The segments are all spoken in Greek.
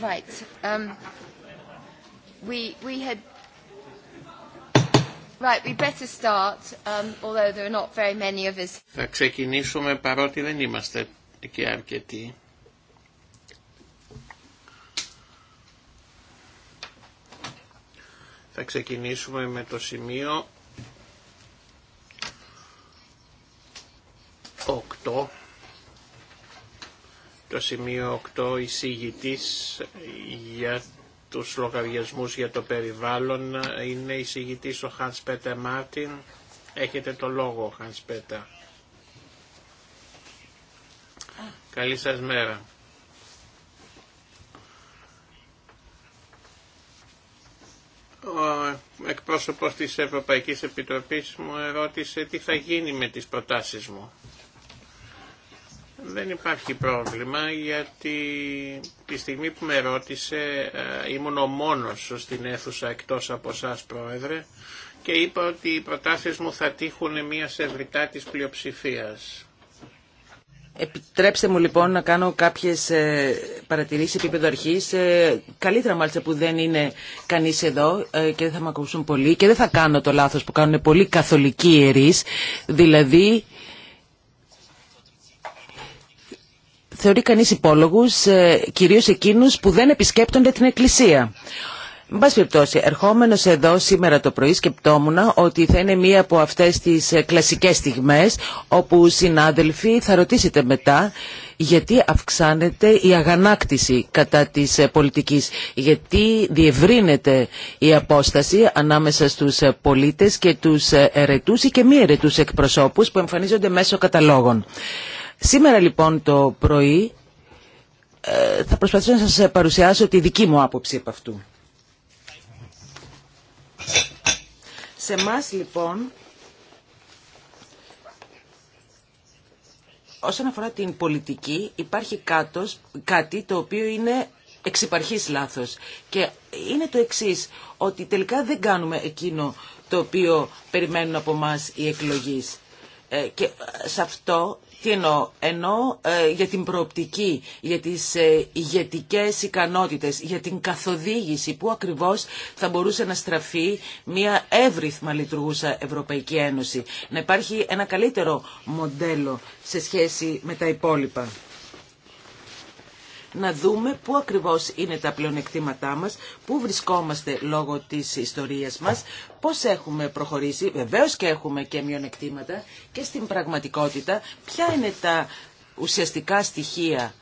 Right. Um, we, we had... Right, we better start, um, although there are not very many of us. Θα ξεκινήσουμε παρότι δεν είμαστε και αρκετοί. Θα ξεκινήσουμε με το σημείο το σημείο 8 εισηγητής για τους λογαριασμούς για το περιβάλλον είναι εισηγητής ο Χάνς Πέτερ Μάρτιν. Έχετε το λόγο, Χάνς Πέτερ. Καλή σας μέρα. Ο εκπρόσωπος της Ευρωπαϊκής Επιτροπής μου ερώτησε τι θα γίνει με τις προτάσεις μου. Δεν υπάρχει πρόβλημα γιατί τη στιγμή που με ρώτησε ε, ήμουν ο μόνος στην αίθουσα εκτός από εσά πρόεδρε και είπα ότι οι προτάσεις μου θα τύχουν μια σερβιτά της πλειοψηφίας. Επιτρέψτε μου λοιπόν να κάνω κάποιες ε, παρατηρήσεις επίπεδο αρχής. Ε, καλύτερα μάλιστα που δεν είναι κανείς εδώ και δεν θα με ακούσουν πολλοί και δεν θα κάνω το λάθος που κάνουν πολλοί καθολικοί ιερείς, δηλαδή θεωρεί κανείς υπόλογους ε, κυρίως εκείνους που δεν επισκέπτονται την εκκλησία. Με πάση περιπτώσει, ερχόμενο εδώ σήμερα το πρωί σκεπτόμουν ότι θα είναι μία από αυτές τις ε, κλασικές στιγμές όπου συνάδελφοι θα ρωτήσετε μετά γιατί αυξάνεται η αγανάκτηση κατά της ε, πολιτικής, γιατί διευρύνεται η απόσταση ανάμεσα στους πολίτες και τους ερετούς ή και μη ερετούς εκπροσώπους που εμφανίζονται μέσω καταλόγων. Σήμερα λοιπόν το πρωί ε, θα προσπαθήσω να σας παρουσιάσω τη δική μου άποψη από αυτού. Σε εμά λοιπόν, όσον αφορά την πολιτική, υπάρχει κάτος, κάτι το οποίο είναι εξυπαρχής λάθος. Και είναι το εξής, ότι τελικά δεν κάνουμε εκείνο το οποίο περιμένουν από μας οι εκλογείς. Ε, και σε αυτό τι εννοώ, ε, για την προοπτική, για τις ε, ηγετικές ικανότητες, για την καθοδήγηση που ακριβώς θα μπορούσε να στραφεί μια εύρυθμα λειτουργούσα Ευρωπαϊκή Ένωση. Να υπάρχει ένα καλύτερο μοντέλο σε σχέση με τα υπόλοιπα να δούμε πού ακριβώς είναι τα πλεονεκτήματά μας, πού βρισκόμαστε λόγω της ιστορίας μας, πώς έχουμε προχωρήσει, βεβαίως και έχουμε και μειονεκτήματα και στην πραγματικότητα ποια είναι τα ουσιαστικά στοιχεία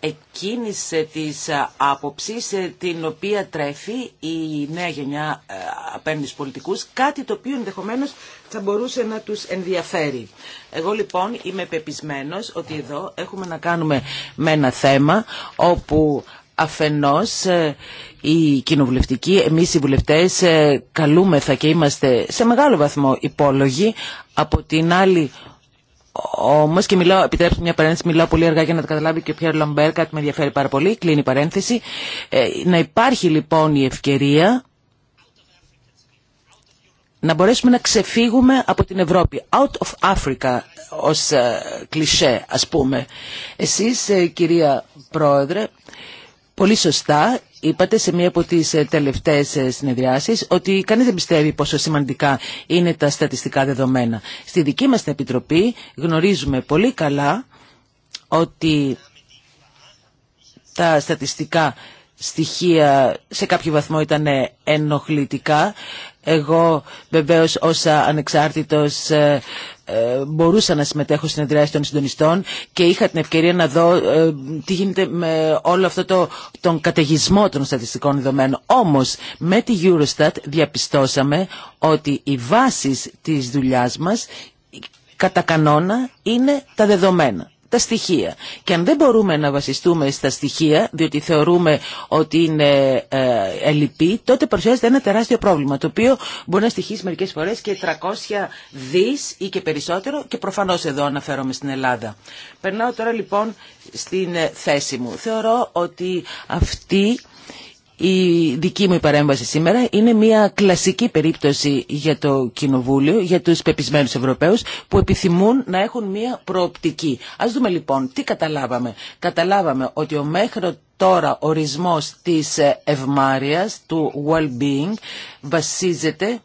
εκείνης της ε, άποψης ε, την οποία τρέφει η νέα γενιά ε, απέναντι στους πολιτικούς, κάτι το οποίο ενδεχομένως θα μπορούσε να τους ενδιαφέρει. Εγώ λοιπόν είμαι πεπισμένος ότι εδώ έχουμε να κάνουμε με ένα θέμα όπου αφενός οι κοινοβουλευτικοί, εμείς οι βουλευτές καλούμεθα και είμαστε σε μεγάλο βαθμό υπόλογοι, από την άλλη Όμω και μιλάω, επιτρέψτε μια παρένθεση, μιλάω πολύ αργά για να το καταλάβει και ο Πιέρ Λαμπέρ, κάτι με ενδιαφέρει πάρα πολύ, κλείνει η παρένθεση. Ε, να υπάρχει λοιπόν η ευκαιρία να μπορέσουμε να ξεφύγουμε από την Ευρώπη. Out of Africa ως ε, κλισέ ας πούμε. Εσείς ε, κυρία Πρόεδρε, πολύ σωστά Είπατε σε μία από τις ε, τελευταίες ε, συνεδριάσεις ότι κανείς δεν πιστεύει πόσο σημαντικά είναι τα στατιστικά δεδομένα. Στη δική μας την Επιτροπή γνωρίζουμε πολύ καλά ότι τα στατιστικά στοιχεία σε κάποιο βαθμό ήταν ε, ενοχλητικά. Εγώ βεβαίως ως ανεξάρτητος ε, ε, μπορούσα να συμμετέχω στην εντράση των συντονιστών και είχα την ευκαιρία να δω ε, τι γίνεται με όλο αυτό το, τον καταιγισμό των στατιστικών δεδομένων. Όμως με τη Eurostat διαπιστώσαμε ότι οι βάσεις της δουλειάς μας κατά κανόνα είναι τα δεδομένα τα στοιχεία. Και αν δεν μπορούμε να βασιστούμε στα στοιχεία, διότι θεωρούμε ότι είναι ε, ελλειπή, τότε παρουσιάζεται ένα τεράστιο πρόβλημα, το οποίο μπορεί να στοιχείσει μερικές φορές και 300 δις ή και περισσότερο και προφανώς εδώ αναφέρομαι στην Ελλάδα. Περνάω τώρα λοιπόν στην ε, θέση μου. Θεωρώ ότι αυτή η δική μου παρέμβαση σήμερα είναι μια κλασική περίπτωση για το Κοινοβούλιο, για τους πεπισμένους Ευρωπαίους που επιθυμούν να έχουν μια προοπτική. Ας δούμε λοιπόν τι καταλάβαμε. Καταλάβαμε ότι ο μέχρι τώρα ορισμός της ευμάριας του well-being, βασίζεται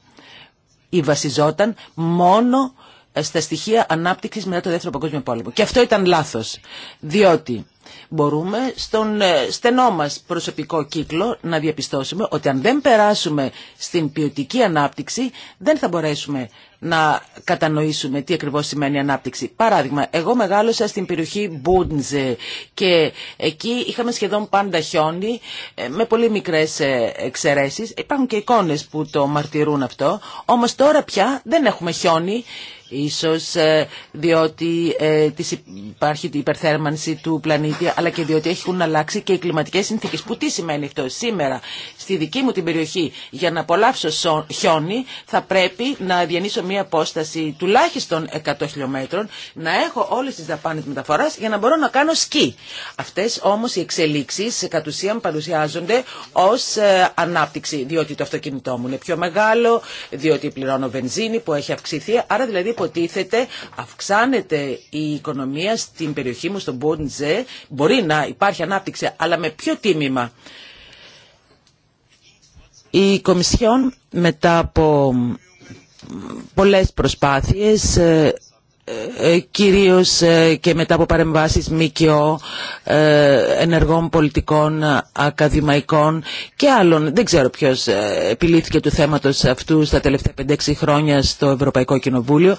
ή βασιζόταν μόνο στα στοιχεία ανάπτυξης μετά το Δεύτερο Παγκόσμιο Πόλεμο. Και αυτό ήταν λάθος, διότι μπορούμε στον ε, στενό μας προσωπικό κύκλο να διαπιστώσουμε ότι αν δεν περάσουμε στην ποιοτική ανάπτυξη δεν θα μπορέσουμε να κατανοήσουμε τι ακριβώς σημαίνει ανάπτυξη. Παράδειγμα, εγώ μεγάλωσα στην περιοχή Μπούντζε και εκεί είχαμε σχεδόν πάντα χιόνι ε, με πολύ μικρές ε, εξαιρέσεις. Υπάρχουν και εικόνες που το μαρτυρούν αυτό, όμως τώρα πια δεν έχουμε χιόνι ίσως ε, διότι υπάρχει η υπερθέρμανση του πλανήτη αλλά και διότι έχουν αλλάξει και οι κλιματικές συνθήκες. Που τι σημαίνει αυτό σήμερα στη δική μου την περιοχή για να απολαύσω χιόνι θα πρέπει να διανύσω μια απόσταση τουλάχιστον 100 χιλιόμετρων να έχω όλες τις δαπάνες μεταφοράς για να μπορώ να κάνω σκι. Αυτές όμως οι εξελίξεις κατ' ουσίαν παρουσιάζονται ως ε, ανάπτυξη διότι το αυτοκίνητό μου είναι πιο μεγάλο, διότι πληρώνω βενζίνη που έχει αυξηθεί, άρα δηλαδή υποτίθεται αυξάνεται η οικονομία στην περιοχή μου, στον Μπούντζε, μπορεί να υπάρχει ανάπτυξη, αλλά με ποιο τίμημα. Η Κομισιόν μετά από πολλές προσπάθειες ε, ε, ε, κυρίως και μετά από παρεμβάσεις ΜΚΟ, ενεργών πολιτικών, ακαδημαϊκών και άλλων. Δεν ξέρω ποιος επιλήθηκε του θέματος αυτού στα τελευταία 5-6 χρόνια στο Ευρωπαϊκό Κοινοβούλιο.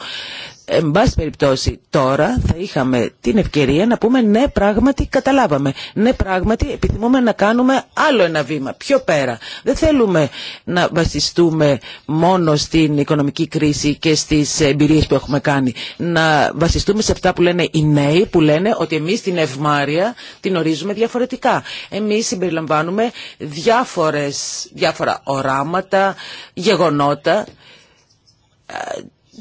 Εν πάση περιπτώσει τώρα θα είχαμε την ευκαιρία να πούμε ναι πράγματι καταλάβαμε. Ναι πράγματι επιθυμούμε να κάνουμε άλλο ένα βήμα πιο πέρα. Δεν θέλουμε να βασιστούμε μόνο στην οικονομική κρίση και στις εμπειρίες που έχουμε κάνει. Να βασιστούμε σε αυτά που λένε οι νέοι που λένε ότι εμείς την ευμάρεια την ορίζουμε διαφορετικά. Εμείς συμπεριλαμβάνουμε διάφορα οράματα, γεγονότα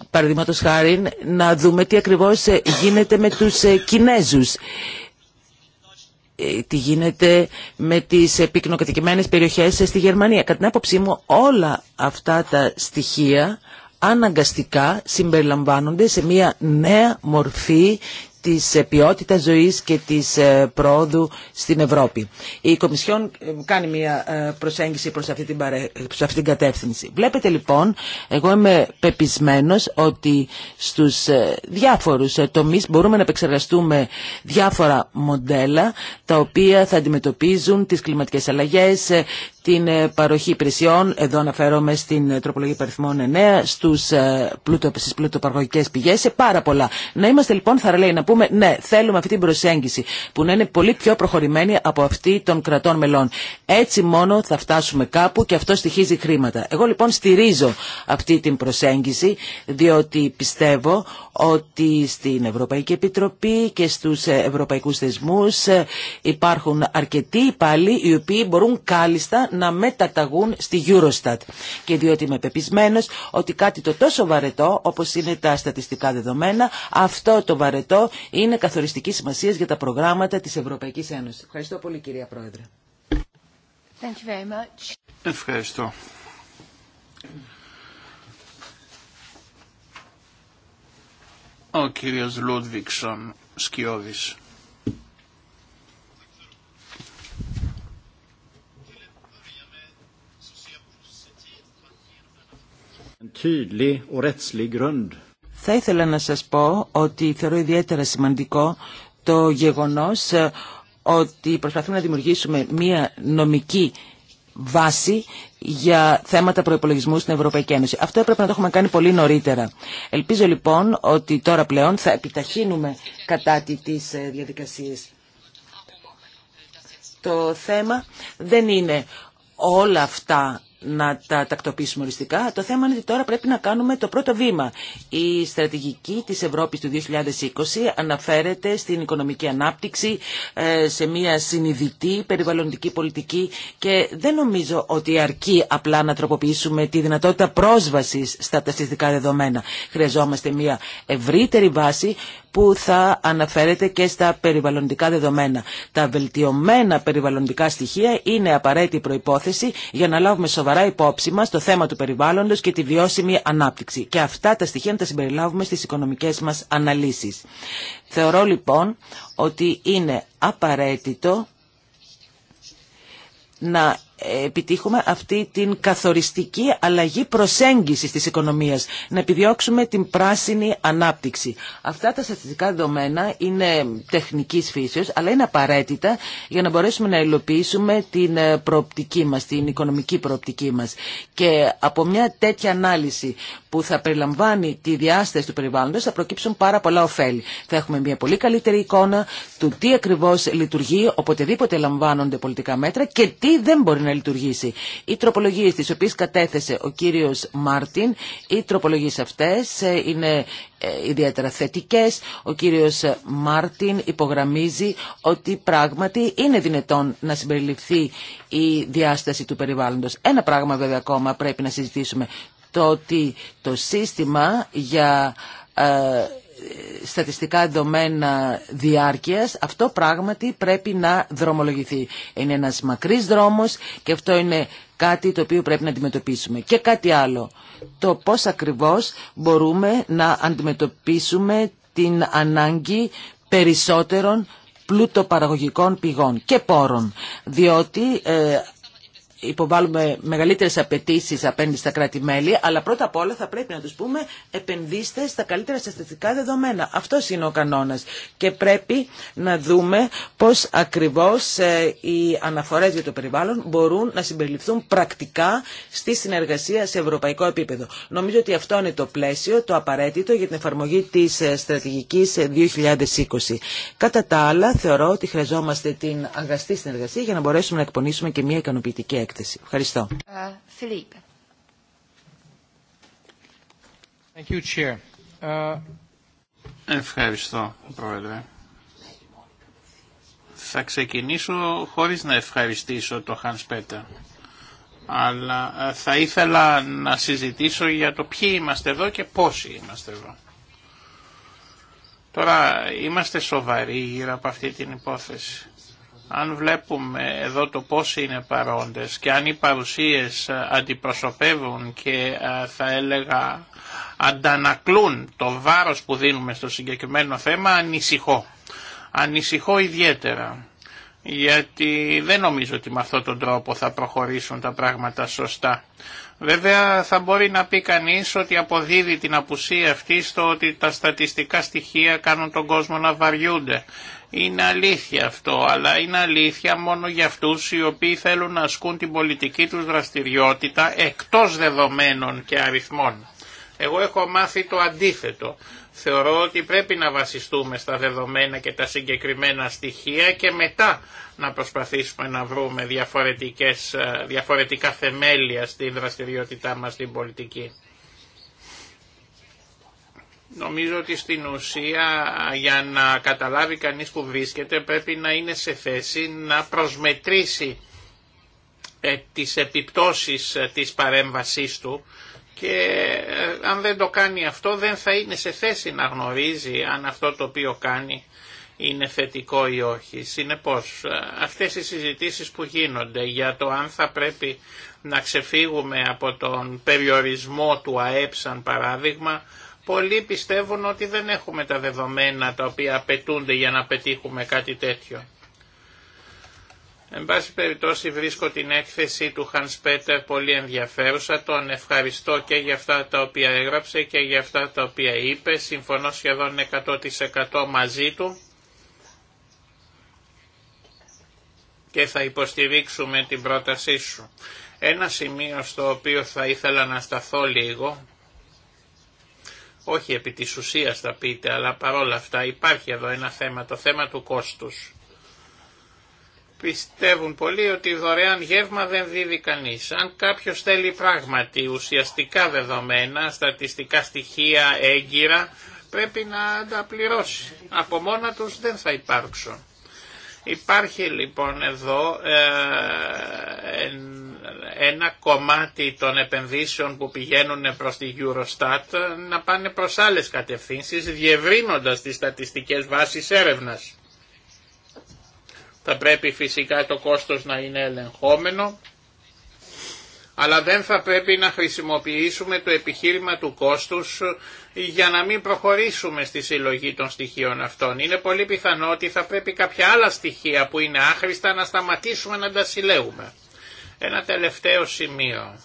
παραδείγματος χάρη, να δούμε τι ακριβώς ε, γίνεται με τους ε, Κινέζους ε, τι γίνεται με τις πυκνοκατοικημένες περιοχές στη Γερμανία. Κατά την άποψή μου όλα αυτά τα στοιχεία αναγκαστικά συμπεριλαμβάνονται σε μια νέα μορφή της ε, ποιότητας ζωής και της ε, πρόοδου στην Ευρώπη. Η Κομισιόν ε, κάνει μια προσέγγιση προς αυτή την, προς αυτή την κατεύθυνση. Βλέπετε λοιπόν, εγώ είμαι πεπισμένος ότι στους διάφορους τομείς μπορούμε να επεξεργαστούμε διάφορα μοντέλα τα οποία θα αντιμετωπίζουν τις κλιματικές αλλαγές, την ε, παροχή υπηρεσιών, εδώ αναφέρομαι στην ε, τροπολογία παριθμών 9, στους, ε, πλούτο, στις πλούτοπαραγωγικές πηγές, σε πάρα πολλά. Να είμαστε λοιπόν θαραλέοι, να πούμε ναι, θέλουμε αυτή την προσέγγιση που να είναι πολύ πιο προχωρημένη από αυτή των κρατών μελών. Έτσι μόνο θα φτάσουμε κάπου και αυτό στοιχίζει χρήματα. Εγώ λοιπόν στηρίζω αυτή την προσέγγιση, διότι πιστεύω ότι στην Ευρωπαϊκή Επιτροπή και στους ευρωπαϊκούς θεσμούς υπάρχουν αρκετοί υπάλληλοι οι οποίοι μπορούν κάλλιστα να μεταταγούν στη Eurostat. Και διότι είμαι πεπισμένος ότι κάτι το τόσο βαρετό όπως είναι τα στατιστικά δεδομένα, αυτό το βαρετό είναι καθοριστική σημασία για τα προγράμματα της Ευρωπαϊκής Ένωσης. Ευχαριστώ πολύ κυρία Πρόεδρε. Thank you very much. Ευχαριστώ. Ο κύριος Λούντβικσον Σκιώδης. Θα ήθελα να σας πω ότι θεωρώ ιδιαίτερα σημαντικό το γεγονός ε, ότι προσπαθούμε να δημιουργήσουμε μία νομική βάση για θέματα προπολογισμού στην Ευρωπαϊκή Ένωση. Αυτό έπρεπε να το έχουμε κάνει πολύ νωρίτερα. Ελπίζω λοιπόν ότι τώρα πλέον θα επιταχύνουμε κατά τη τις ε, Το θέμα δεν είναι όλα αυτά να τα τακτοποιήσουμε οριστικά. Το θέμα είναι ότι τώρα πρέπει να κάνουμε το πρώτο βήμα. Η στρατηγική της Ευρώπης του 2020 αναφέρεται στην οικονομική ανάπτυξη, ε, σε μια συνειδητή περιβαλλοντική πολιτική και δεν νομίζω ότι αρκεί απλά να τροποποιήσουμε τη δυνατότητα πρόσβασης στα ταστιστικά δεδομένα. Χρειαζόμαστε μια ευρύτερη βάση που θα αναφέρεται και στα περιβαλλοντικά δεδομένα. Τα βελτιωμένα περιβαλλοντικά στοιχεία είναι απαραίτητη προϋπόθεση για να λάβουμε σοβαρά υπόψη μας το θέμα του περιβάλλοντος και τη βιώσιμη ανάπτυξη. Και αυτά τα στοιχεία να τα συμπεριλάβουμε στις οικονομικές μας αναλύσεις. Θεωρώ λοιπόν ότι είναι απαραίτητο να επιτύχουμε αυτή την καθοριστική αλλαγή προσέγγισης της οικονομίας, να επιδιώξουμε την πράσινη ανάπτυξη. Αυτά τα στατιστικά δεδομένα είναι τεχνικής φύσεως, αλλά είναι απαραίτητα για να μπορέσουμε να υλοποιήσουμε την ε, προοπτική μας, την οικονομική προοπτική μας. Και από μια τέτοια ανάλυση που θα περιλαμβάνει τη διάσταση του περιβάλλοντος θα προκύψουν πάρα πολλά ωφέλη. Θα έχουμε μια πολύ καλύτερη εικόνα του τι ακριβώς λειτουργεί, οποτεδήποτε λαμβάνονται πολιτικά μέτρα και τι δεν μπορεί να λειτουργήσει. Οι τροπολογίες τις οποίες κατέθεσε ο κύριος Μάρτιν, οι τροπολογίες αυτές ε, είναι ε, ιδιαίτερα θετικές. Ο κύριος Μάρτιν υπογραμμίζει ότι πράγματι είναι δυνατόν να συμπεριληφθεί η διάσταση του περιβάλλοντος. Ένα πράγμα βέβαια ακόμα πρέπει να συζητήσουμε το ότι το σύστημα για ε, στατιστικά δεδομένα διάρκειας, αυτό πράγματι πρέπει να δρομολογηθεί. Είναι ένας μακρύς δρόμος και αυτό είναι κάτι το οποίο πρέπει να αντιμετωπίσουμε. Και κάτι άλλο, το πώς ακριβώς μπορούμε να αντιμετωπίσουμε την ανάγκη περισσότερων πλούτοπαραγωγικών πηγών και πόρων, διότι ε, υποβάλουμε μεγαλύτερες απαιτήσει απέναντι στα κράτη-μέλη, αλλά πρώτα απ' όλα θα πρέπει να τους πούμε επενδύστε στα καλύτερα στατιστικά δεδομένα. Αυτό είναι ο κανόνας. Και πρέπει να δούμε πώς ακριβώς ε, οι αναφορές για το περιβάλλον μπορούν να συμπεριληφθούν πρακτικά στη συνεργασία σε ευρωπαϊκό επίπεδο. Νομίζω ότι αυτό είναι το πλαίσιο, το απαραίτητο για την εφαρμογή της ε, στρατηγικής 2020. Ε, Κατά τα άλλα, θεωρώ ότι χρειαζόμαστε την αγαστή συνεργασία για να μπορέσουμε να εκπονήσουμε και μια ικανοποιητική έκθεση. Ευχαριστώ. Ε, Φιλίπ. Ε, Ευχαριστώ, Πρόεδρε. Θα ξεκινήσω χωρίς να ευχαριστήσω το Χάνς Πέτα. Αλλά ε, θα ήθελα να συζητήσω για το ποιοι είμαστε εδώ και πόσοι είμαστε εδώ. Τώρα είμαστε σοβαροί γύρω από αυτή την υπόθεση. Αν βλέπουμε εδώ το πώς είναι παρόντες και αν οι παρουσίες ε, αντιπροσωπεύουν και ε, θα έλεγα αντανακλούν το βάρος που δίνουμε στο συγκεκριμένο θέμα, ανησυχώ. Ανησυχώ ιδιαίτερα γιατί δεν νομίζω ότι με αυτόν τον τρόπο θα προχωρήσουν τα πράγματα σωστά. Βέβαια θα μπορεί να πει κανείς ότι αποδίδει την απουσία αυτή στο ότι τα στατιστικά στοιχεία κάνουν τον κόσμο να βαριούνται. Είναι αλήθεια αυτό, αλλά είναι αλήθεια μόνο για αυτούς οι οποίοι θέλουν να ασκούν την πολιτική τους δραστηριότητα εκτός δεδομένων και αριθμών. Εγώ έχω μάθει το αντίθετο. Θεωρώ ότι πρέπει να βασιστούμε στα δεδομένα και τα συγκεκριμένα στοιχεία και μετά να προσπαθήσουμε να βρούμε διαφορετικές, ε, διαφορετικά θεμέλια στην δραστηριότητά μας στην πολιτική. Νομίζω ότι στην ουσία για να καταλάβει κανείς που βρίσκεται πρέπει να είναι σε θέση να προσμετρήσει ε, τις επιπτώσεις ε, της παρέμβασής του και ε, αν δεν το κάνει αυτό δεν θα είναι σε θέση να γνωρίζει αν αυτό το οποίο κάνει είναι θετικό ή όχι. Συνεπώς αυτές οι συζητήσεις που γίνονται για το αν θα πρέπει να ξεφύγουμε από τον περιορισμό του ΑΕΠ σαν παράδειγμα Πολλοί πιστεύουν ότι δεν έχουμε τα δεδομένα τα οποία απαιτούνται για να πετύχουμε κάτι τέτοιο. Εν πάση περιπτώσει βρίσκω την έκθεση του Hans Peter πολύ ενδιαφέρουσα. Τον ευχαριστώ και για αυτά τα οποία έγραψε και για αυτά τα οποία είπε. Συμφωνώ σχεδόν 100% μαζί του. Και θα υποστηρίξουμε την πρότασή σου. Ένα σημείο στο οποίο θα ήθελα να σταθώ λίγο όχι επί της ουσίας θα πείτε, αλλά παρόλα αυτά υπάρχει εδώ ένα θέμα, το θέμα του κόστους. Πιστεύουν πολλοί ότι δωρεάν γεύμα δεν δίδει κανείς. Αν κάποιος θέλει πράγματι ουσιαστικά δεδομένα, στατιστικά στοιχεία έγκυρα, πρέπει να τα πληρώσει. Από μόνα τους δεν θα υπάρξουν. Υπάρχει λοιπόν εδώ ε, ένα κομμάτι των επενδύσεων που πηγαίνουν προς τη Eurostat να πάνε προς άλλες κατευθύνσεις διευρύνοντας τις στατιστικές βάσεις έρευνας. Θα πρέπει φυσικά το κόστος να είναι ελεγχόμενο αλλά δεν θα πρέπει να χρησιμοποιήσουμε το επιχείρημα του κόστους για να μην προχωρήσουμε στη συλλογή των στοιχείων αυτών. Είναι πολύ πιθανό ότι θα πρέπει κάποια άλλα στοιχεία που είναι άχρηστα να σταματήσουμε να τα συλλέγουμε. Ένα τελευταίο σημείο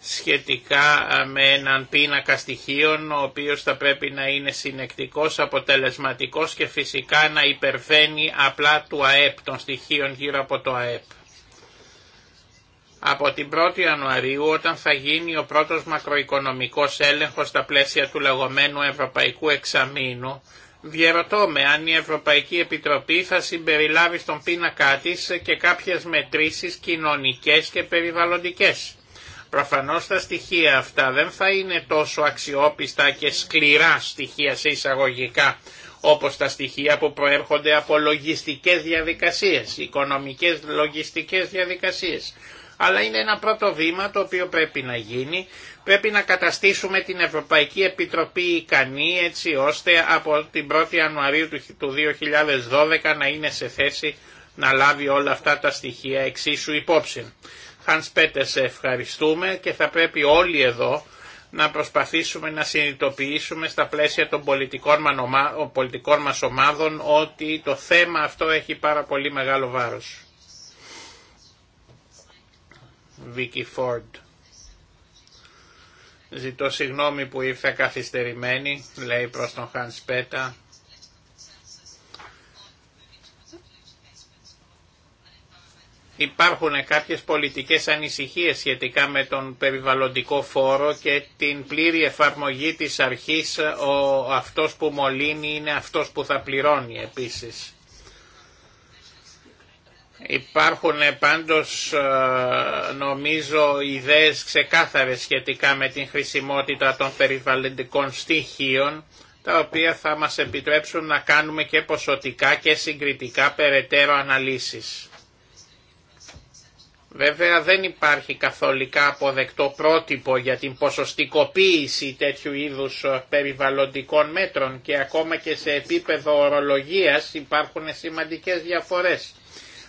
σχετικά με έναν πίνακα στοιχείων ο οποίος θα πρέπει να είναι συνεκτικός, αποτελεσματικός και φυσικά να υπερβαίνει απλά του ΑΕΠ, των στοιχείων γύρω από το ΑΕΠ από την 1η Ιανουαρίου όταν θα γίνει ο πρώτος μακροοικονομικός έλεγχος στα πλαίσια του λεγόμενου Ευρωπαϊκού Εξαμήνου, διαρωτώ με αν η Ευρωπαϊκή Επιτροπή θα συμπεριλάβει στον πίνακά της και κάποιες μετρήσεις κοινωνικές και περιβαλλοντικές. Προφανώς τα στοιχεία αυτά δεν θα είναι τόσο αξιόπιστα και σκληρά στοιχεία σε εισαγωγικά όπως τα στοιχεία που προέρχονται από λογιστικές διαδικασίες, οικονομικές λογιστικές διαδικασίες αλλά είναι ένα πρώτο βήμα το οποίο πρέπει να γίνει. Πρέπει να καταστήσουμε την Ευρωπαϊκή Επιτροπή ικανή έτσι ώστε από την 1η Ιανουαρίου του 2012 να είναι σε θέση να λάβει όλα αυτά τα στοιχεία εξίσου υπόψη. Χανς Πέτερ σε ευχαριστούμε και θα πρέπει όλοι εδώ να προσπαθήσουμε να συνειδητοποιήσουμε στα πλαίσια των πολιτικών μας ομάδων ότι το θέμα αυτό έχει πάρα πολύ μεγάλο βάρος. Βίκη Φόρντ. Ζητώ συγγνώμη που ήρθε καθυστερημένη, λέει προς τον Χάνς Πέτα. Υπάρχουν κάποιες πολιτικές ανησυχίες σχετικά με τον περιβαλλοντικό φόρο και την πλήρη εφαρμογή της αρχής ο αυτός που μολύνει είναι αυτός που θα πληρώνει επίσης. Υπάρχουν πάντως ε, νομίζω ιδέες ξεκάθαρες σχετικά με την χρησιμότητα των περιβαλλοντικών στοιχείων τα οποία θα μας επιτρέψουν να κάνουμε και ποσοτικά και συγκριτικά περαιτέρω αναλύσεις. Βέβαια δεν υπάρχει καθολικά αποδεκτό πρότυπο για την ποσοστικοποίηση τέτοιου είδους ε, περιβαλλοντικών μέτρων και ακόμα και σε επίπεδο ορολογίας υπάρχουν σημαντικές διαφορές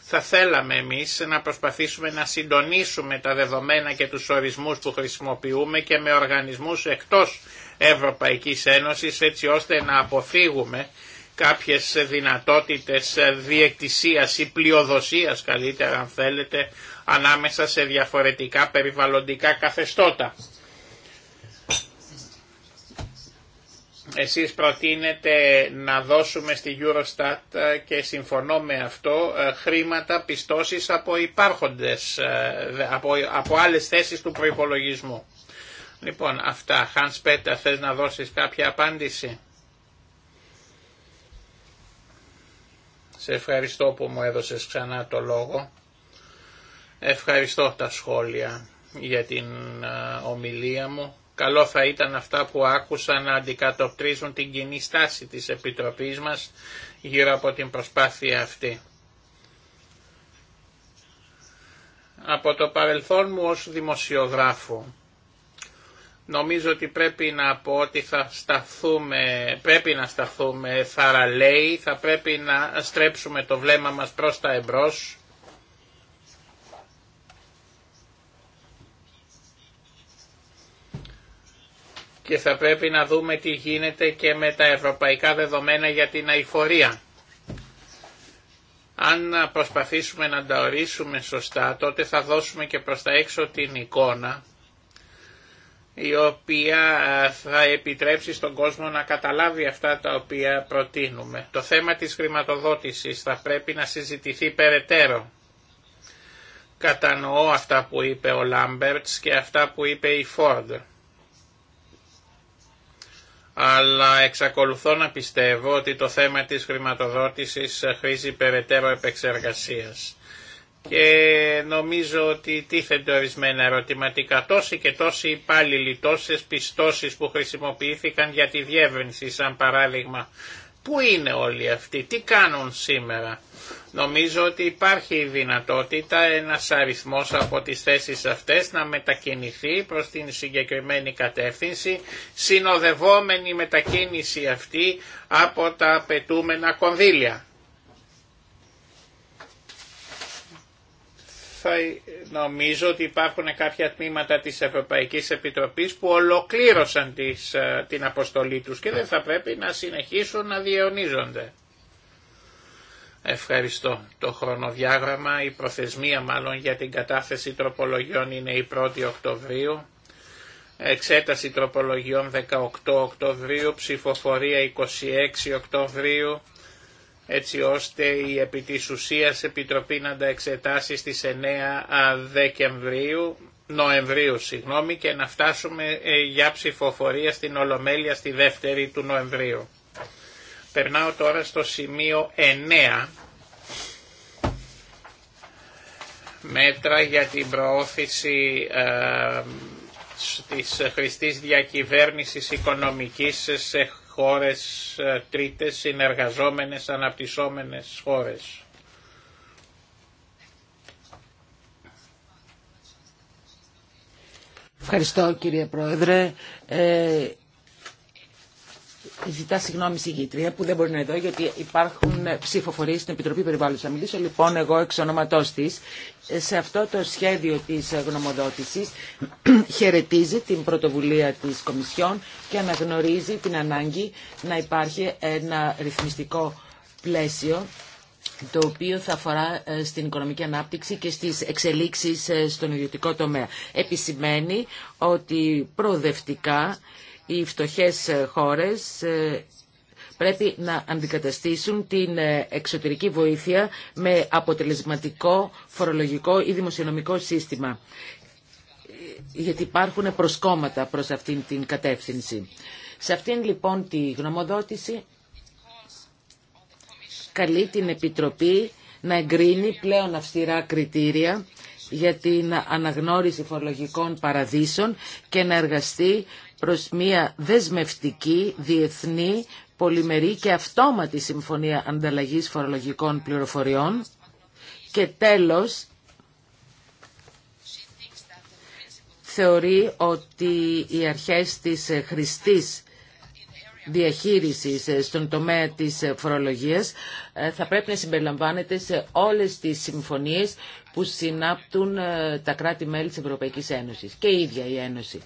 θα θέλαμε εμείς να προσπαθήσουμε να συντονίσουμε τα δεδομένα και τους ορισμούς που χρησιμοποιούμε και με οργανισμούς εκτός Ευρωπαϊκής Ένωσης έτσι ώστε να αποφύγουμε κάποιες δυνατότητες διεκτησίας ή πλειοδοσίας καλύτερα αν θέλετε ανάμεσα σε διαφορετικά περιβαλλοντικά καθεστώτα. Εσείς προτείνετε να δώσουμε στη Eurostat ε, και συμφωνώ με αυτό ε, χρήματα πιστώσεις από υπάρχοντες, ε, από, από άλλες θέσεις του προϋπολογισμού. Λοιπόν, αυτά. Χάνς Πέτα, θες να δώσεις κάποια απάντηση. Σε ευχαριστώ που μου έδωσες ξανά το λόγο. Ευχαριστώ τα σχόλια για την ομιλία μου. Καλό θα ήταν αυτά που άκουσαν να αντικατοπτρίζουν την κοινή στάση της Επιτροπής μας γύρω από την προσπάθεια αυτή. Από το παρελθόν μου ως δημοσιογράφο νομίζω ότι πρέπει να πω ότι θα σταθούμε, πρέπει να σταθούμε θαραλέοι, θα πρέπει να στρέψουμε το βλέμμα μας προς τα εμπρός και θα πρέπει να δούμε τι γίνεται και με τα ευρωπαϊκά δεδομένα για την αηφορία. Αν προσπαθήσουμε να τα ορίσουμε σωστά, τότε θα δώσουμε και προς τα έξω την εικόνα, η οποία θα επιτρέψει στον κόσμο να καταλάβει αυτά τα οποία προτείνουμε. Το θέμα της χρηματοδότησης θα πρέπει να συζητηθεί περαιτέρω. Κατανοώ αυτά που είπε ο Λάμπερτς και αυτά που είπε η Φόρντ αλλά εξακολουθώ να πιστεύω ότι το θέμα της χρηματοδότησης χρήζει περαιτέρω επεξεργασίας. Και νομίζω ότι τίθενται ορισμένα ερωτηματικά. Τόσοι και τόσοι υπάλληλοι, τόσες πιστώσεις που χρησιμοποιήθηκαν για τη διεύρυνση, σαν παράδειγμα. Πού είναι όλοι αυτοί, τι κάνουν σήμερα. Νομίζω ότι υπάρχει η δυνατότητα ένας αριθμός από τις θέσεις αυτές να μετακινηθεί προς την συγκεκριμένη κατεύθυνση, συνοδευόμενη μετακίνηση αυτή από τα απαιτούμενα κονδύλια. Θα νομίζω ότι υπάρχουν κάποια τμήματα της Ευρωπαϊκής Επιτροπής που ολοκλήρωσαν ε, την αποστολή τους και δεν θα πρέπει να συνεχίσουν να διαιωνίζονται. Ευχαριστώ. Το χρονοδιάγραμμα, η προθεσμία μάλλον για την κατάθεση τροπολογιών είναι η 1η Οκτωβρίου. Εξέταση τροπολογιών 18 Οκτωβρίου, ψηφοφορία 26 Οκτωβρίου, έτσι ώστε η επί της ουσίας Επιτροπή να τα εξετάσει στις 9 Δεκεμβρίου, Νοεμβρίου και να φτάσουμε ε, για ψηφοφορία στην Ολομέλεια στη 2η του Νοεμβρίου. Περνάω τώρα στο σημείο 9. Μέτρα για την προώθηση ε, της χρηστής διακυβέρνησης οικονομικής σε χώρες ε, τρίτες συνεργαζόμενες αναπτυσσόμενες χώρες. Ευχαριστώ κύριε Πρόεδρε. Ε, Ζητά συγγνώμη συγκήτρια που δεν μπορεί να είναι εδώ γιατί υπάρχουν ψηφοφορίες στην Επιτροπή Περιβάλλοντος. Θα μιλήσω λοιπόν εγώ εξ ονοματός της. Σε αυτό το σχέδιο της γνωμοδότησης χαιρετίζει την πρωτοβουλία της Κομισιόν και αναγνωρίζει την ανάγκη να υπάρχει ένα ρυθμιστικό πλαίσιο το οποίο θα αφορά ε, στην οικονομική ανάπτυξη και στις εξελίξεις ε, στον ιδιωτικό τομέα. Επισημαίνει ότι προοδευτικά οι φτωχές ε, χώρες ε, πρέπει να αντικαταστήσουν την ε, εξωτερική βοήθεια με αποτελεσματικό φορολογικό ή δημοσιονομικό σύστημα. Γιατί υπάρχουν προσκόμματα προς αυτήν την κατεύθυνση. Σε αυτήν λοιπόν τη γνωμοδότηση καλεί την Επιτροπή να εγκρίνει πλέον αυστηρά κριτήρια για την αναγνώριση φορολογικών παραδείσων και να εργαστεί προς μια δεσμευτική, διεθνή, πολυμερή και αυτόματη συμφωνία ανταλλαγής φορολογικών πληροφοριών. Και τέλος, θεωρεί ότι οι αρχές της χρηστής διαχείρισης στον τομέα της φορολογίας ε, θα πρέπει να συμπεριλαμβάνεται σε όλες τις συμφωνίες που συνάπτουν ε, τα κράτη-μέλη της Ευρωπαϊκής Ένωσης και η ίδια η Ένωση.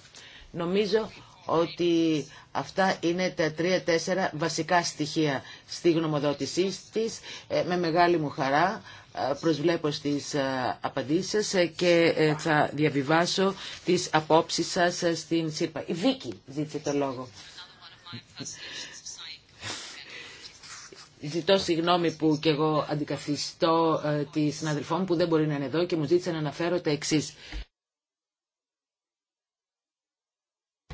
Νομίζω ότι αυτά είναι τα τρία-τέσσερα βασικά στοιχεία στη γνωμοδότησή της. Ε, με μεγάλη μου χαρά ε, προσβλέπω στις ε, απαντήσεις σας και θα διαβιβάσω τις απόψεις σας στην ΣΥΡΠΑ. Η Βίκη ζήτησε το λόγο. Ζητώ συγγνώμη που και εγώ αντικαθιστώ τη συναδελφό μου που δεν μπορεί να είναι εδώ και μου ζήτησε να αναφέρω τα εξής.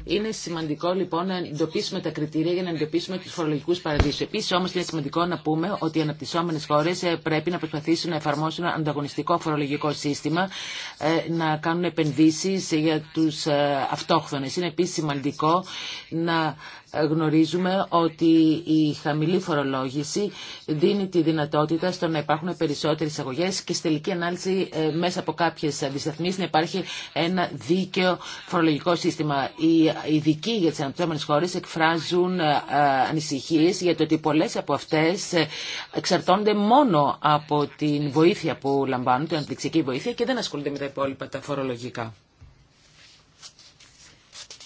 Είναι σημαντικό λοιπόν να εντοπίσουμε τα κριτήρια για να εντοπίσουμε του φορολογικού παραδείσου. Επίση όμω είναι σημαντικό να πούμε ότι οι αναπτυσσόμενε χώρε ε, πρέπει να προσπαθήσουν να εφαρμόσουν ένα ανταγωνιστικό φορολογικό σύστημα, ε, να κάνουν επενδύσει για του ε, αυτόχθονε. Είναι επίση σημαντικό να γνωρίζουμε ότι η χαμηλή φορολόγηση δίνει τη δυνατότητα στο να υπάρχουν περισσότερε αγωγέ και στη τελική ανάλυση ε, μέσα από κάποιε αντισταθμίσει να υπάρχει ένα δίκαιο φορολογικό σύστημα. Οι ειδικοί για τι αναπτυσσόμενε χώρε εκφράζουν ε, ανησυχίε για το ότι πολλέ από αυτέ ε, εξαρτώνται μόνο από την βοήθεια που λαμβάνουν, την αναπτυξιακή βοήθεια και δεν ασχολούνται με τα υπόλοιπα τα φορολογικά.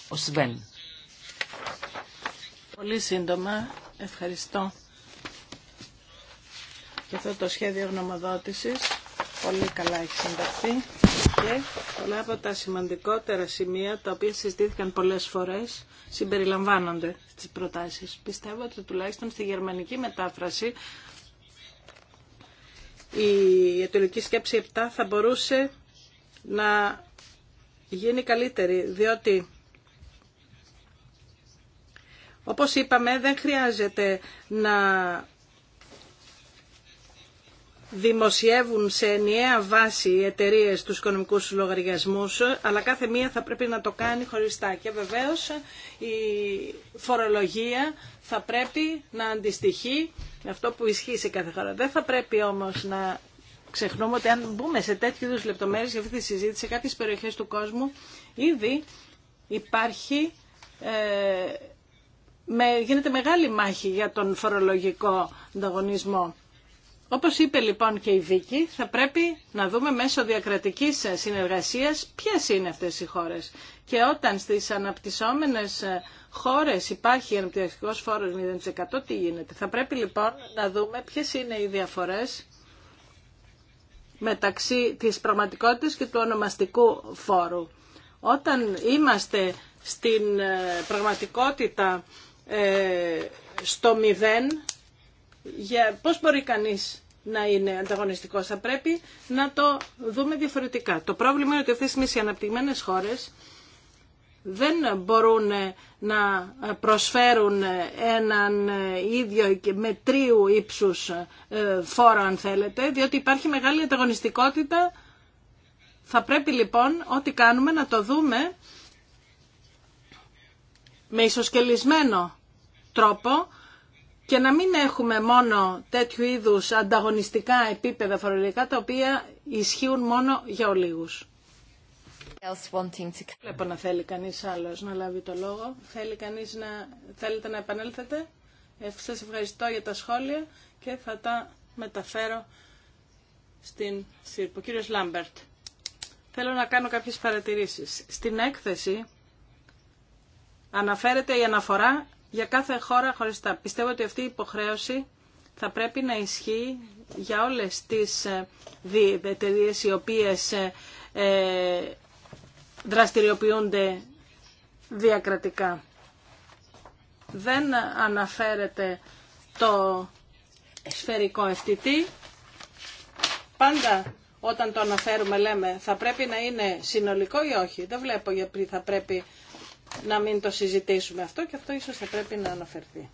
Ο Σβέν. Πολύ σύντομα, ευχαριστώ και αυτό το σχέδιο γνωμοδότησης πολύ καλά έχει συνταχθεί και πολλά από τα σημαντικότερα σημεία τα οποία συζητήθηκαν πολλές φορές συμπεριλαμβάνονται στις προτάσεις. Πιστεύω ότι τουλάχιστον στη γερμανική μετάφραση η αιτιολογική σκέψη 7 θα μπορούσε να γίνει καλύτερη διότι όπως είπαμε, δεν χρειάζεται να δημοσιεύουν σε ενιαία βάση οι εταιρείε τους οικονομικούς λογαριασμούς, αλλά κάθε μία θα πρέπει να το κάνει χωριστά. Και βεβαίως η φορολογία θα πρέπει να αντιστοιχεί με αυτό που ισχύει σε κάθε χώρα. Δεν θα πρέπει όμως να ξεχνούμε ότι αν μπούμε σε τέτοιου είδους λεπτομέρειες για αυτή τη συζήτηση, σε κάποιες περιοχές του κόσμου ήδη υπάρχει... Ε, γίνεται μεγάλη μάχη για τον φορολογικό ανταγωνισμό. Όπως είπε λοιπόν και η Βίκη, θα πρέπει να δούμε μέσω διακρατικής συνεργασίας ποιες είναι αυτές οι χώρες. Και όταν στις αναπτυσσόμενες χώρες υπάρχει αναπτυσσιακός φόρος 0%, τι γίνεται. Θα πρέπει λοιπόν να δούμε ποιες είναι οι διαφορές μεταξύ της πραγματικότητας και του ονομαστικού φόρου. Όταν είμαστε στην ε, πραγματικότητα ε, στο μηδέν, για πώς μπορεί κανείς να είναι ανταγωνιστικός. Θα πρέπει να το δούμε διαφορετικά. Το πρόβλημα είναι ότι αυτές οι αναπτυγμένες χώρες δεν μπορούν να προσφέρουν έναν ίδιο με τρίου ύψους ε, φόρο αν θέλετε, διότι υπάρχει μεγάλη ανταγωνιστικότητα. Θα πρέπει λοιπόν ό,τι κάνουμε να το δούμε με ισοσκελισμένο τρόπο και να μην έχουμε μόνο τέτοιου είδους ανταγωνιστικά επίπεδα φορολογικά τα οποία ισχύουν μόνο για ολίγους. Βλέπω να θέλει κανείς άλλος να λάβει το λόγο. Θέλει κανείς να... Θέλετε να επανέλθετε. Ε, σας ευχαριστώ για τα σχόλια και θα τα μεταφέρω στην ΣΥΡΠΟ. κύριος Λάμπερτ. Θέλω να κάνω κάποιες παρατηρήσεις. Στην έκθεση αναφέρεται η αναφορά για κάθε χώρα χωριστά. Πιστεύω ότι αυτή η υποχρέωση θα πρέπει να ισχύει για όλες τις εταιρείε οι οποίες ε, ε, δραστηριοποιούνται διακρατικά. Δεν αναφέρεται το σφαιρικό ευθυτή. Πάντα όταν το αναφέρουμε λέμε θα πρέπει να είναι συνολικό ή όχι. Δεν βλέπω γιατί θα πρέπει να μην το συζητήσουμε αυτό και αυτό ίσως θα πρέπει να αναφερθεί.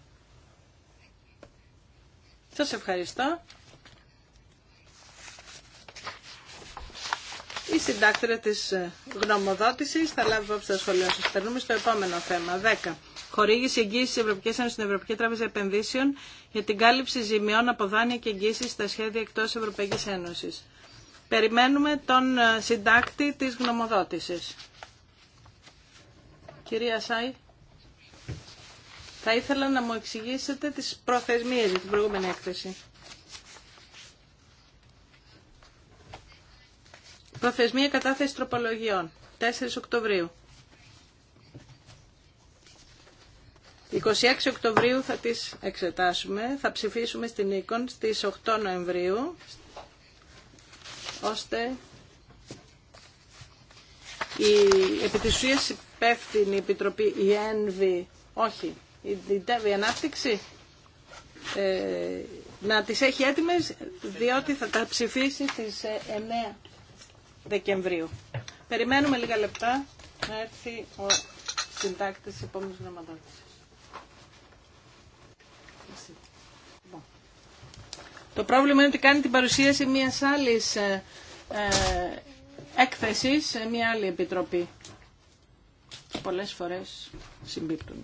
Σας ευχαριστώ. Η συντάκτρια της ε, γνωμοδότησης θα λάβει υπόψη τα σχολεία σας. Περνούμε στο επόμενο θέμα. 10. Χορήγηση εγγύηση τη Ευρωπαϊκή Ένωση στην Ευρωπαϊκή Τράπεζα Επενδύσεων για την κάλυψη ζημιών από δάνεια και εγγύηση στα σχέδια εκτό Ευρωπαϊκή Ένωση. Περιμένουμε τον ε, συντάκτη τη γνωμοδότηση. Κυρία Σάι, θα ήθελα να μου εξηγήσετε τις προθεσμίες για την προηγούμενη έκθεση. Προθεσμία κατάθεση τροπολογιών, 4 Οκτωβρίου. 26 Οκτωβρίου θα τις εξετάσουμε, θα ψηφίσουμε στην οίκον στις 8 Νοεμβρίου, ώστε η επί της ουσίας, πέφτηνη η Επιτροπή, η ΕΝΒΗ, όχι, η ΤΕΒΗ Ανάπτυξη, ε, να τις έχει έτοιμες, διότι θα τα ψηφίσει στις 9 ε, Δεκεμβρίου. Περιμένουμε λίγα λεπτά να έρθει ο συντάκτης της επόμενης γνωματότητας. Το πρόβλημα είναι ότι κάνει την παρουσίαση μιας άλλης ε, ε έκθεσης σε μια άλλη επιτροπή πολλές φορές συμπίπτουν.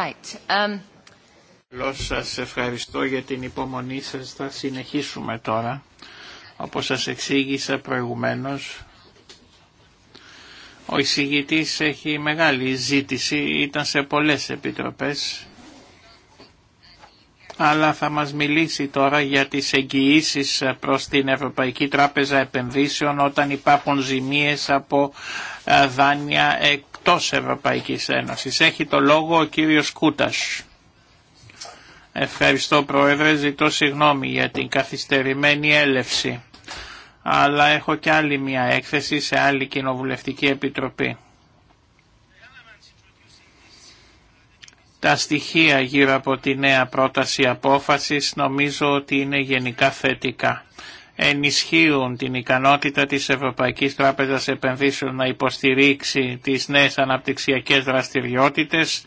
Right. Um, σας ευχαριστώ για την υπομονή σας. Θα συνεχίσουμε τώρα. Όπως σας εξήγησα προηγουμένως, ο εισηγητής έχει μεγάλη ζήτηση, ήταν σε πολλές επιτροπές, αλλά θα μας μιλήσει τώρα για τις εγγυήσει προς την Ευρωπαϊκή Τράπεζα Επενδύσεων όταν υπάρχουν ζημίες από ε, δάνεια εκ εκτός Ευρωπαϊκής Ένωσης. Έχει το λόγο ο κύριος Κούτας. Ευχαριστώ Πρόεδρε, ζητώ συγγνώμη για την καθυστερημένη έλευση. Αλλά έχω και άλλη μια έκθεση σε άλλη κοινοβουλευτική επιτροπή. Τα στοιχεία γύρω από τη νέα πρόταση απόφασης νομίζω ότι είναι γενικά θετικά ενισχύουν την ικανότητα της Ευρωπαϊκής Τράπεζας Επενδύσεων να υποστηρίξει τις νέες αναπτυξιακές δραστηριότητες,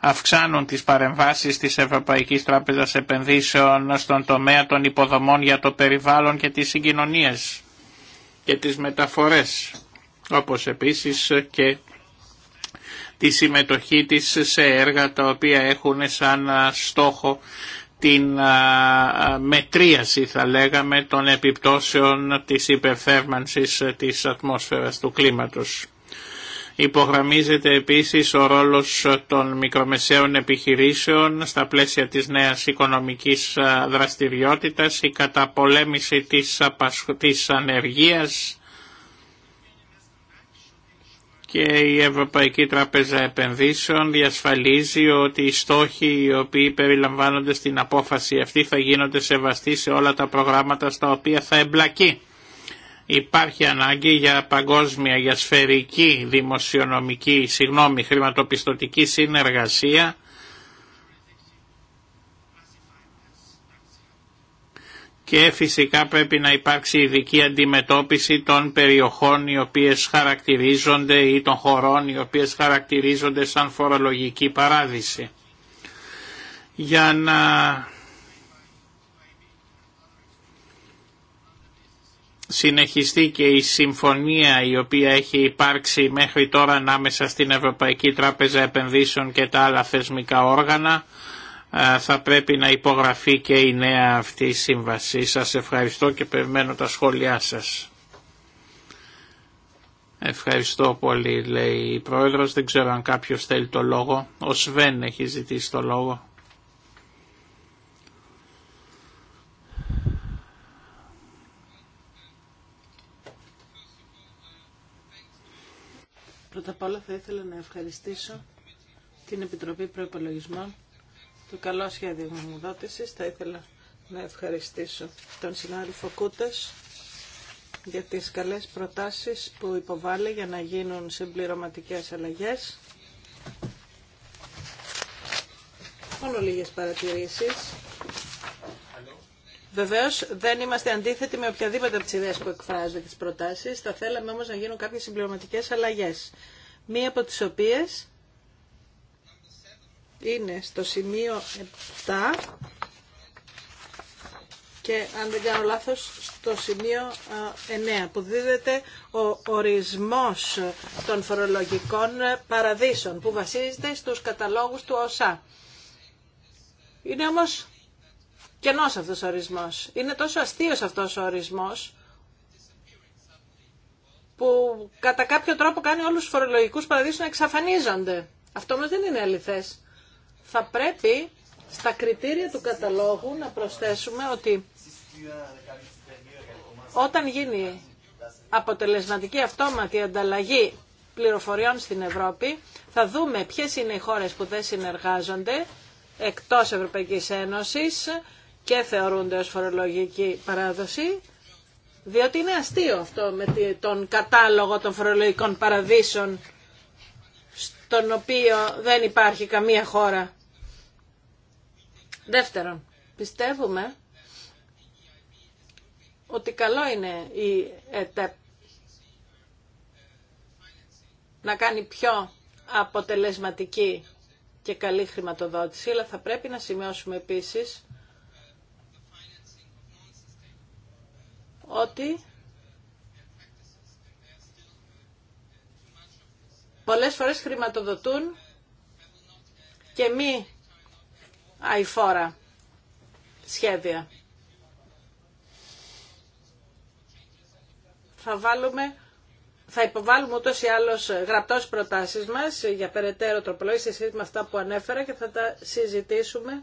αυξάνουν τις παρεμβάσεις της Ευρωπαϊκής Τράπεζας Επενδύσεων στον τομέα των υποδομών για το περιβάλλον και τις συγκοινωνίες και τις μεταφορές, όπως επίσης και τη συμμετοχή της σε έργα τα οποία έχουν σαν στόχο την μετρίαση θα λέγαμε των επιπτώσεων της υπερθέρμανσης της ατμόσφαιρας του κλίματος. Υπογραμμίζεται επίσης ο ρόλος των μικρομεσαίων επιχειρήσεων στα πλαίσια της νέας οικονομικής δραστηριότητας, η καταπολέμηση της, απασχ και η Ευρωπαϊκή Τράπεζα Επενδύσεων διασφαλίζει ότι οι στόχοι οι οποίοι περιλαμβάνονται στην απόφαση αυτή θα γίνονται σεβαστοί σε όλα τα προγράμματα στα οποία θα εμπλακεί. Υπάρχει ανάγκη για παγκόσμια, για σφαιρική, δημοσιονομική, συγγνώμη, χρηματοπιστωτική συνεργασία και φυσικά πρέπει να υπάρξει ειδική αντιμετώπιση των περιοχών οι οποίες χαρακτηρίζονται ή των χωρών οι οποίες χαρακτηρίζονται σαν φορολογική παράδειση. Για να συνεχιστεί και η συμφωνία η οποία έχει υπάρξει μέχρι τώρα ανάμεσα στην Ευρωπαϊκή Τράπεζα Επενδύσεων και τα άλλα θεσμικά όργανα θα πρέπει να υπογραφεί και η νέα αυτή σύμβαση. Σας ευχαριστώ και περιμένω τα σχόλιά σας. Ευχαριστώ πολύ λέει η Πρόεδρος. Δεν ξέρω αν κάποιος θέλει το λόγο. Ο Σβέν έχει ζητήσει το λόγο. Πρώτα απ' όλα θα ήθελα να ευχαριστήσω την Επιτροπή Προϋπολογισμών το καλό σχέδιο γνωμοδότησης. Θα ήθελα να ευχαριστήσω τον συνάδελφο Κούτας για τις καλές προτάσεις που υποβάλλει για να γίνουν συμπληρωματικές αλλαγέ. Μόνο λίγες παρατηρήσεις. Βεβαίω δεν είμαστε αντίθετοι με οποιαδήποτε από τι ιδέε που εκφράζονται και τι προτάσει. Θα θέλαμε όμω να γίνουν κάποιε συμπληρωματικέ αλλαγέ. Μία από τι οποίε είναι στο σημείο 7 και αν δεν κάνω λάθος στο σημείο 9 που δίδεται ο ορισμός των φορολογικών παραδείσων που βασίζεται στους καταλόγους του ΟΣΑ. Είναι όμως κενός αυτός ο ορισμός. Είναι τόσο αστείος αυτός ο ορισμός που κατά κάποιο τρόπο κάνει όλους τους φορολογικούς παραδείσους να εξαφανίζονται. Αυτό όμως δεν είναι αληθές θα πρέπει στα κριτήρια του καταλόγου να προσθέσουμε ότι όταν γίνει αποτελεσματική αυτόματη ανταλλαγή πληροφοριών στην Ευρώπη, θα δούμε ποιες είναι οι χώρες που δεν συνεργάζονται εκτός Ευρωπαϊκής Ένωσης και θεωρούνται ως φορολογική παράδοση, διότι είναι αστείο αυτό με τον κατάλογο των φορολογικών παραδείσων στον οποίο δεν υπάρχει καμία χώρα Δεύτερον, πιστεύουμε ότι καλό είναι η ΕΤΕΠ να κάνει πιο αποτελεσματική και καλή χρηματοδότηση, αλλά θα πρέπει να σημειώσουμε επίσης ότι πολλές φορές χρηματοδοτούν και μη αηφόρα σχέδια. Θα βάλουμε θα υποβάλουμε ούτω ή άλλω γραπτό προτάσει μα για περαιτέρω τροπολόγηση σε σχέση αυτά που ανέφερα και θα τα συζητήσουμε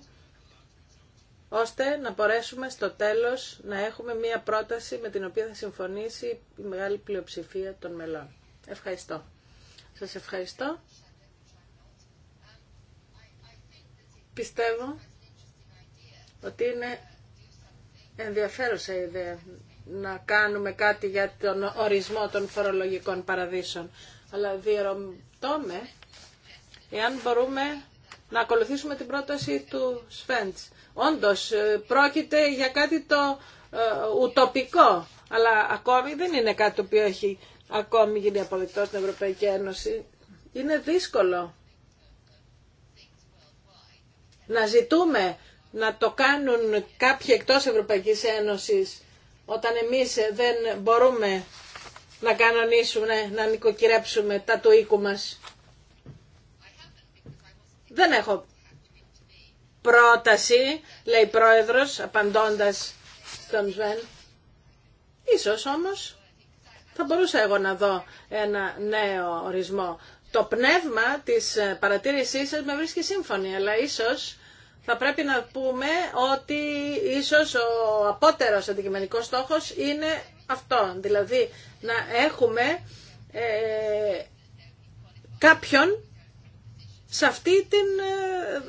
ώστε να μπορέσουμε στο τέλος να έχουμε μία πρόταση με την οποία θα συμφωνήσει η μεγάλη πλειοψηφία των μελών. Ευχαριστώ. Σας ευχαριστώ. Πιστεύω ότι είναι ενδιαφέρουσα η ιδέα να κάνουμε κάτι για τον ορισμό των φορολογικών παραδείσων. Αλλά διερωτώ εάν μπορούμε να ακολουθήσουμε την πρόταση του Σφέντς. Όντως, ε, πρόκειται για κάτι το ε, ουτοπικό, αλλά ακόμη δεν είναι κάτι το οποίο έχει ακόμη γίνει αποδεκτό στην Ευρωπαϊκή Ένωση. Είναι δύσκολο να ζητούμε να το κάνουν κάποιοι εκτός Ευρωπαϊκής Ένωσης όταν εμείς δεν μπορούμε να κανονίσουμε, να νοικοκυρέψουμε τα του οίκου μας. Δεν έχω πρόταση, λέει πρόεδρος, απαντώντας στον Σβέν. Ίσως όμως θα μπορούσα εγώ να δω ένα νέο ορισμό το πνεύμα της ε, παρατήρησής σας με βρίσκει σύμφωνη, αλλά ίσως θα πρέπει να πούμε ότι ίσως ο απότερος αντικειμενικός στόχος είναι αυτό, δηλαδή να έχουμε ε, κάποιον σε, αυτή την,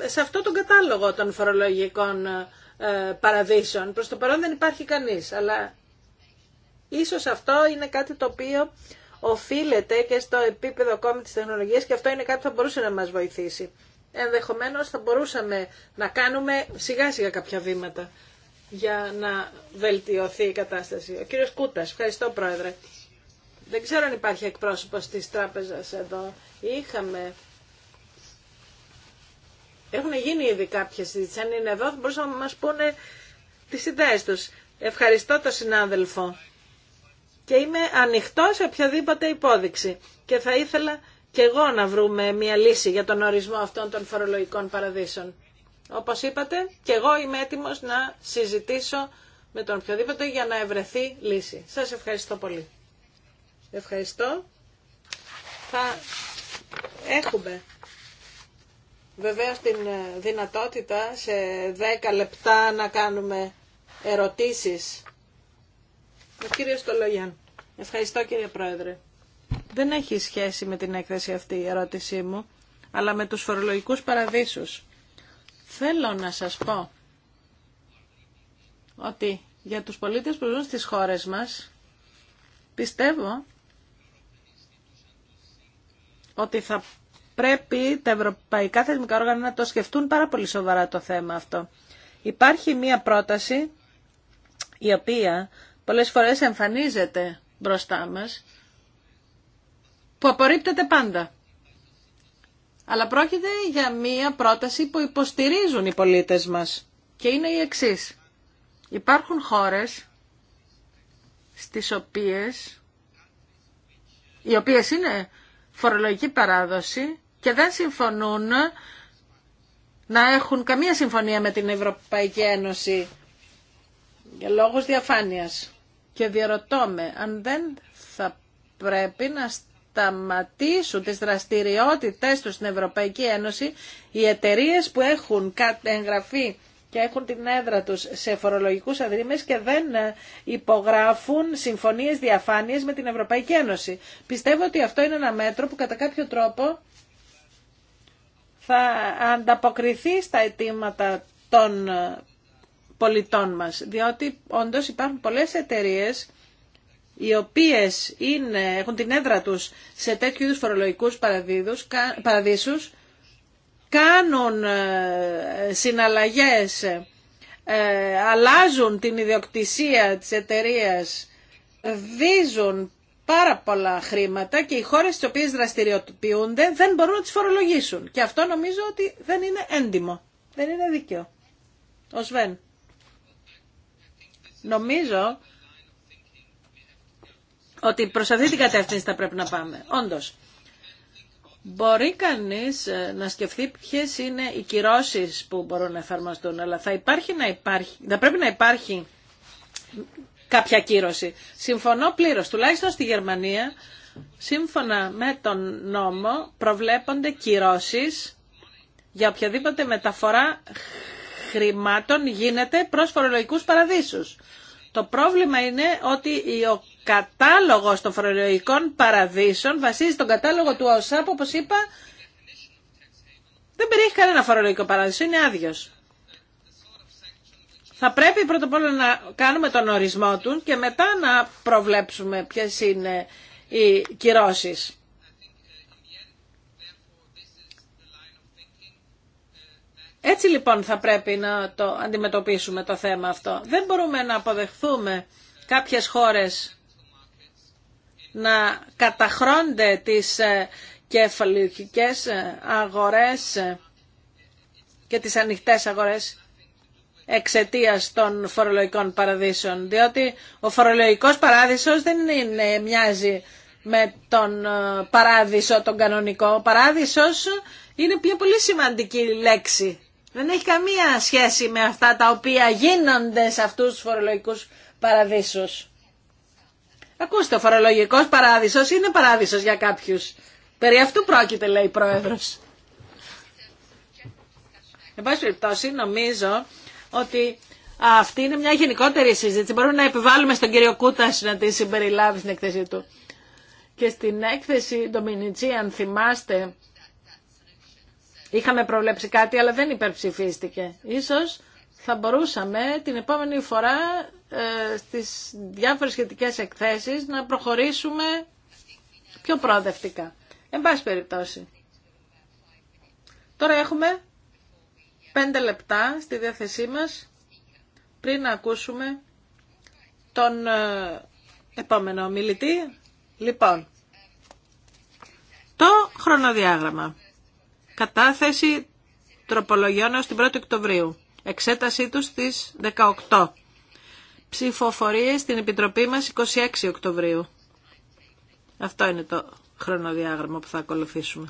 ε, σε αυτό τον κατάλογο των φορολογικών ε, παραδείσων. Προς το παρόν δεν υπάρχει κανείς, αλλά ίσως αυτό είναι κάτι το οποίο οφείλεται και στο επίπεδο ακόμη της τεχνολογίας και αυτό είναι κάτι που θα μπορούσε να μας βοηθήσει. Ενδεχομένως θα μπορούσαμε να κάνουμε σιγά σιγά κάποια βήματα για να βελτιωθεί η κατάσταση. Ο κύριος Κούτας, ευχαριστώ πρόεδρε. Δεν ξέρω αν υπάρχει εκπρόσωπος της τράπεζας εδώ. Είχαμε... Έχουν γίνει ήδη κάποιες συζήτησεις. Αν είναι εδώ θα μπορούσαν να μας πούνε τις ιδέες τους. Ευχαριστώ τον συνάδελφο και είμαι ανοιχτό σε οποιαδήποτε υπόδειξη. Και θα ήθελα και εγώ να βρούμε μια λύση για τον ορισμό αυτών των φορολογικών παραδείσων. Όπως είπατε, και εγώ είμαι έτοιμος να συζητήσω με τον οποιοδήποτε για να ευρεθεί λύση. Σας ευχαριστώ πολύ. Ευχαριστώ. Θα έχουμε βεβαίως την ε, δυνατότητα σε 10 λεπτά να κάνουμε ερωτήσεις ο κύριος Στολογιάν. Ευχαριστώ κύριε Πρόεδρε. Δεν έχει σχέση με την έκθεση αυτή η ερώτησή μου, αλλά με τους φορολογικούς παραδείσους. Θέλω να σας πω ότι για τους πολίτες που ζουν στις χώρες μας, πιστεύω ότι θα πρέπει τα ευρωπαϊκά θεσμικά όργανα να το σκεφτούν πάρα πολύ σοβαρά το θέμα αυτό. Υπάρχει μία πρόταση η οποία πολλές φορές εμφανίζεται μπροστά μας, που απορρίπτεται πάντα. Αλλά πρόκειται για μία πρόταση που υποστηρίζουν οι πολίτες μας. Και είναι η εξής. Υπάρχουν χώρες στις οποίες, οι οποίες είναι φορολογική παράδοση και δεν συμφωνούν να έχουν καμία συμφωνία με την Ευρωπαϊκή Ένωση για λόγους διαφάνειας. Και διαρωτώ με αν δεν θα πρέπει να σταματήσουν τις δραστηριότητες τους στην Ευρωπαϊκή Ένωση οι εταιρείε που έχουν εγγραφεί και έχουν την έδρα τους σε φορολογικούς αδρήμες και δεν ε, υπογράφουν συμφωνίες διαφάνειες με την Ευρωπαϊκή Ένωση. Πιστεύω ότι αυτό είναι ένα μέτρο που κατά κάποιο τρόπο θα ανταποκριθεί στα αιτήματα των ε, πολιτών μας. Διότι όντως υπάρχουν πολλές εταιρείες οι οποίες είναι, έχουν την έδρα τους σε τέτοιου είδους φορολογικούς παραδείσους, κάνουν ε, συναλλαγές, ε, αλλάζουν την ιδιοκτησία της εταιρείας, δίζουν πάρα πολλά χρήματα και οι χώρες στις οποίες δραστηριοποιούνται δεν μπορούν να τις φορολογήσουν. Και αυτό νομίζω ότι δεν είναι έντιμο, δεν είναι δίκαιο. Ο Σβέν. Νομίζω ότι προς αυτή την κατεύθυνση θα πρέπει να πάμε. Όντως, μπορεί κανείς ε, να σκεφτεί ποιες είναι οι κυρώσεις που μπορούν να εφαρμοστούν, αλλά θα, υπάρχει να θα πρέπει να υπάρχει κάποια κύρωση. Συμφωνώ πλήρως, τουλάχιστον στη Γερμανία, σύμφωνα με τον νόμο προβλέπονται κυρώσεις για οποιαδήποτε μεταφορά χρημάτων γίνεται προς φορολογικούς παραδείσους. Το πρόβλημα είναι ότι ο κατάλογος των φορολογικών παραδείσων βασίζει τον κατάλογο του ΟΣΑΠ, όπως είπα δεν περιέχει κανένα φορολογικό παράδεισο, είναι άδειο. Θα πρέπει πρώτα απ' όλα να κάνουμε τον ορισμό του και μετά να προβλέψουμε ποιες είναι οι κυρώσεις. Έτσι λοιπόν θα πρέπει να το αντιμετωπίσουμε το θέμα αυτό. Δεν μπορούμε να αποδεχθούμε κάποιες χώρες να καταχρώνται τις ε, κεφαλικές ε, αγορές ε, και τις ανοιχτές αγορές εξαιτίας των φορολογικών παραδείσων. Διότι ο φορολογικός παράδεισος δεν είναι, μοιάζει με τον παράδεισο τον κανονικό. Ο παράδεισος είναι μια πολύ σημαντική λέξη δεν έχει καμία σχέση με αυτά τα οποία γίνονται σε αυτούς τους φορολογικούς παραδείσους. Ακούστε, ο φορολογικός παράδεισος είναι παράδεισος για κάποιους. Περί αυτού πρόκειται, λέει η Πρόεδρος. Εν πάση περιπτώσει, νομίζω ότι αυτή είναι μια γενικότερη συζήτηση. Μπορούμε να επιβάλλουμε στον κύριο Κούτα να τη συμπεριλάβει στην έκθεση του. Και στην έκθεση Ντομινιτσί, αν θυμάστε, Είχαμε προβλέψει κάτι, αλλά δεν υπερψηφίστηκε. Ίσως θα μπορούσαμε την επόμενη φορά ε, στις διάφορες σχετικές εκθέσεις να προχωρήσουμε πιο προοδευτικά. Εν πάση περιπτώσει. Τώρα έχουμε πέντε λεπτά στη διάθεσή μας πριν να ακούσουμε τον ε, επόμενο μιλητή. Λοιπόν, το χρονοδιάγραμμα κατάθεση τροπολογιών έως την 1η Οκτωβρίου. Εξέτασή τους στις 18. Ψηφοφορίες στην Επιτροπή μας 26 Οκτωβρίου. Αυτό είναι το χρονοδιάγραμμα που θα ακολουθήσουμε.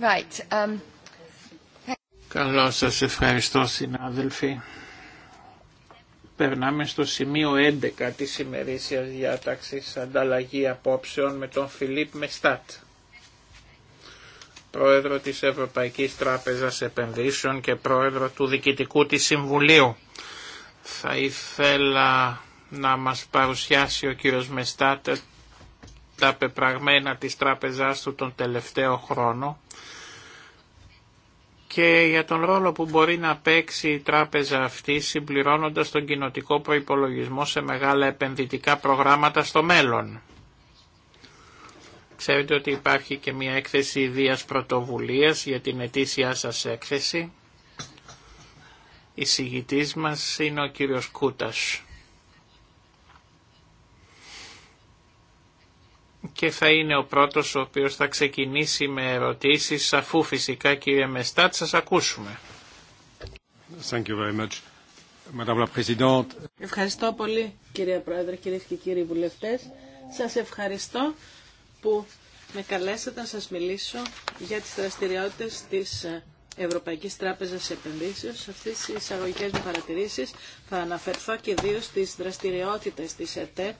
Right. Um, σα ευχαριστώ συνάδελφοι. Περνάμε στο σημείο 11 της ημερήσιας διάταξης ανταλλαγή απόψεων με τον Φιλίπ Μεστάτ, πρόεδρο της Ευρωπαϊκής Τράπεζας Επενδύσεων και πρόεδρο του Διοικητικού της Συμβουλίου. Θα ήθελα να μας παρουσιάσει ο κύριος Μεστάτ τα πεπραγμένα της τράπεζάς του τον τελευταίο χρόνο και για τον ρόλο που μπορεί να παίξει η τράπεζα αυτή συμπληρώνοντας τον κοινοτικό προϋπολογισμό σε μεγάλα επενδυτικά προγράμματα στο μέλλον. Ξέρετε ότι υπάρχει και μια έκθεση ιδίας πρωτοβουλίας για την ετήσια σας έκθεση. Η συγητής μας είναι ο κύριος Κούτας. και θα είναι ο πρώτος ο οποίος θα ξεκινήσει με ερωτήσεις αφού φυσικά κύριε Μεστάτ σας ακούσουμε. Thank you very much. La ευχαριστώ πολύ κυρία Πρόεδρε, κυρίες και κύριοι βουλευτές. Σας ευχαριστώ που με καλέσατε να σας μιλήσω για τις δραστηριότητες της Ευρωπαϊκής Τράπεζας Επενδύσεως. Σε αυτές τις εισαγωγικές μου παρατηρήσεις θα αναφερθώ και δύο στις δραστηριότητες της ΕΤΕ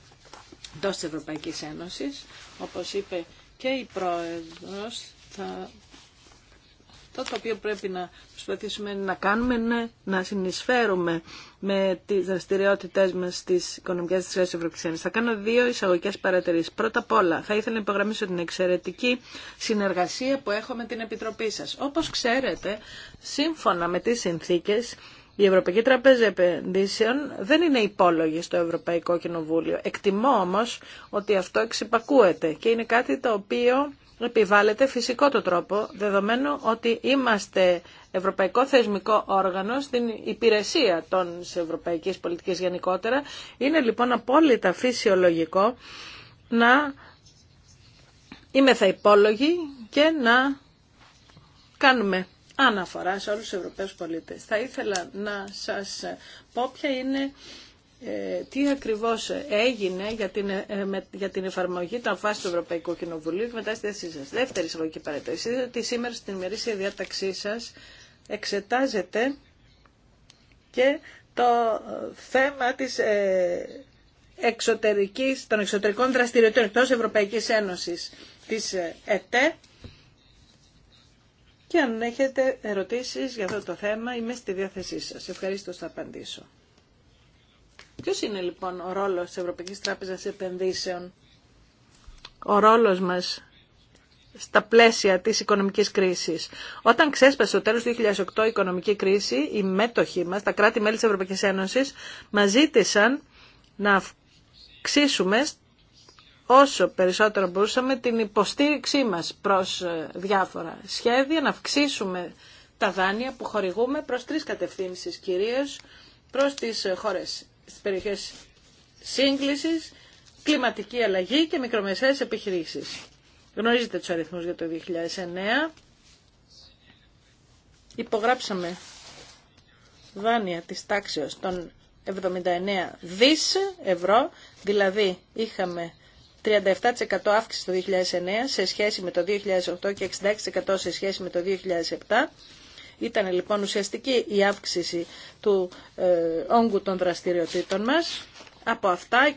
εντό τη Ευρωπαϊκή Ένωση. Όπω είπε και η πρόεδρο, θα... το οποίο πρέπει να προσπαθήσουμε να κάνουμε είναι να συνεισφέρουμε με τι δραστηριότητέ μα στι οικονομικέ τη τη Ευρωπαϊκή Ένωση. Θα κάνω δύο εισαγωγικέ παρατηρήσει. Πρώτα απ' όλα, θα ήθελα να υπογραμμίσω την εξαιρετική συνεργασία που έχω με την Επιτροπή σα. Όπω ξέρετε, σύμφωνα με τι συνθήκε, η Ευρωπαϊκή Τραπέζα Επενδύσεων δεν είναι υπόλογη στο Ευρωπαϊκό Κοινοβούλιο. Εκτιμώ όμως ότι αυτό εξυπακούεται και είναι κάτι το οποίο επιβάλλεται φυσικό το τρόπο, δεδομένου ότι είμαστε ευρωπαϊκό θεσμικό όργανο στην υπηρεσία των ευρωπαϊκής πολιτικής γενικότερα. Είναι λοιπόν απόλυτα φυσιολογικό να είμαι θα υπόλογη και να κάνουμε αναφορά σε όλους τους Ευρωπαίους πολίτες. Θα ήθελα να σας πω ποια είναι ε, τι ακριβώς έγινε ε, ε, για την, εφαρμογή των φάσεων του Ευρωπαϊκού Κοινοβουλίου και μετά στη θέση σας. Δεύτερη συλλογική παρατήρηση είναι ότι σήμερα στην ημερήσια διάταξή σας εξετάζεται και το θέμα της εξωτερικής, των εξωτερικών δραστηριοτήτων εκτός Ευρωπαϊκής Ένωσης της ΕΤΕ και αν έχετε ερωτήσεις για αυτό το θέμα είμαι στη διάθεσή σας. Ευχαρίστω θα απαντήσω. Ποιο είναι λοιπόν ο ρόλος της Ευρωπαϊκής Τράπεζας Επενδύσεων, ο ρόλος μας στα πλαίσια της οικονομικής κρίσης. Όταν ξέσπασε το τέλος του 2008 η οικονομική κρίση, οι μέτοχοι μας, τα κράτη-μέλη της Ευρωπαϊκής Ένωσης, μας ζήτησαν να αυξήσουμε όσο περισσότερο μπορούσαμε την υποστήριξή μας προς ε, διάφορα σχέδια, να αυξήσουμε τα δάνεια που χορηγούμε προς τρεις κατευθύνσεις, κυρίως προς τις ε, χώρες, τις περιοχές σύγκλησης, κλιματική αλλαγή και μικρομεσαίες επιχειρήσεις. Γνωρίζετε τους αριθμούς για το 2009. Υπογράψαμε δάνεια της τάξεως των 79 δις ευρώ, δηλαδή είχαμε 37% αύξηση το 2009 σε σχέση με το 2008 και 66% σε σχέση με το 2007. Ήταν λοιπόν ουσιαστική η αύξηση του ε, όγκου των δραστηριοτήτων μας. Από αυτά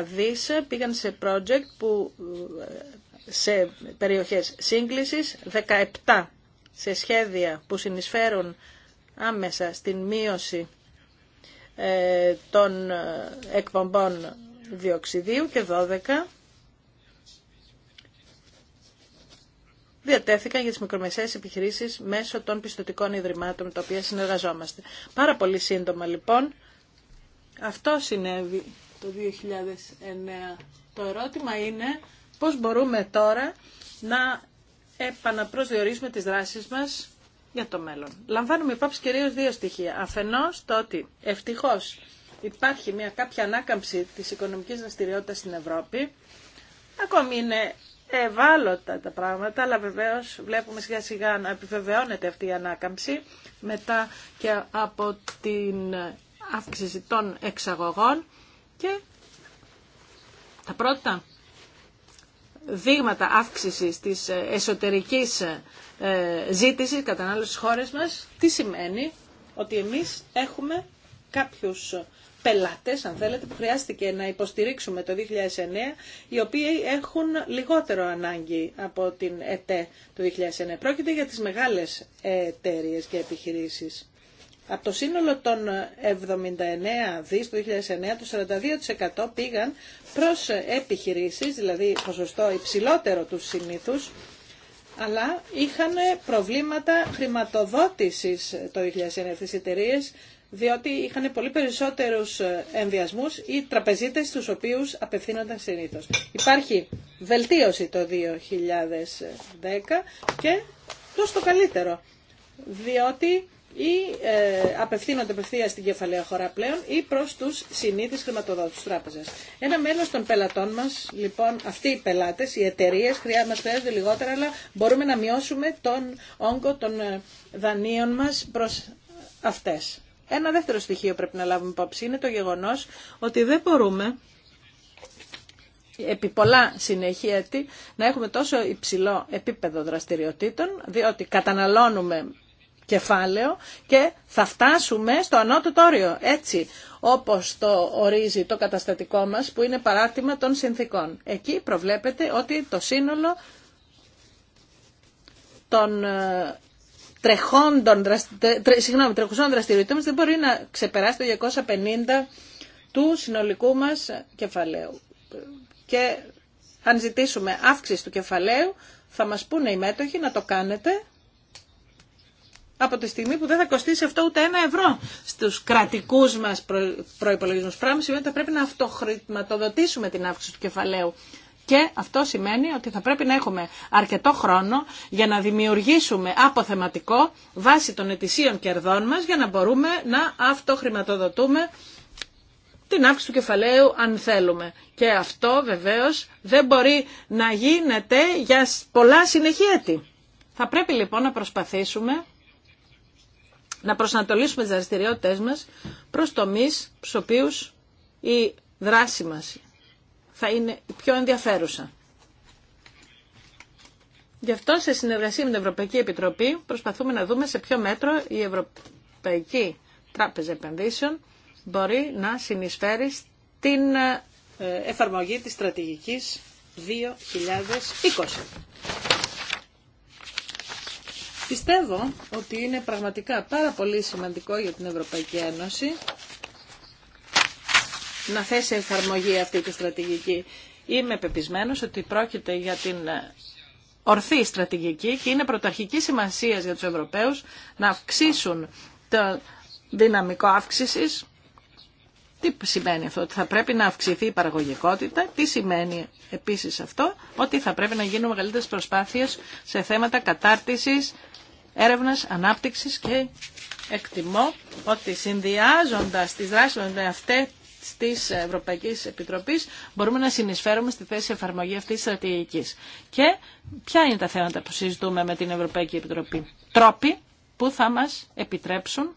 29 δις πήγαν σε project που ε, σε περιοχές σύγκλησης, 17 σε σχέδια που συνεισφέρουν άμεσα στην μείωση ε, των ε, εκπομπών διοξιδίου και 12 διατέθηκαν για τις μικρομεσαίες επιχειρήσεις μέσω των πιστοτικών ιδρυμάτων με τα οποία συνεργαζόμαστε. Πάρα πολύ σύντομα λοιπόν, αυτό συνέβη το 2009. Το ερώτημα είναι πώς μπορούμε τώρα να επαναπροσδιορίσουμε τις δράσεις μας για το μέλλον. Λαμβάνουμε υπόψη κυρίως δύο στοιχεία. Αφενός το ότι ευτυχώς υπάρχει μια κάποια ανάκαμψη της οικονομικής δραστηριότητας στην Ευρώπη. Ακόμη είναι ευάλωτα τα πράγματα, αλλά βεβαίως βλέπουμε σιγά σιγά να επιβεβαιώνεται αυτή η ανάκαμψη μετά και από την αύξηση των εξαγωγών και τα πρώτα δείγματα αύξησης της εσωτερικής ε, ζήτησης άλλες χώρες μας, τι σημαίνει ότι εμείς έχουμε κάποιους πελάτες, αν θέλετε, που χρειάστηκε να υποστηρίξουμε το 2009, οι οποίοι έχουν λιγότερο ανάγκη από την ΕΤΕ το 2009. Πρόκειται για τις μεγάλες εταιρείε και επιχειρήσεις. Από το σύνολο των 79 δις του 2009, το 42% πήγαν προς επιχειρήσεις, δηλαδή ποσοστό υψηλότερο του συνήθους, αλλά είχαν προβλήματα χρηματοδότησης το 2009 αυτές οι εταιρείες διότι είχαν πολύ περισσότερους ε, ενδιασμούς οι τραπεζίτες στους οποίους απευθύνονταν συνήθω. Υπάρχει βελτίωση το 2010 και τόσο το καλύτερο, διότι ή ε, απευθύνονται απευθεία στην κεφαλαία χώρα πλέον ή προς τους συνήθεις χρηματοδότους τράπεζας. Ένα μέλος των πελατών μας, λοιπόν, αυτοί οι πελάτες, οι εταιρείε χρειάζονται λιγότερα, αλλά μπορούμε να μειώσουμε τον όγκο των ε, δανείων μας προς αυτές. Ένα δεύτερο στοιχείο πρέπει να λάβουμε υπόψη είναι το γεγονός ότι δεν μπορούμε επί πολλά συνεχεία να έχουμε τόσο υψηλό επίπεδο δραστηριοτήτων, διότι καταναλώνουμε κεφάλαιο και θα φτάσουμε στο ανώτατο όριο, έτσι όπως το ορίζει το καταστατικό μας που είναι παράρτημα των συνθήκων. Εκεί προβλέπεται ότι το σύνολο των ε, τρεχόντων, τρε, συγγνώμη, τρεχουσών δραστηριοτήτων μας δεν μπορεί να ξεπεράσει το 250 του συνολικού μας κεφαλαίου. Και αν ζητήσουμε αύξηση του κεφαλαίου, θα μας πούνε οι μέτοχοι να το κάνετε από τη στιγμή που δεν θα κοστίσει αυτό ούτε ένα ευρώ στους κρατικούς μας προϋπολογισμούς. Πράγμα σημαίνει ότι θα πρέπει να αυτοχρηματοδοτήσουμε την αύξηση του κεφαλαίου και αυτό σημαίνει ότι θα πρέπει να έχουμε αρκετό χρόνο για να δημιουργήσουμε αποθεματικό βάσει των ετησίων κερδών μας για να μπορούμε να αυτοχρηματοδοτούμε την αύξηση του κεφαλαίου αν θέλουμε. Και αυτό βεβαίως δεν μπορεί να γίνεται για πολλά συνεχή έτη. Θα πρέπει λοιπόν να προσπαθήσουμε να προσανατολίσουμε τις δραστηριότητες μας προς τομείς στους οποίους η δράση μας, θα είναι πιο ενδιαφέρουσα. Γι' αυτό σε συνεργασία με την Ευρωπαϊκή Επιτροπή προσπαθούμε να δούμε σε ποιο μέτρο η Ευρωπαϊκή Τράπεζα Επενδύσεων μπορεί να συνεισφέρει στην ε, εφαρμογή της στρατηγικής 2020. Πιστεύω ότι είναι πραγματικά πάρα πολύ σημαντικό για την Ευρωπαϊκή Ένωση να θέσει εφαρμογή αυτή τη στρατηγική. Είμαι πεπισμένο ότι πρόκειται για την ε, ορθή στρατηγική και είναι πρωταρχική σημασία για τους Ευρωπαίους να αυξήσουν το δυναμικό αύξηση. Τι σημαίνει αυτό, ότι θα πρέπει να αυξηθεί η παραγωγικότητα, τι σημαίνει επίσης αυτό, ότι θα πρέπει να γίνουν μεγαλύτερες προσπάθειες σε θέματα κατάρτισης, έρευνας, ανάπτυξης και εκτιμώ ότι συνδυάζοντας τις δράσεις με αυτές Τη Ευρωπαϊκή Επιτροπή μπορούμε να συνεισφέρουμε στη θέση εφαρμογή αυτή τη στρατηγική. Και ποια είναι τα θέματα που συζητούμε με την Ευρωπαϊκή Επιτροπή. Τρόποι που θα μας επιτρέψουν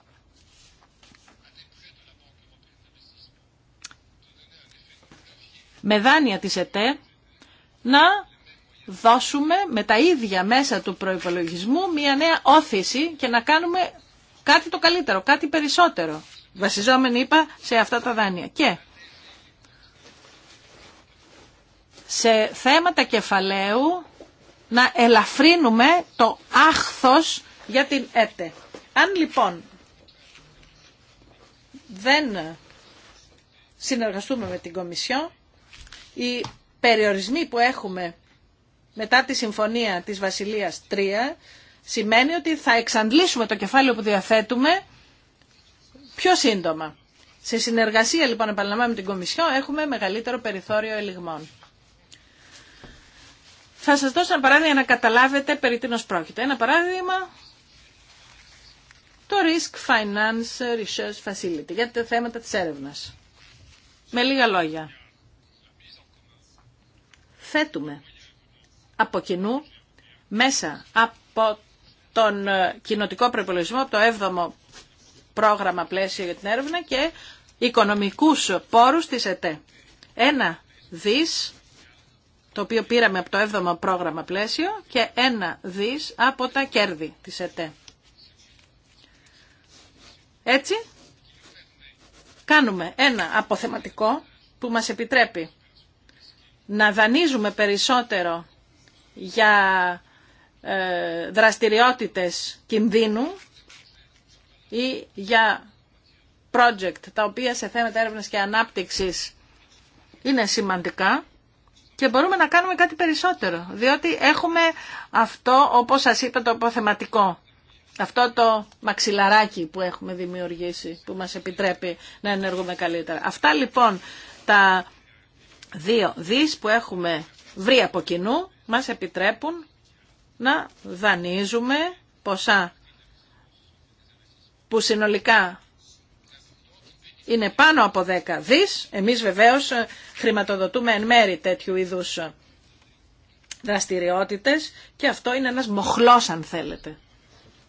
με δάνεια της ΕΤΕ να δώσουμε με τα ίδια μέσα του προϋπολογισμού μια νέα όθηση και να κάνουμε κάτι το καλύτερο, κάτι περισσότερο βασιζόμενοι είπα σε αυτά τα δάνεια. Και σε θέματα κεφαλαίου να ελαφρύνουμε το άχθος για την ΕΤΕ. Αν λοιπόν δεν συνεργαστούμε με την Κομισιό, οι περιορισμοί που έχουμε μετά τη συμφωνία της Βασιλείας 3 σημαίνει ότι θα εξαντλήσουμε το κεφάλαιο που διαθέτουμε πιο σύντομα. Σε συνεργασία λοιπόν επαναλαμβάνω με την Κομισιό έχουμε μεγαλύτερο περιθώριο ελιγμών. Θα σας δώσω ένα παράδειγμα για να καταλάβετε περί τίνος πρόκειται. Ένα παράδειγμα το Risk Finance Research Facility για τα θέματα της έρευνας. Με λίγα λόγια. Θέτουμε από κοινού μέσα από τον ε, κοινοτικό προπολογισμό, από το 7ο πρόγραμμα πλαίσιο για την έρευνα και οικονομικούς πόρους της ΕΤΕ. Ένα δις, το οποίο πήραμε από το 7ο πρόγραμμα πλαίσιο και ένα δις από τα κέρδη της ΕΤΕ. Έτσι, κάνουμε ένα αποθεματικό που μας επιτρέπει να δανείζουμε περισσότερο για ε, δραστηριότητες κινδύνου ή για project τα οποία σε θέματα έρευνας και ανάπτυξης είναι σημαντικά και μπορούμε να κάνουμε κάτι περισσότερο, διότι έχουμε αυτό, όπως σας είπα, το αποθεματικό. Αυτό το μαξιλαράκι που έχουμε δημιουργήσει, που μας επιτρέπει να ενεργούμε καλύτερα. Αυτά λοιπόν τα δύο δις που έχουμε βρει από κοινού, μας επιτρέπουν να δανείζουμε ποσά που συνολικά είναι πάνω από 10 δις. Εμείς βεβαίως ε, χρηματοδοτούμε εν μέρη τέτοιου είδους ε, δραστηριότητες και αυτό είναι ένας μοχλός αν θέλετε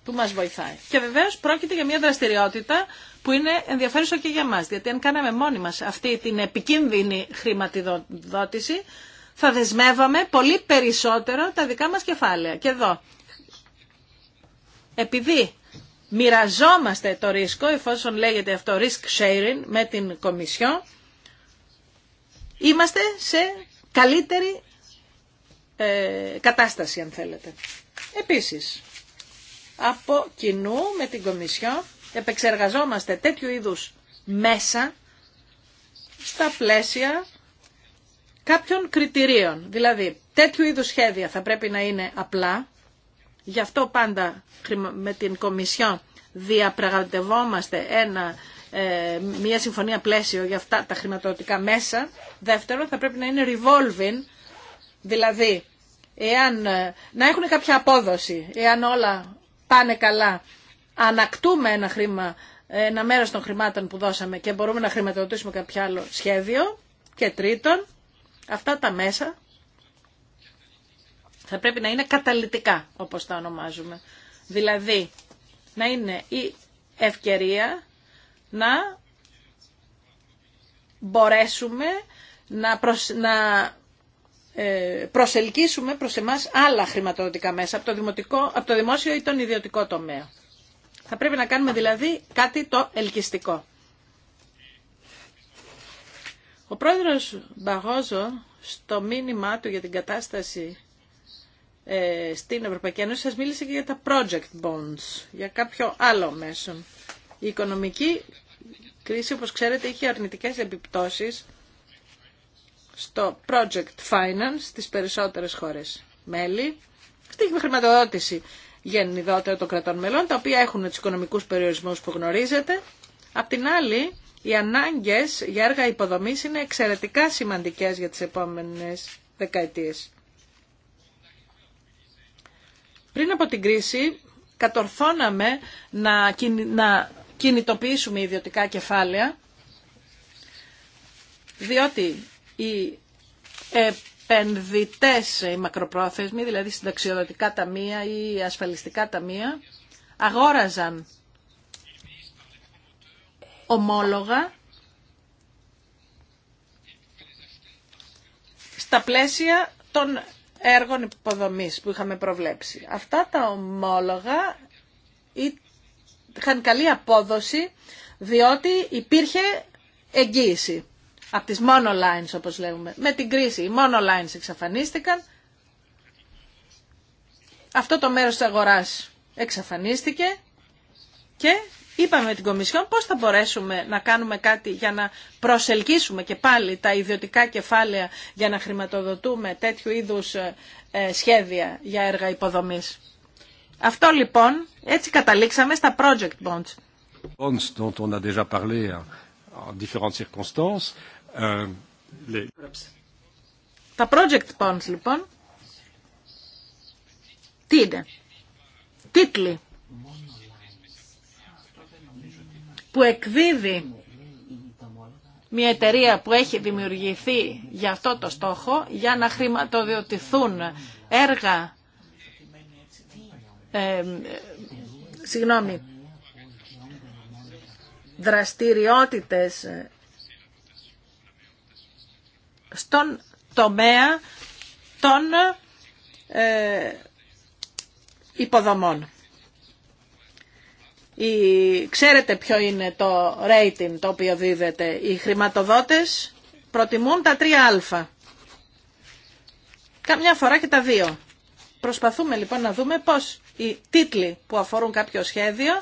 που μας βοηθάει. Και βεβαίως πρόκειται για μια δραστηριότητα που είναι ενδιαφέρουσα και για μας, γιατί αν κάναμε μόνοι μας αυτή την επικίνδυνη χρηματοδότηση θα δεσμεύαμε πολύ περισσότερο τα δικά μας κεφάλαια. Και εδώ, επειδή μοιραζόμαστε το ρίσκο, εφόσον λέγεται αυτό risk sharing με την Κομισιό, είμαστε σε καλύτερη ε, κατάσταση αν θέλετε. Επίσης, από κοινού με την Κομισιό επεξεργαζόμαστε τέτοιου είδους μέσα στα πλαίσια κάποιων κριτηρίων. Δηλαδή, τέτοιου είδους σχέδια θα πρέπει να είναι απλά, Γι' αυτό πάντα με την Κομισιόν διαπραγματευόμαστε ένα, ε, μια συμφωνία πλαίσιο για αυτά τα χρηματοδοτικά μέσα. Δεύτερον, θα πρέπει να είναι revolving, δηλαδή εάν, ε, να έχουν κάποια απόδοση, εάν όλα πάνε καλά, ανακτούμε ένα χρήμα ένα μέρος των χρημάτων που δώσαμε και μπορούμε να χρηματοδοτήσουμε κάποιο άλλο σχέδιο. Και τρίτον, αυτά τα μέσα θα πρέπει να είναι καταλυτικά, όπως τα ονομάζουμε. Δηλαδή, να είναι η ευκαιρία να μπορέσουμε να, να ε, προσελκύσουμε προς εμάς άλλα χρηματοδοτικά μέσα από το, δημοτικό, από το δημόσιο ή τον ιδιωτικό τομέα. Θα πρέπει να κάνουμε δηλαδή κάτι το ελκυστικό. Ο πρόεδρος Μπαγόζο στο μήνυμά του για την κατάσταση ε, στην Ευρωπαϊκή Ένωση σας μίλησε και για τα project bonds, για κάποιο άλλο μέσο. Η οικονομική κρίση, όπως ξέρετε, είχε αρνητικές επιπτώσεις στο project finance στις περισσότερες χώρες μέλη. Αυτή με χρηματοδότηση γεννηδότερα των κρατών μελών, τα οποία έχουν τους οικονομικούς περιορισμούς που γνωρίζετε. Απ' την άλλη, οι ανάγκες για έργα υποδομής είναι εξαιρετικά σημαντικές για τις επόμενες δεκαετίες. Πριν από την κρίση κατορθώναμε να, να κινητοποιήσουμε ιδιωτικά κεφάλαια διότι οι επενδυτές, οι μακροπρόθεσμοι, δηλαδή συνταξιοδοτικά ταμεία ή ασφαλιστικά ταμεία, αγόραζαν ομόλογα στα πλαίσια των έργων υποδομής που είχαμε προβλέψει. Αυτά τα ομόλογα είχαν καλή απόδοση διότι υπήρχε εγγύηση από τις monolines όπως λέγουμε. Με την κρίση οι monolines εξαφανίστηκαν, αυτό το μέρος της αγοράς εξαφανίστηκε και είπαμε την Κομισιόν πώς θα μπορέσουμε να κάνουμε κάτι για να προσελκύσουμε και πάλι τα ιδιωτικά κεφάλαια για να χρηματοδοτούμε τέτοιου είδους ε, ε, σχέδια για έργα υποδομής. Αυτό λοιπόν, έτσι καταλήξαμε στα project bonds. Bonds dont on a déjà parlé en différentes circonstances. Euh, les... Τα project bonds λοιπόν, τι είναι, τίτλοι που εκδίδει μια εταιρεία που έχει δημιουργηθεί για αυτό το στόχο, για να χρηματοδοτηθούν έργα, ε, συγγνώμη, δραστηριότητες στον τομέα των ε, υποδομών ξέρετε ποιο είναι το rating το οποίο δίδεται. Οι χρηματοδότες προτιμούν τα 3α. Καμιά φορά και τα δύο. Προσπαθούμε λοιπόν να δούμε πώς οι τίτλοι που αφορούν κάποιο σχέδιο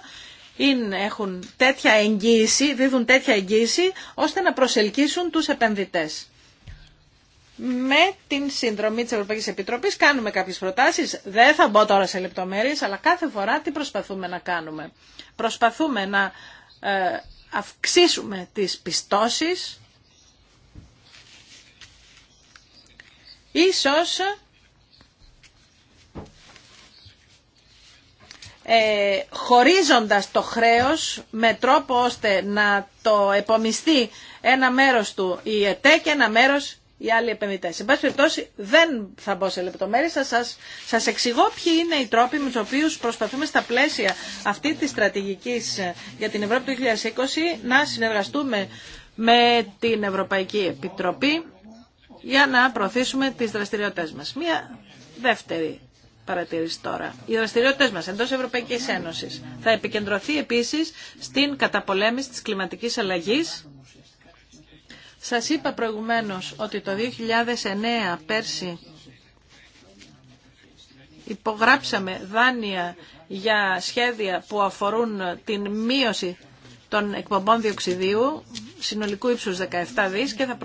είναι, έχουν τέτοια εγγύηση, δίδουν τέτοια εγγύηση ώστε να προσελκύσουν τους επενδυτές με την συνδρομή της Ευρωπαϊκής Επιτροπής κάνουμε κάποιες προτάσεις. Δεν θα μπω τώρα σε λεπτομέρειες, αλλά κάθε φορά τι προσπαθούμε να κάνουμε. Προσπαθούμε να ε, αυξήσουμε τις πιστώσεις. Ίσως ε, χωρίζοντας το χρέος με τρόπο ώστε να το επομιστεί ένα μέρος του η ΕΤΕ και ένα μέρος οι άλλοι επενδυτέ. Εν πάση περιπτώσει δεν θα μπω σε λεπτομέρειες, θα σας, εξηγώ ποιοι είναι οι τρόποι με του οποίου προσπαθούμε στα πλαίσια αυτή τη στρατηγική ε, για την Ευρώπη του 2020 να συνεργαστούμε με την Ευρωπαϊκή Επιτροπή για να προωθήσουμε τι δραστηριότητε μα. Μία δεύτερη παρατήρηση τώρα. Οι δραστηριότητε μα εντό Ευρωπαϊκή Ένωση θα επικεντρωθεί επίση στην καταπολέμηση τη κλιματική αλλαγή σας είπα προηγουμένως ότι το 2009 πέρσι υπογράψαμε δάνεια για σχέδια που αφορούν την μείωση των εκπομπών διοξιδίου συνολικού ύψους 17 δις και θα,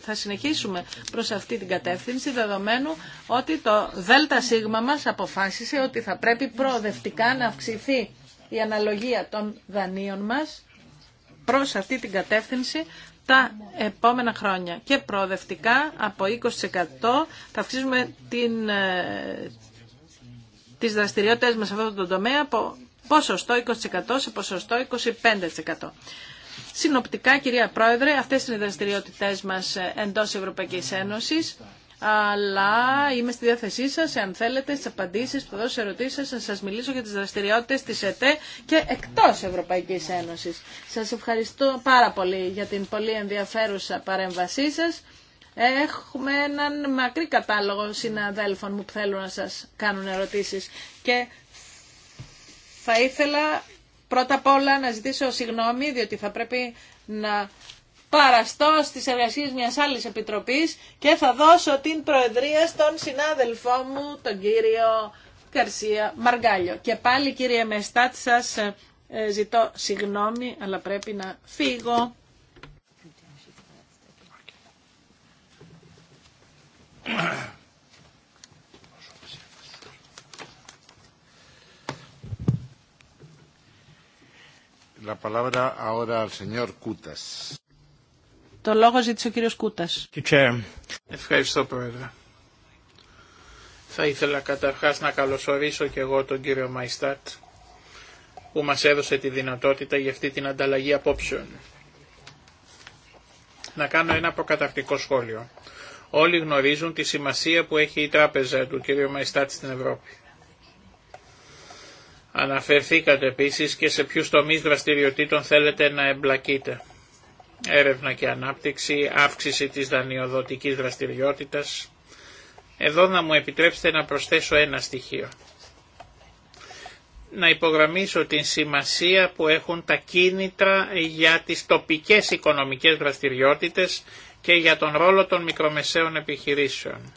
θα συνεχίσουμε προς αυτή την κατεύθυνση δεδομένου ότι το ΔΣ μας αποφάσισε ότι θα πρέπει προοδευτικά να αυξηθεί η αναλογία των δανείων μας προς αυτή την κατεύθυνση τα επόμενα χρόνια. Και προοδευτικά από 20% θα αυξήσουμε την, ε, τις δραστηριότητες μας σε αυτό το τομέα από ποσοστό 20% σε ποσοστό 25%. Συνοπτικά, κυρία Πρόεδρε, αυτές είναι οι δραστηριότητες μας εντός Ευρωπαϊκής Ένωσης αλλά είμαι στη διάθεσή σας, εάν θέλετε, στις απαντήσεις που δώσω σε ερωτήσεις σας, σα μιλήσω για τις δραστηριότητες της ΕΤΕ και εκτός Ευρωπαϊκής Ένωσης. Σας ευχαριστώ πάρα πολύ για την πολύ ενδιαφέρουσα παρέμβασή σα. Έχουμε έναν μακρύ κατάλογο συναδέλφων μου που θέλουν να σας κάνουν ερωτήσεις και θα ήθελα πρώτα απ' όλα να ζητήσω συγγνώμη διότι θα πρέπει να παραστώ στις εργασίες μιας άλλης επιτροπής και θα δώσω την προεδρία στον συνάδελφό μου, τον κύριο Καρσία Μαργκάλιο. Και πάλι κύριε Μεστάτ σας ε, ε, ζητώ συγγνώμη, αλλά πρέπει να φύγω. La palabra ahora al señor Cutas. Το λόγο ζήτησε ο κύριος Κούτας. Ευχαριστώ Πρόεδρε. Θα ήθελα καταρχάς να καλωσορίσω και εγώ τον κύριο Μαϊστάτ που μας έδωσε τη δυνατότητα για αυτή την ανταλλαγή απόψεων. Να κάνω ένα προκαταρκτικό σχόλιο. Όλοι γνωρίζουν τη σημασία που έχει η τράπεζα του κύριου Μαϊστάτ στην Ευρώπη. Αναφερθήκατε επίσης και σε ποιους τομείς δραστηριοτήτων θέλετε να εμπλακείτε έρευνα και ανάπτυξη, αύξηση της δανειοδοτικής δραστηριότητας. Εδώ να μου επιτρέψετε να προσθέσω ένα στοιχείο. Να υπογραμμίσω την σημασία που έχουν τα κίνητρα για τις τοπικές οικονομικές δραστηριότητες και για τον ρόλο των μικρομεσαίων επιχειρήσεων.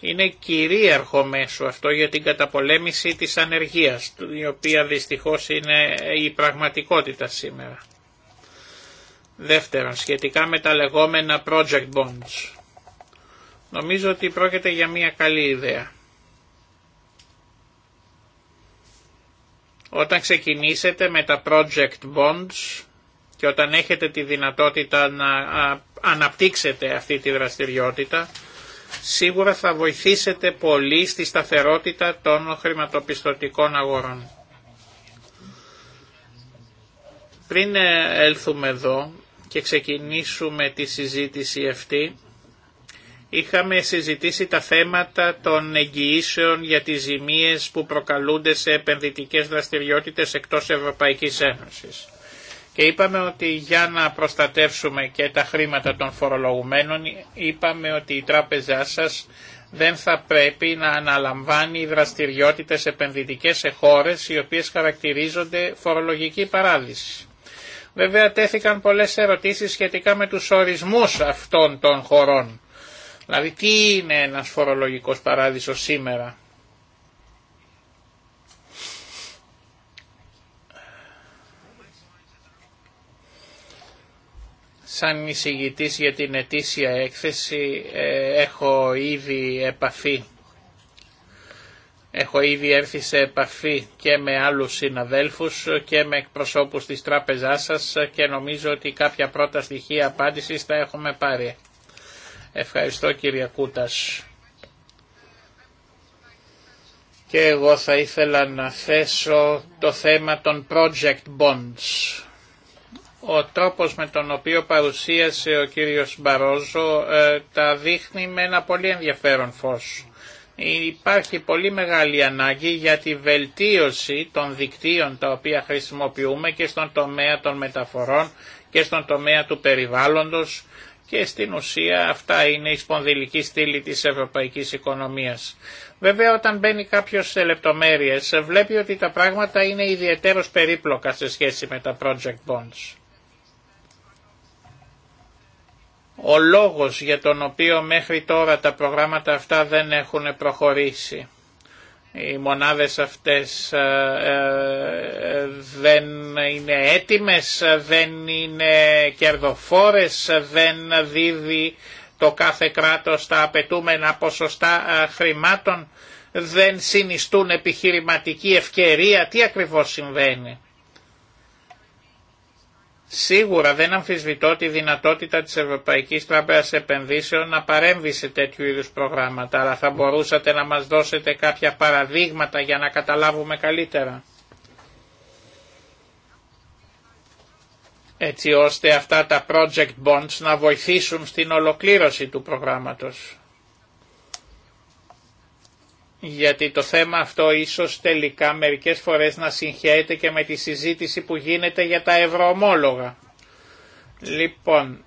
Είναι κυρίαρχο μέσο αυτό για την καταπολέμηση της ανεργίας, η οποία δυστυχώς είναι η πραγματικότητα σήμερα. Δεύτερον, σχετικά με τα λεγόμενα project bonds. Νομίζω ότι πρόκειται για μια καλή ιδέα. Όταν ξεκινήσετε με τα project bonds και όταν έχετε τη δυνατότητα να αναπτύξετε αυτή τη δραστηριότητα, σίγουρα θα βοηθήσετε πολύ στη σταθερότητα των χρηματοπιστωτικών αγορών. Πριν ε, έλθουμε εδώ, και ξεκινήσουμε τη συζήτηση αυτή, είχαμε συζητήσει τα θέματα των εγγυήσεων για τις ζημίες που προκαλούνται σε επενδυτικές δραστηριότητες εκτός Ευρωπαϊκής Ένωσης. Και είπαμε ότι για να προστατεύσουμε και τα χρήματα των φορολογουμένων, είπαμε ότι η τράπεζά σας δεν θα πρέπει να αναλαμβάνει δραστηριότητες επενδυτικές σε χώρες οι οποίες χαρακτηρίζονται φορολογική παράδειση. Βέβαια τέθηκαν πολλές ερωτήσεις σχετικά με τους ορισμούς αυτών των χωρών. Δηλαδή τι είναι ένας φορολογικός παράδεισος σήμερα. Σαν εισηγητής για την ετήσια έκθεση ε, έχω ήδη επαφή Έχω ήδη έρθει σε επαφή και με άλλους συναδέλφους και με εκπροσώπους της τράπεζάς σας και νομίζω ότι κάποια πρώτα στοιχεία απάντησης τα έχουμε πάρει. Ευχαριστώ κύριε Κούτας. Και εγώ θα ήθελα να θέσω το θέμα των project bonds. Ο τρόπος με τον οποίο παρουσίασε ο κύριος Μπαρόζο ε, τα δείχνει με ένα πολύ ενδιαφέρον φως. Υπάρχει πολύ μεγάλη ανάγκη για τη βελτίωση των δικτύων τα οποία χρησιμοποιούμε και στον τομέα των μεταφορών και στον τομέα του περιβάλλοντος και στην ουσία αυτά είναι η σπονδυλική στήλη της ευρωπαϊκής οικονομίας. Βέβαια όταν μπαίνει κάποιος σε λεπτομέρειες βλέπει ότι τα πράγματα είναι ιδιαίτερως περίπλοκα σε σχέση με τα project bonds. ο λόγος για τον οποίο μέχρι τώρα τα προγράμματα αυτά δεν έχουν προχωρήσει. Οι μονάδες αυτές ε, ε, δεν είναι έτοιμες, δεν είναι κερδοφόρες, δεν δίδει το κάθε κράτος τα απαιτούμενα ποσοστά ε, χρημάτων, δεν συνιστούν επιχειρηματική ευκαιρία. Τι ακριβώς συμβαίνει. Σίγουρα δεν αμφισβητώ τη δυνατότητα της Ευρωπαϊκής Τράπεζας Επενδύσεων να παρέμβει σε τέτοιου είδους προγράμματα, αλλά θα μπορούσατε να μας δώσετε κάποια παραδείγματα για να καταλάβουμε καλύτερα. Έτσι ώστε αυτά τα project bonds να βοηθήσουν στην ολοκλήρωση του προγράμματος γιατί το θέμα αυτό ίσως τελικά μερικές φορές να συγχαίεται και με τη συζήτηση που γίνεται για τα ευρωομόλογα. Λοιπόν,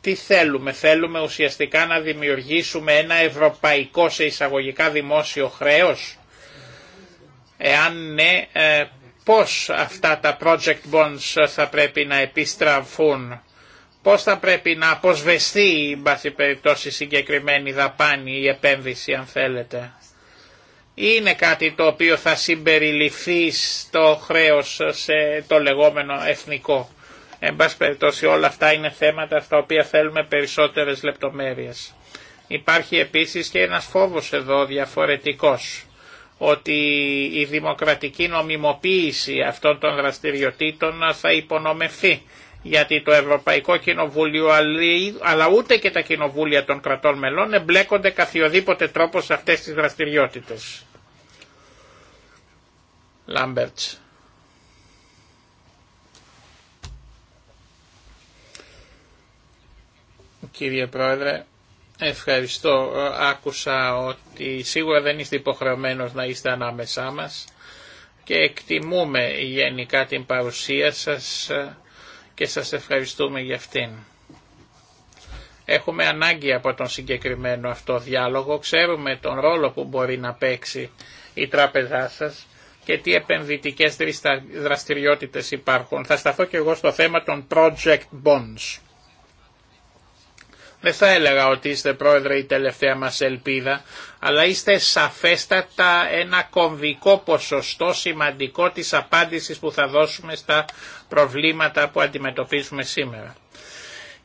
τι θέλουμε. Θέλουμε ουσιαστικά να δημιουργήσουμε ένα ευρωπαϊκό σε εισαγωγικά δημόσιο χρέος. Εάν ναι, ε, πώς αυτά τα project bonds θα πρέπει να επιστραφούν πώς θα πρέπει να αποσβεστεί η βάση περιπτώσει συγκεκριμένη δαπάνη ή επένδυση αν θέλετε. Είναι κάτι το οποίο θα συμπεριληφθεί στο χρέος σε το λεγόμενο εθνικό. Εν πάση περιπτώσει όλα αυτά είναι θέματα στα οποία θέλουμε περισσότερες λεπτομέρειες. Υπάρχει επίσης και ένας φόβος εδώ διαφορετικός ότι η δημοκρατική νομιμοποίηση αυτών των δραστηριοτήτων θα υπονομευθεί γιατί το Ευρωπαϊκό Κοινοβούλιο αλλά ούτε και τα κοινοβούλια των κρατών μελών εμπλέκονται καθιοδήποτε τρόπο σε αυτές τις δραστηριότητες. Λάμπερτς. Κύριε Πρόεδρε, ευχαριστώ. Ε, άκουσα ότι σίγουρα δεν είστε υποχρεωμένος να είστε ανάμεσά μας και εκτιμούμε γενικά την παρουσία σας ε, και σας ευχαριστούμε για αυτήν. Έχουμε ανάγκη από τον συγκεκριμένο αυτό διάλογο, ξέρουμε τον ρόλο που μπορεί να παίξει η τράπεζά σας και τι επενδυτικές δραστηριότητες υπάρχουν. Θα σταθώ και εγώ στο θέμα των project bonds. Δεν θα έλεγα ότι είστε πρόεδρε η τελευταία μας ελπίδα, αλλά είστε σαφέστατα ένα κομβικό ποσοστό σημαντικό της απάντησης που θα δώσουμε στα προβλήματα που αντιμετωπίζουμε σήμερα.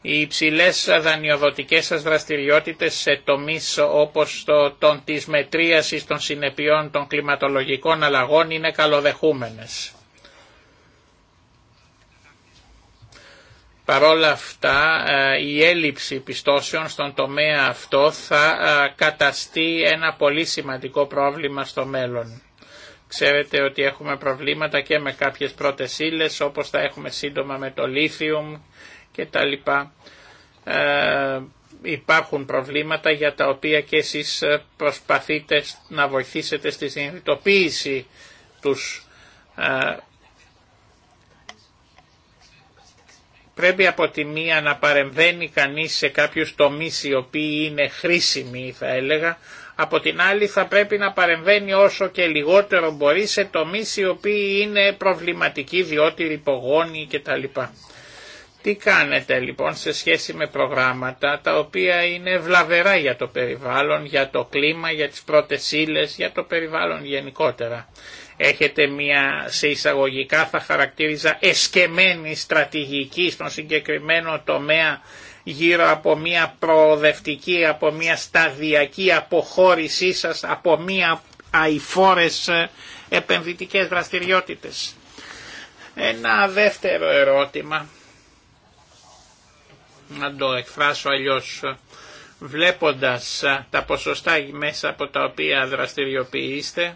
Οι υψηλέ δανειοδοτικές σας δραστηριότητες σε τομείς όπως το, των, της μετρίασης των συνεπειών των κλιματολογικών αλλαγών είναι καλοδεχούμενες Παρόλα αυτά ε, η έλλειψη πιστώσεων στον τομέα αυτό θα ε, καταστεί ένα πολύ σημαντικό πρόβλημα στο μέλλον. Ξέρετε ότι έχουμε προβλήματα και με κάποιες πρώτες ύλες όπως θα έχουμε σύντομα με το λίθιουμ και τα λοιπά. Ε, υπάρχουν προβλήματα για τα οποία και εσείς ε, προσπαθείτε να βοηθήσετε στη συνειδητοποίηση τους Πρέπει από τη μία να παρεμβαίνει κανείς σε κάποιους τομείς οι οποίοι είναι χρήσιμοι θα έλεγα, από την άλλη θα πρέπει να παρεμβαίνει όσο και λιγότερο μπορεί σε τομείς οι οποίοι είναι προβληματικοί διότι υπογόνοι κτλ. Τι κάνετε λοιπόν σε σχέση με προγράμματα τα οποία είναι βλαβερά για το περιβάλλον, για το κλίμα, για τις πρώτες ύλες, για το περιβάλλον γενικότερα έχετε μια σε εισαγωγικά θα χαρακτήριζα εσκεμμένη στρατηγική στον συγκεκριμένο τομέα γύρω από μια προοδευτική, από μια σταδιακή αποχώρησή σας, από μια αηφόρες ε, επενδυτικές δραστηριότητες. Ένα δεύτερο ερώτημα, να το εκφράσω αλλιώς, ε, βλέποντας ε, τα ποσοστά μέσα από τα οποία δραστηριοποιείστε,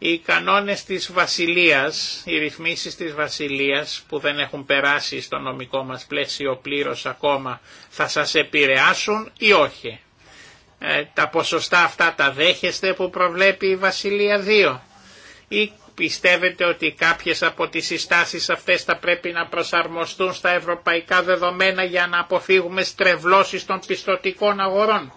οι κανόνες της Βασιλείας, οι ρυθμίσεις της Βασιλείας που δεν έχουν περάσει στο νομικό μας πλαίσιο πλήρως ακόμα θα σας επηρεάσουν ή όχι. Ε, τα ποσοστά αυτά τα δέχεστε που προβλέπει η Βασιλεία 2 ή πιστεύετε ότι κάποιες από τις συστάσεις αυτές θα πρέπει να προσαρμοστούν στα ευρωπαϊκά δεδομένα για να αποφύγουμε στρεβλώσεις των πιστοτικών αγορών.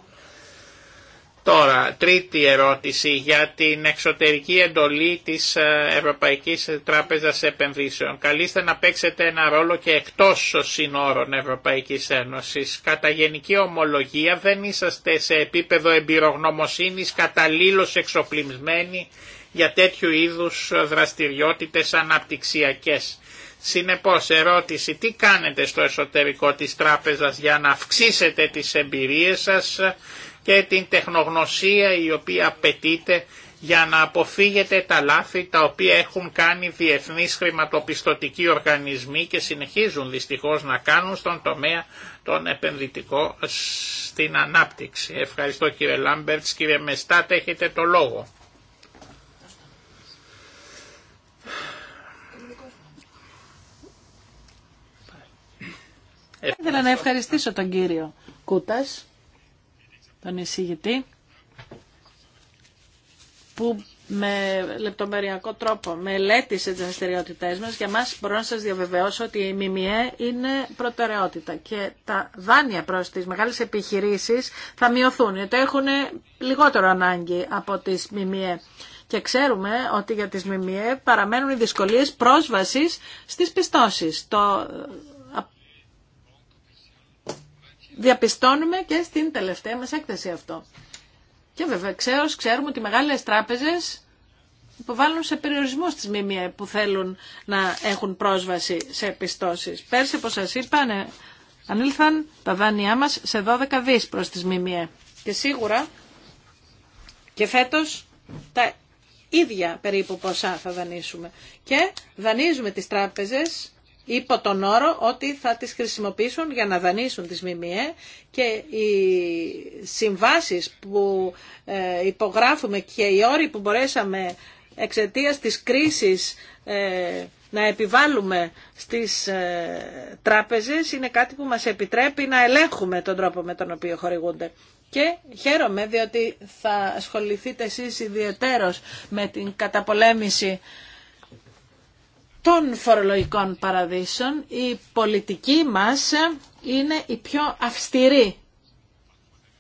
Τώρα, τρίτη ερώτηση για την εξωτερική εντολή της ε, Ευρωπαϊκής Τράπεζας Επενδύσεων. Καλείστε να παίξετε ένα ρόλο και εκτός συνόρων Ευρωπαϊκής Ένωσης. Κατά γενική ομολογία δεν είσαστε σε επίπεδο εμπειρογνωμοσύνης καταλήλως εξοπλισμένοι για τέτοιου είδους δραστηριότητες αναπτυξιακές. Συνεπώς ερώτηση τι κάνετε στο εσωτερικό της τράπεζας για να αυξήσετε τις εμπειρίες σας και την τεχνογνωσία η οποία απαιτείται για να αποφύγετε τα λάθη τα οποία έχουν κάνει διεθνείς χρηματοπιστωτικοί οργανισμοί και συνεχίζουν δυστυχώς να κάνουν στον τομέα τον επενδυτικό στην ανάπτυξη. Ευχαριστώ κύριε Λάμπερτς. Κύριε Μεστάτ έχετε το λόγο. Ήθελα να ευχαριστήσω τον κύριο Κούτας τον εισηγητή που με λεπτομεριακό τρόπο μελέτησε τις αστεριότητές μας. Για μας μπορώ να σας διαβεβαιώσω ότι η ΜΜΕ είναι προτεραιότητα και τα δάνεια προς τις μεγάλες επιχειρήσεις θα μειωθούν, γιατί έχουν λιγότερο ανάγκη από τις ΜΜΕ. Και ξέρουμε ότι για τις ΜΜΕ παραμένουν οι δυσκολίες πρόσβασης στις πιστώσεις. Το διαπιστώνουμε και στην τελευταία μας έκθεση αυτό. Και βέβαια, ξέρω, ξέρουμε ότι οι μεγάλες τράπεζες υποβάλλουν σε περιορισμό στις ΜΜΕ που θέλουν να έχουν πρόσβαση σε επιστώσεις. Πέρσι, όπως σας είπα, ναι, ανήλθαν τα δάνειά μας σε 12 δις προς τις ΜΜΕ. Και σίγουρα και φέτος τα ίδια περίπου ποσά θα δανείσουμε. Και δανείζουμε τις τράπεζες υπό τον όρο ότι θα τις χρησιμοποιήσουν για να δανείσουν τις ΜΜΕ και οι συμβάσεις που ε, υπογράφουμε και οι όροι που μπορέσαμε εξαιτίας της κρίσης ε, να επιβάλλουμε στις ε, τράπεζες είναι κάτι που μας επιτρέπει να ελέγχουμε τον τρόπο με τον οποίο χορηγούνται. Και χαίρομαι διότι θα ασχοληθείτε εσείς ιδιαιτέρως με την καταπολέμηση των φορολογικών παραδείσων η πολιτική μας είναι η πιο αυστηρή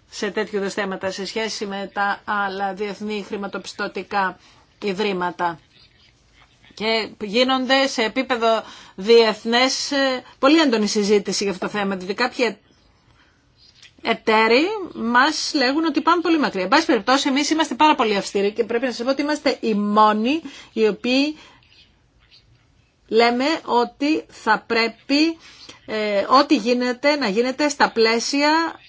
σε τέτοιου είδους θέματα σε σχέση με τα άλλα διεθνή χρηματοπιστωτικά ιδρύματα. Και γίνονται σε επίπεδο διεθνές ε, πολύ έντονη συζήτηση για αυτό το θέμα, διότι κάποιοι ε, εταίροι μας λέγουν ότι πάμε πολύ μακριά. Εν πάση περιπτώσει, εμείς είμαστε πάρα πολύ αυστηροί και πρέπει να σας πω ότι είμαστε οι μόνοι οι οποίοι λέμε ότι θα πρέπει ε, ό,τι γίνεται να γίνεται στα πλαίσια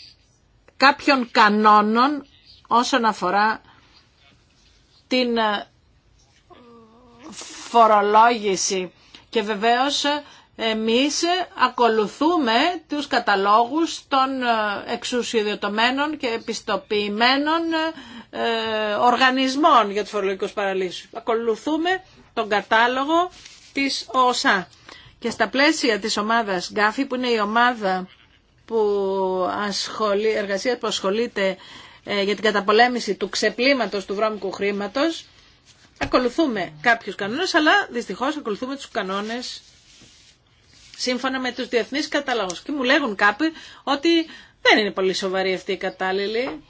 κάποιων κανόνων όσον αφορά την ε, φορολόγηση. Και βεβαίως εμείς ακολουθούμε τους καταλόγους των ε, εξουσιοδιωτωμένων και επιστοποιημένων οργανισμών για τους φορολογικούς παραλύσεις. Ακολουθούμε τον κατάλογο της ΟΣΑ. Και στα πλαίσια της ομάδας ΓΚΑΦΗ που είναι η ομάδα που ασχολεί, εργασία που ασχολείται ε, για την καταπολέμηση του ξεπλήματος του βρώμικου χρήματος, ακολουθούμε κάποιους κανόνες, αλλά δυστυχώς ακολουθούμε τους κανόνες σύμφωνα με τους διεθνείς καταλόγους. Και μου λέγουν κάποιοι ότι δεν είναι πολύ σοβαρή αυτή η κατάλληλη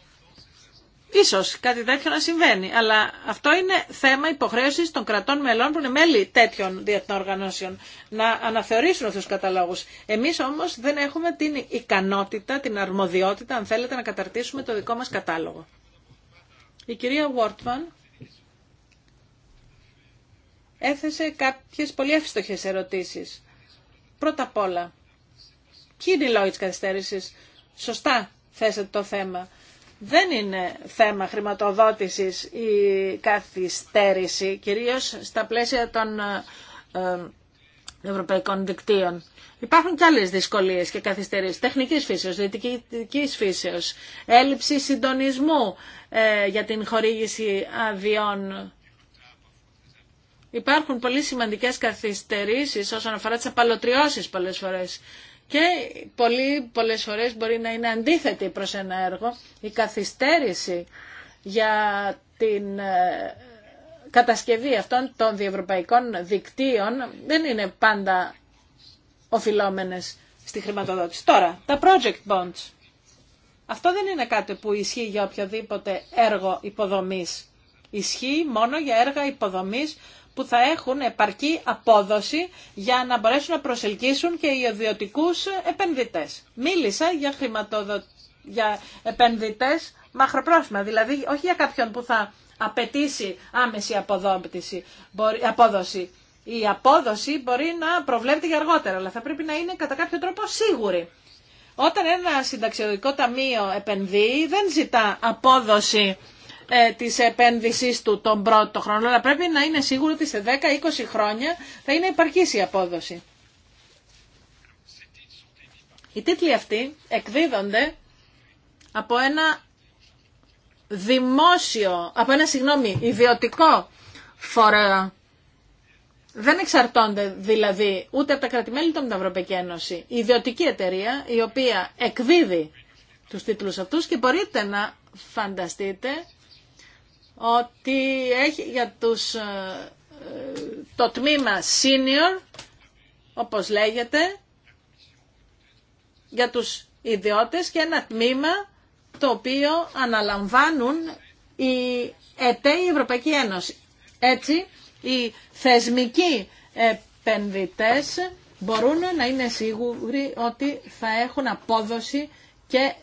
Ίσως κάτι τέτοιο να συμβαίνει, αλλά αυτό είναι θέμα υποχρέωσης των κρατών μελών που είναι μέλη τέτοιων διεθνών οργανώσεων να αναθεωρήσουν αυτούς τους καταλόγους. Εμείς όμως δεν έχουμε την ικανότητα, την αρμοδιότητα, αν θέλετε, να καταρτήσουμε το δικό μας κατάλογο. Η κυρία Βόρτμαν έθεσε κάποιες πολύ εύστοχες ερωτήσεις. Πρώτα απ' όλα, ποιοι είναι οι λόγοι της καθυστέρησης. Σωστά θέσατε το θέμα. Δεν είναι θέμα χρηματοδότησης ή καθυστέρηση, κυρίως στα πλαίσια των ε, ε, ευρωπαϊκών δικτύων. Υπάρχουν και άλλες δυσκολίες και καθυστερήσεις τεχνικής φύσεως, δυτικής φύσεως, έλλειψη συντονισμού ε, για την χορήγηση αδειών. Υπάρχουν πολύ σημαντικές καθυστερήσεις όσον αφορά τις απαλωτριώσεις πολλές φορές και πολύ, πολλές φορές μπορεί να είναι αντίθετη προς ένα έργο. Η καθυστέρηση για την ε, κατασκευή αυτών των διευρωπαϊκών δικτύων δεν είναι πάντα οφειλόμενες στη χρηματοδότηση. Τώρα, τα project bonds. Αυτό δεν είναι κάτι που ισχύει για οποιοδήποτε έργο υποδομής. Ισχύει μόνο για έργα υποδομής που θα έχουν επαρκή απόδοση για να μπορέσουν να προσελκύσουν και οι ιδιωτικού επενδυτές. Μίλησα για, χρηματοδο... για επενδυτές μαχροπρόθεσμα, δηλαδή όχι για κάποιον που θα απαιτήσει άμεση αποδόμπτηση, απόδοση. Η απόδοση μπορεί να προβλέπεται για αργότερα, αλλά θα πρέπει να είναι κατά κάποιο τρόπο σίγουρη. Όταν ένα συνταξιοδοτικό ταμείο επενδύει, δεν ζητά απόδοση ε, της επένδυσής του τον πρώτο χρόνο, αλλά πρέπει να είναι σίγουρο ότι σε 10-20 χρόνια θα είναι υπαρκή η απόδοση. Οι τίτλοι αυτοί εκδίδονται από ένα δημόσιο, από ένα συγγνώμη, ιδιωτικό φορέα. Δεν εξαρτώνται δηλαδή ούτε από τα κρατημέλη ούτε από την Ευρωπαϊκή Ένωση. Η ιδιωτική εταιρεία η οποία εκδίδει τους τίτλους αυτούς και μπορείτε να φανταστείτε ότι έχει για τους, ε, το τμήμα senior, όπως λέγεται, για τους ιδιώτες και ένα τμήμα το οποίο αναλαμβάνουν η ΕΤΕ, η Ευρωπαϊκή Ένωση. Έτσι, οι θεσμικοί επενδυτές μπορούν να είναι σίγουροι ότι θα έχουν απόδοση και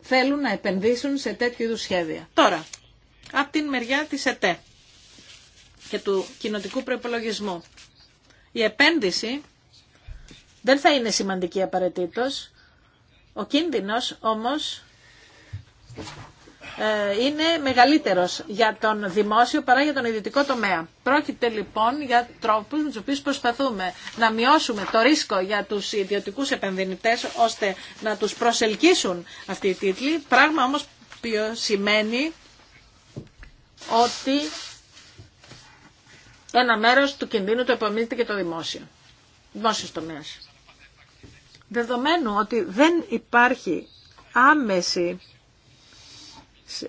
θέλουν να επενδύσουν σε τέτοιου είδους σχέδια. Τώρα, από την μεριά της ΕΤΕ και του κοινοτικού προϋπολογισμού. Η επένδυση δεν θα είναι σημαντική απαραίτητο. Ο κίνδυνος όμως ε, είναι μεγαλύτερος για τον δημόσιο παρά για τον ιδιωτικό τομέα. Πρόκειται λοιπόν για τρόπους με τους οποίους προσπαθούμε να μειώσουμε το ρίσκο για τους ιδιωτικούς επενδυτές ώστε να τους προσελκύσουν αυτοί οι τίτλοι, πράγμα όμως που σημαίνει ότι ένα μέρος του κινδύνου το επομίζεται και το δημόσιο. δημόσιο τομέα. Δεδομένου ότι δεν υπάρχει άμεση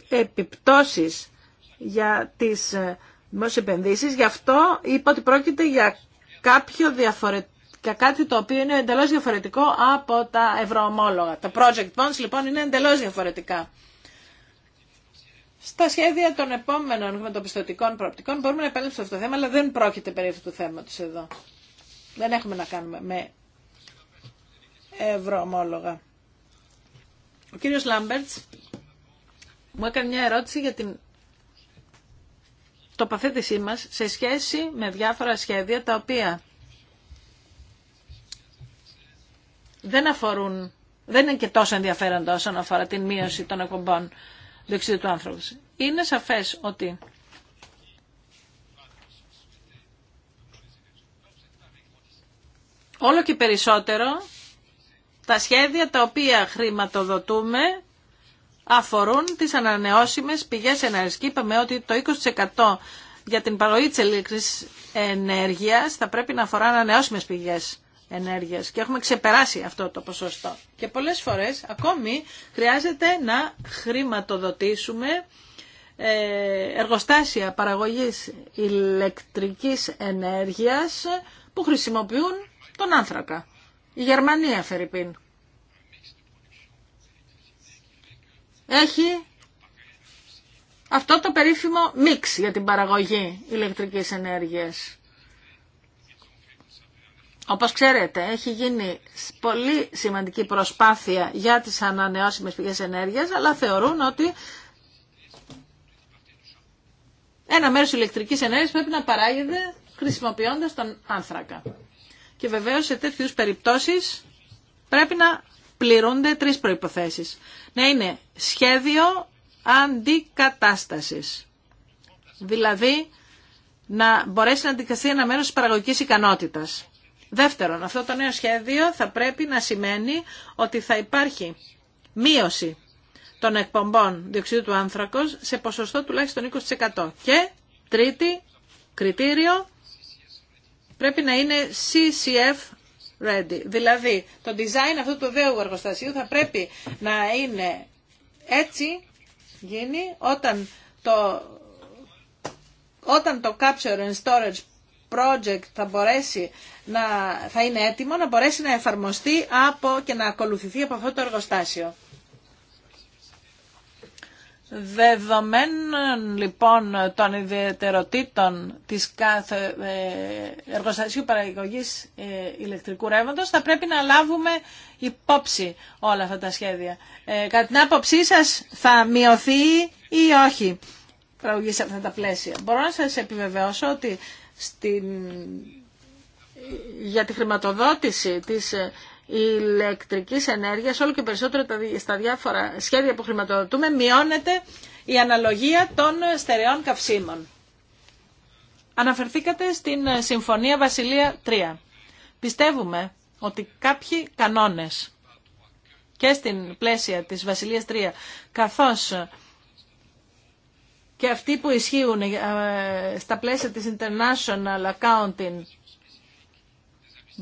επιπτώσεις για τις ε, δημόσιες επενδύσεις, γι' αυτό είπα ότι πρόκειται για κάποιο διαφορετικό για κάτι το οποίο είναι εντελώς διαφορετικό από τα ευρωομόλογα. Τα project bonds λοιπόν είναι εντελώς διαφορετικά. Στα σχέδια των επόμενων χρηματοπιστωτικών προοπτικών μπορούμε να επέλεψουμε αυτό το θέμα, αλλά δεν πρόκειται περί αυτού του θέματος εδώ. Δεν έχουμε να κάνουμε με ευρωομόλογα. Ο κύριος Λάμπερτς μου έκανε μια ερώτηση για την τοποθέτησή μας σε σχέση με διάφορα σχέδια τα οποία δεν αφορούν, δεν είναι και τόσο ενδιαφέροντα όσον αφορά την μείωση των εκπομπών του Είναι σαφέ ότι όλο και περισσότερο τα σχέδια τα οποία χρηματοδοτούμε αφορούν τις ανανεώσιμες πηγές ενέργειας. Και είπαμε ότι το 20% για την παροή της ενέργειας θα πρέπει να αφορά ανανεώσιμες πηγές ενέργειας και έχουμε ξεπεράσει αυτό το ποσοστό. Και πολλές φορές ακόμη χρειάζεται να χρηματοδοτήσουμε ε, εργοστάσια παραγωγής ηλεκτρικής ενέργειας που χρησιμοποιούν τον άνθρακα. Η Γερμανία, Φερρυπίν, έχει αυτό το περίφημο μίξ για την παραγωγή ηλεκτρικής ενέργειας. Όπως ξέρετε, έχει γίνει πολύ σημαντική προσπάθεια για τις ανανεώσιμες πηγές ενέργειας, αλλά θεωρούν ότι ένα μέρος ηλεκτρικής ενέργειας πρέπει να παράγεται χρησιμοποιώντας τον άνθρακα. Και βεβαίως σε τέτοιους περιπτώσεις πρέπει να πληρούνται τρεις προϋποθέσεις. Να είναι σχέδιο αντικατάστασης. Δηλαδή να μπορέσει να αντικαστεί ένα μέρος της παραγωγικής ικανότητας. Δεύτερον, αυτό το νέο σχέδιο θα πρέπει να σημαίνει ότι θα υπάρχει μείωση των εκπομπών διοξιδίου του άνθρακος σε ποσοστό τουλάχιστον 20%. Και τρίτη κριτήριο πρέπει να είναι CCF ready. Δηλαδή το design αυτού του δέου εργοστασίου θα πρέπει να είναι έτσι γίνει όταν το, όταν το capture and storage project θα, μπορέσει να, θα είναι έτοιμο να μπορέσει να εφαρμοστεί από και να ακολουθηθεί από αυτό το εργοστάσιο. Δεδομένων λοιπόν των ιδιαιτεροτήτων της κάθε ε, εργοστασίου παραγωγής ε, ηλεκτρικού ρεύματος θα πρέπει να λάβουμε υπόψη όλα αυτά τα σχέδια. Ε, κατά την άποψή σας θα μειωθεί ή όχι παραγωγή σε αυτά τα πλαίσια. Μπορώ να σας επιβεβαιώσω ότι στην... για τη χρηματοδότηση της ε, ηλεκτρικής ενέργειας, όλο και περισσότερο στα διάφορα σχέδια που χρηματοδοτούμε, μειώνεται η αναλογία των στερεών καυσίμων. Αναφερθήκατε στην Συμφωνία Βασιλεία 3. Πιστεύουμε ότι κάποιοι κανόνες και στην πλαίσια της Βασιλείας 3, καθώς και αυτοί που ισχύουν ε, στα πλαίσια της International Accounting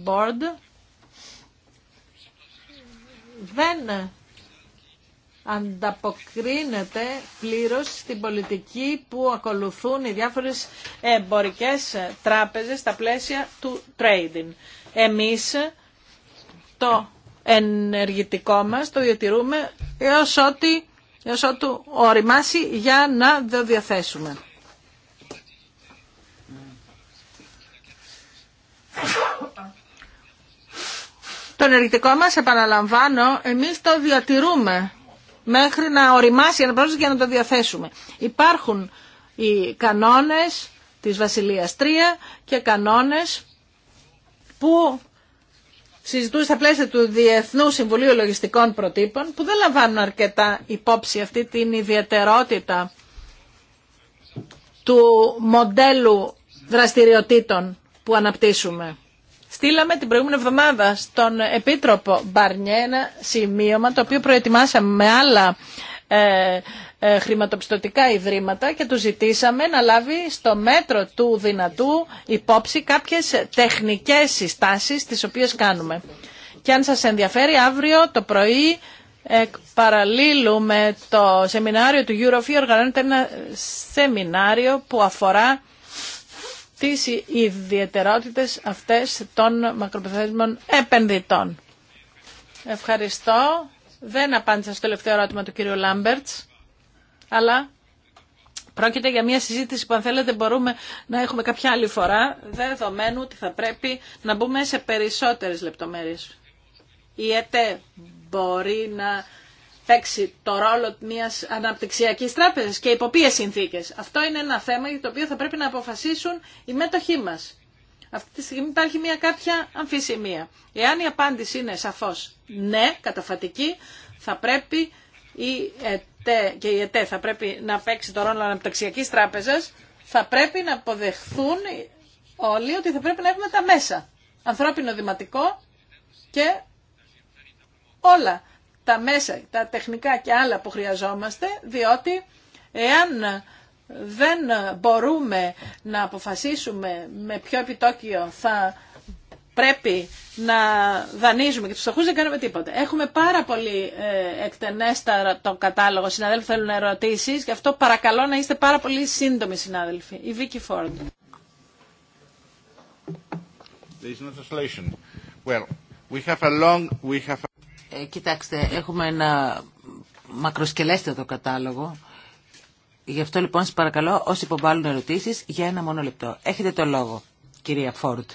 Board δεν ανταποκρίνεται πλήρως στην πολιτική που ακολουθούν οι διάφορες εμπορικές τράπεζες στα πλαίσια του trading. Εμείς το ενεργητικό μας το διατηρούμε έως ότι έως ότου οριμάσει για να το διαθέσουμε. Το ενεργητικό μας, επαναλαμβάνω, εμείς το διατηρούμε μέχρι να οριμάσει ένα για να το διαθέσουμε. Υπάρχουν οι κανόνες της Βασιλείας 3 και κανόνες που συζητούν στα πλαίσια του Διεθνού Συμβουλίου Λογιστικών Προτύπων που δεν λαμβάνουν αρκετά υπόψη αυτή την ιδιαιτερότητα του μοντέλου δραστηριοτήτων που αναπτύσσουμε. Στείλαμε την προηγούμενη εβδομάδα στον Επίτροπο Μπαρνιέ ένα σημείωμα το οποίο προετοιμάσαμε με άλλα ε, ε, χρηματοπιστωτικά ιδρύματα και του ζητήσαμε να λάβει στο μέτρο του δυνατού υπόψη κάποιες τεχνικές συστάσεις τις οποίες κάνουμε. Και αν σας ενδιαφέρει αύριο το πρωί ε, το σεμινάριο του Eurofee οργανώνεται ένα σεμινάριο που αφορά τις ιδιαιτερότητες αυτές των μακροπρόθεσμων επενδυτών. Ευχαριστώ δεν απάντησα στο τελευταίο ερώτημα του κύριου Λάμπερτ, αλλά πρόκειται για μια συζήτηση που αν θέλετε μπορούμε να έχουμε κάποια άλλη φορά, δεδομένου ότι θα πρέπει να μπούμε σε περισσότερες λεπτομέρειες. Η ΕΤΕ μπορεί να παίξει το ρόλο μιας αναπτυξιακής τράπεζας και υπό συνθήκες. Αυτό είναι ένα θέμα για το οποίο θα πρέπει να αποφασίσουν οι μέτοχοί μας. Αυτή τη στιγμή υπάρχει μια κάποια αμφισημία. Εάν η απάντηση είναι σαφώς ναι, καταφατική, θα πρέπει η ΕΤΕ και η ΕΤΕ θα πρέπει να παίξει το ρόλο αναπτυξιακής τράπεζας, θα πρέπει να αποδεχθούν όλοι ότι θα πρέπει να έχουμε τα μέσα. Ανθρώπινο δηματικό και όλα τα μέσα, τα τεχνικά και άλλα που χρειαζόμαστε, διότι εάν δεν μπορούμε να αποφασίσουμε με ποιο επιτόκιο θα πρέπει να δανείζουμε και τους φτωχούς δεν κάνουμε τίποτα. Έχουμε πάρα πολύ ε, το το κατάλογο συναδέλφοι θέλουν ερωτήσεις και αυτό παρακαλώ να είστε πάρα πολύ σύντομοι συνάδελφοι. Η Βίκη Φόρντ. κοιτάξτε, έχουμε ένα μακροσκελέστατο κατάλογο Γι' αυτό λοιπόν σας παρακαλώ όσοι υποβάλλουν ερωτήσεις για ένα μόνο λεπτό. Έχετε το λόγο, κυρία Φόρτ.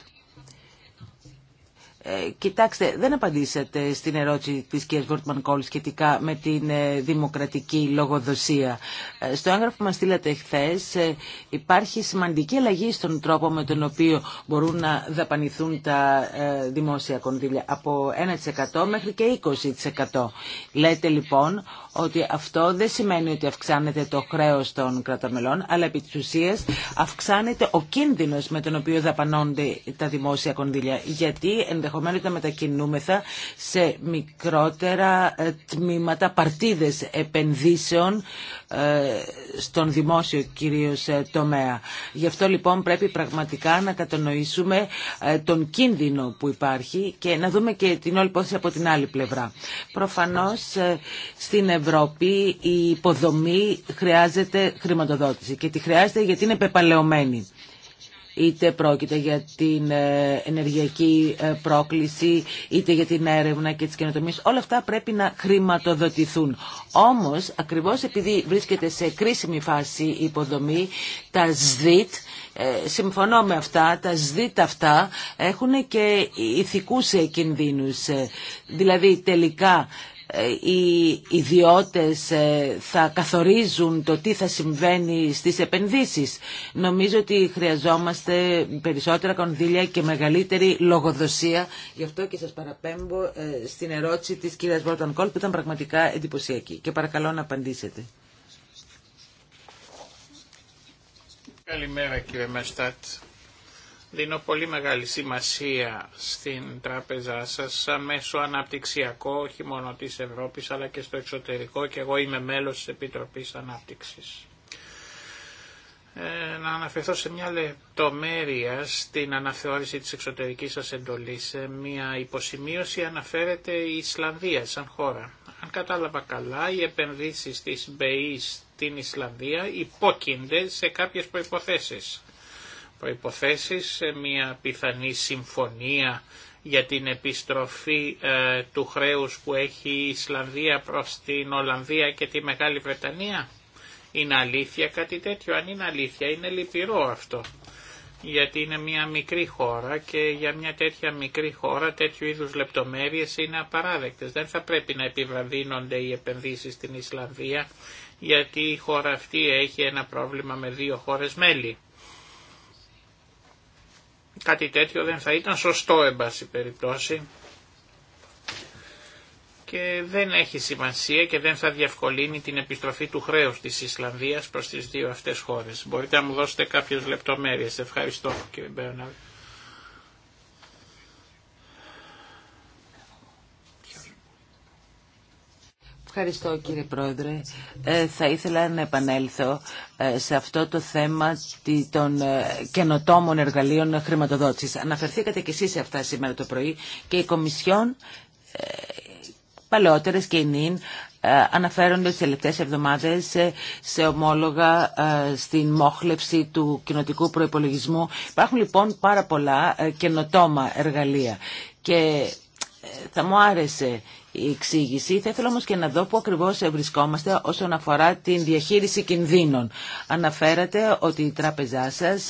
Ε, κοιτάξτε, δεν απαντήσατε στην ερώτηση της κυρίας Βόρτμαν Κόλ σχετικά με την ε, δημοκρατική λογοδοσία. Ε, στο έγγραφο που μας στείλατε χθε ε, υπάρχει σημαντική αλλαγή στον τρόπο με τον οποίο μπορούν να δαπανηθούν τα δημόσια κονδύλια από 1% μέχρι και 20%. Λέτε λοιπόν ότι αυτό δεν σημαίνει ότι αυξάνεται το χρέος των κρατομελών, αλλά επί της ουσίας αυξάνεται ο κίνδυνος με τον οποίο δαπανώνται τα δημόσια κονδύλια. Γιατί ενδεχομένως τα μετακινούμεθα σε μικρότερα ε, τμήματα, παρτίδες επενδύσεων ε, στον δημόσιο κυρίως ε, τομέα. Γι' αυτό λοιπόν πρέπει πραγματικά να κατανοήσουμε τον κίνδυνο που υπάρχει και να δούμε και την όλη υπόθεση από την άλλη πλευρά. Προφανώς στην Ευρώπη η υποδομή χρειάζεται χρηματοδότηση και τη χρειάζεται γιατί είναι πεπαλαιωμένη. Είτε πρόκειται για την ε, ενεργειακή ε, πρόκληση, είτε για την έρευνα και τις καινοτομίες. Όλα αυτά πρέπει να χρηματοδοτηθούν. Όμως, ακριβώς επειδή βρίσκεται σε κρίσιμη φάση η υποδομή, τα ΣΔΙΤ, ε, συμφωνώ με αυτά, τα ΣΔΙΤ αυτά έχουν και ηθικούς κινδύνους. Δηλαδή, τελικά ε, οι ιδιώτες ε, θα καθορίζουν το τι θα συμβαίνει στις επενδύσεις. Νομίζω ότι χρειαζόμαστε περισσότερα κονδύλια και μεγαλύτερη λογοδοσία. Γι' αυτό και σας παραπέμπω ε, στην ερώτηση της κυρίας Βόρταν Κόλ που ήταν πραγματικά εντυπωσιακή. Και παρακαλώ να απαντήσετε. Καλημέρα κύριε Μεστάτ. Δίνω πολύ μεγάλη σημασία στην τράπεζά σας σαν μέσο αναπτυξιακό όχι μόνο της Ευρώπης αλλά και στο εξωτερικό και εγώ είμαι μέλος της Επιτροπής Ανάπτυξης. Ε, να αναφερθώ σε μια λεπτομέρεια στην αναθεώρηση της εξωτερικής σας εντολής. Ε, μια υποσημείωση αναφέρεται η Ισλανδία σαν χώρα. Αν κατάλαβα καλά, οι επενδύσεις της ΜΠΕΗ στην Ισλανδία υπόκεινται σε κάποιες προϋποθέσεις προϋποθέσεις σε μια πιθανή συμφωνία για την επιστροφή ε, του χρέους που έχει η Ισλανδία προς την Ολλανδία και τη Μεγάλη Βρετανία. Είναι αλήθεια κάτι τέτοιο, αν είναι αλήθεια είναι λυπηρό αυτό. Γιατί είναι μια μικρή χώρα και για μια τέτοια μικρή χώρα τέτοιου είδους λεπτομέρειες είναι απαράδεκτες. Δεν θα πρέπει να επιβραδύνονται οι επενδύσεις στην Ισλανδία γιατί η χώρα αυτή έχει ένα πρόβλημα με δύο χώρες μέλη. Κάτι τέτοιο δεν θα ήταν σωστό εν πάση περιπτώσει και δεν έχει σημασία και δεν θα διευκολύνει την επιστροφή του χρέους της Ισλανδίας προς τις δύο αυτές χώρες. Μπορείτε να μου δώσετε κάποιες λεπτομέρειες. Ευχαριστώ κύριε Μπέρναρ. Ευχαριστώ κύριε Πρόεδρε. Ε, θα ήθελα να επανέλθω ε, σε αυτό το θέμα των ε, καινοτόμων εργαλείων χρηματοδότησης. Αναφερθήκατε και εσείς σε αυτά σήμερα το πρωί και η Κομισιόν παλαιότερες και νύν αναφέρονται τις τελευταίες εβδομάδες σε ομόλογα στην μόχλευση του κοινοτικού προϋπολογισμού. Υπάρχουν λοιπόν πάρα πολλά καινοτόμα εργαλεία και θα μου άρεσε εξήγηση. Θα ήθελα όμως και να δω πού ακριβώς βρισκόμαστε όσον αφορά την διαχείριση κινδύνων. Αναφέρατε ότι η τράπεζά σας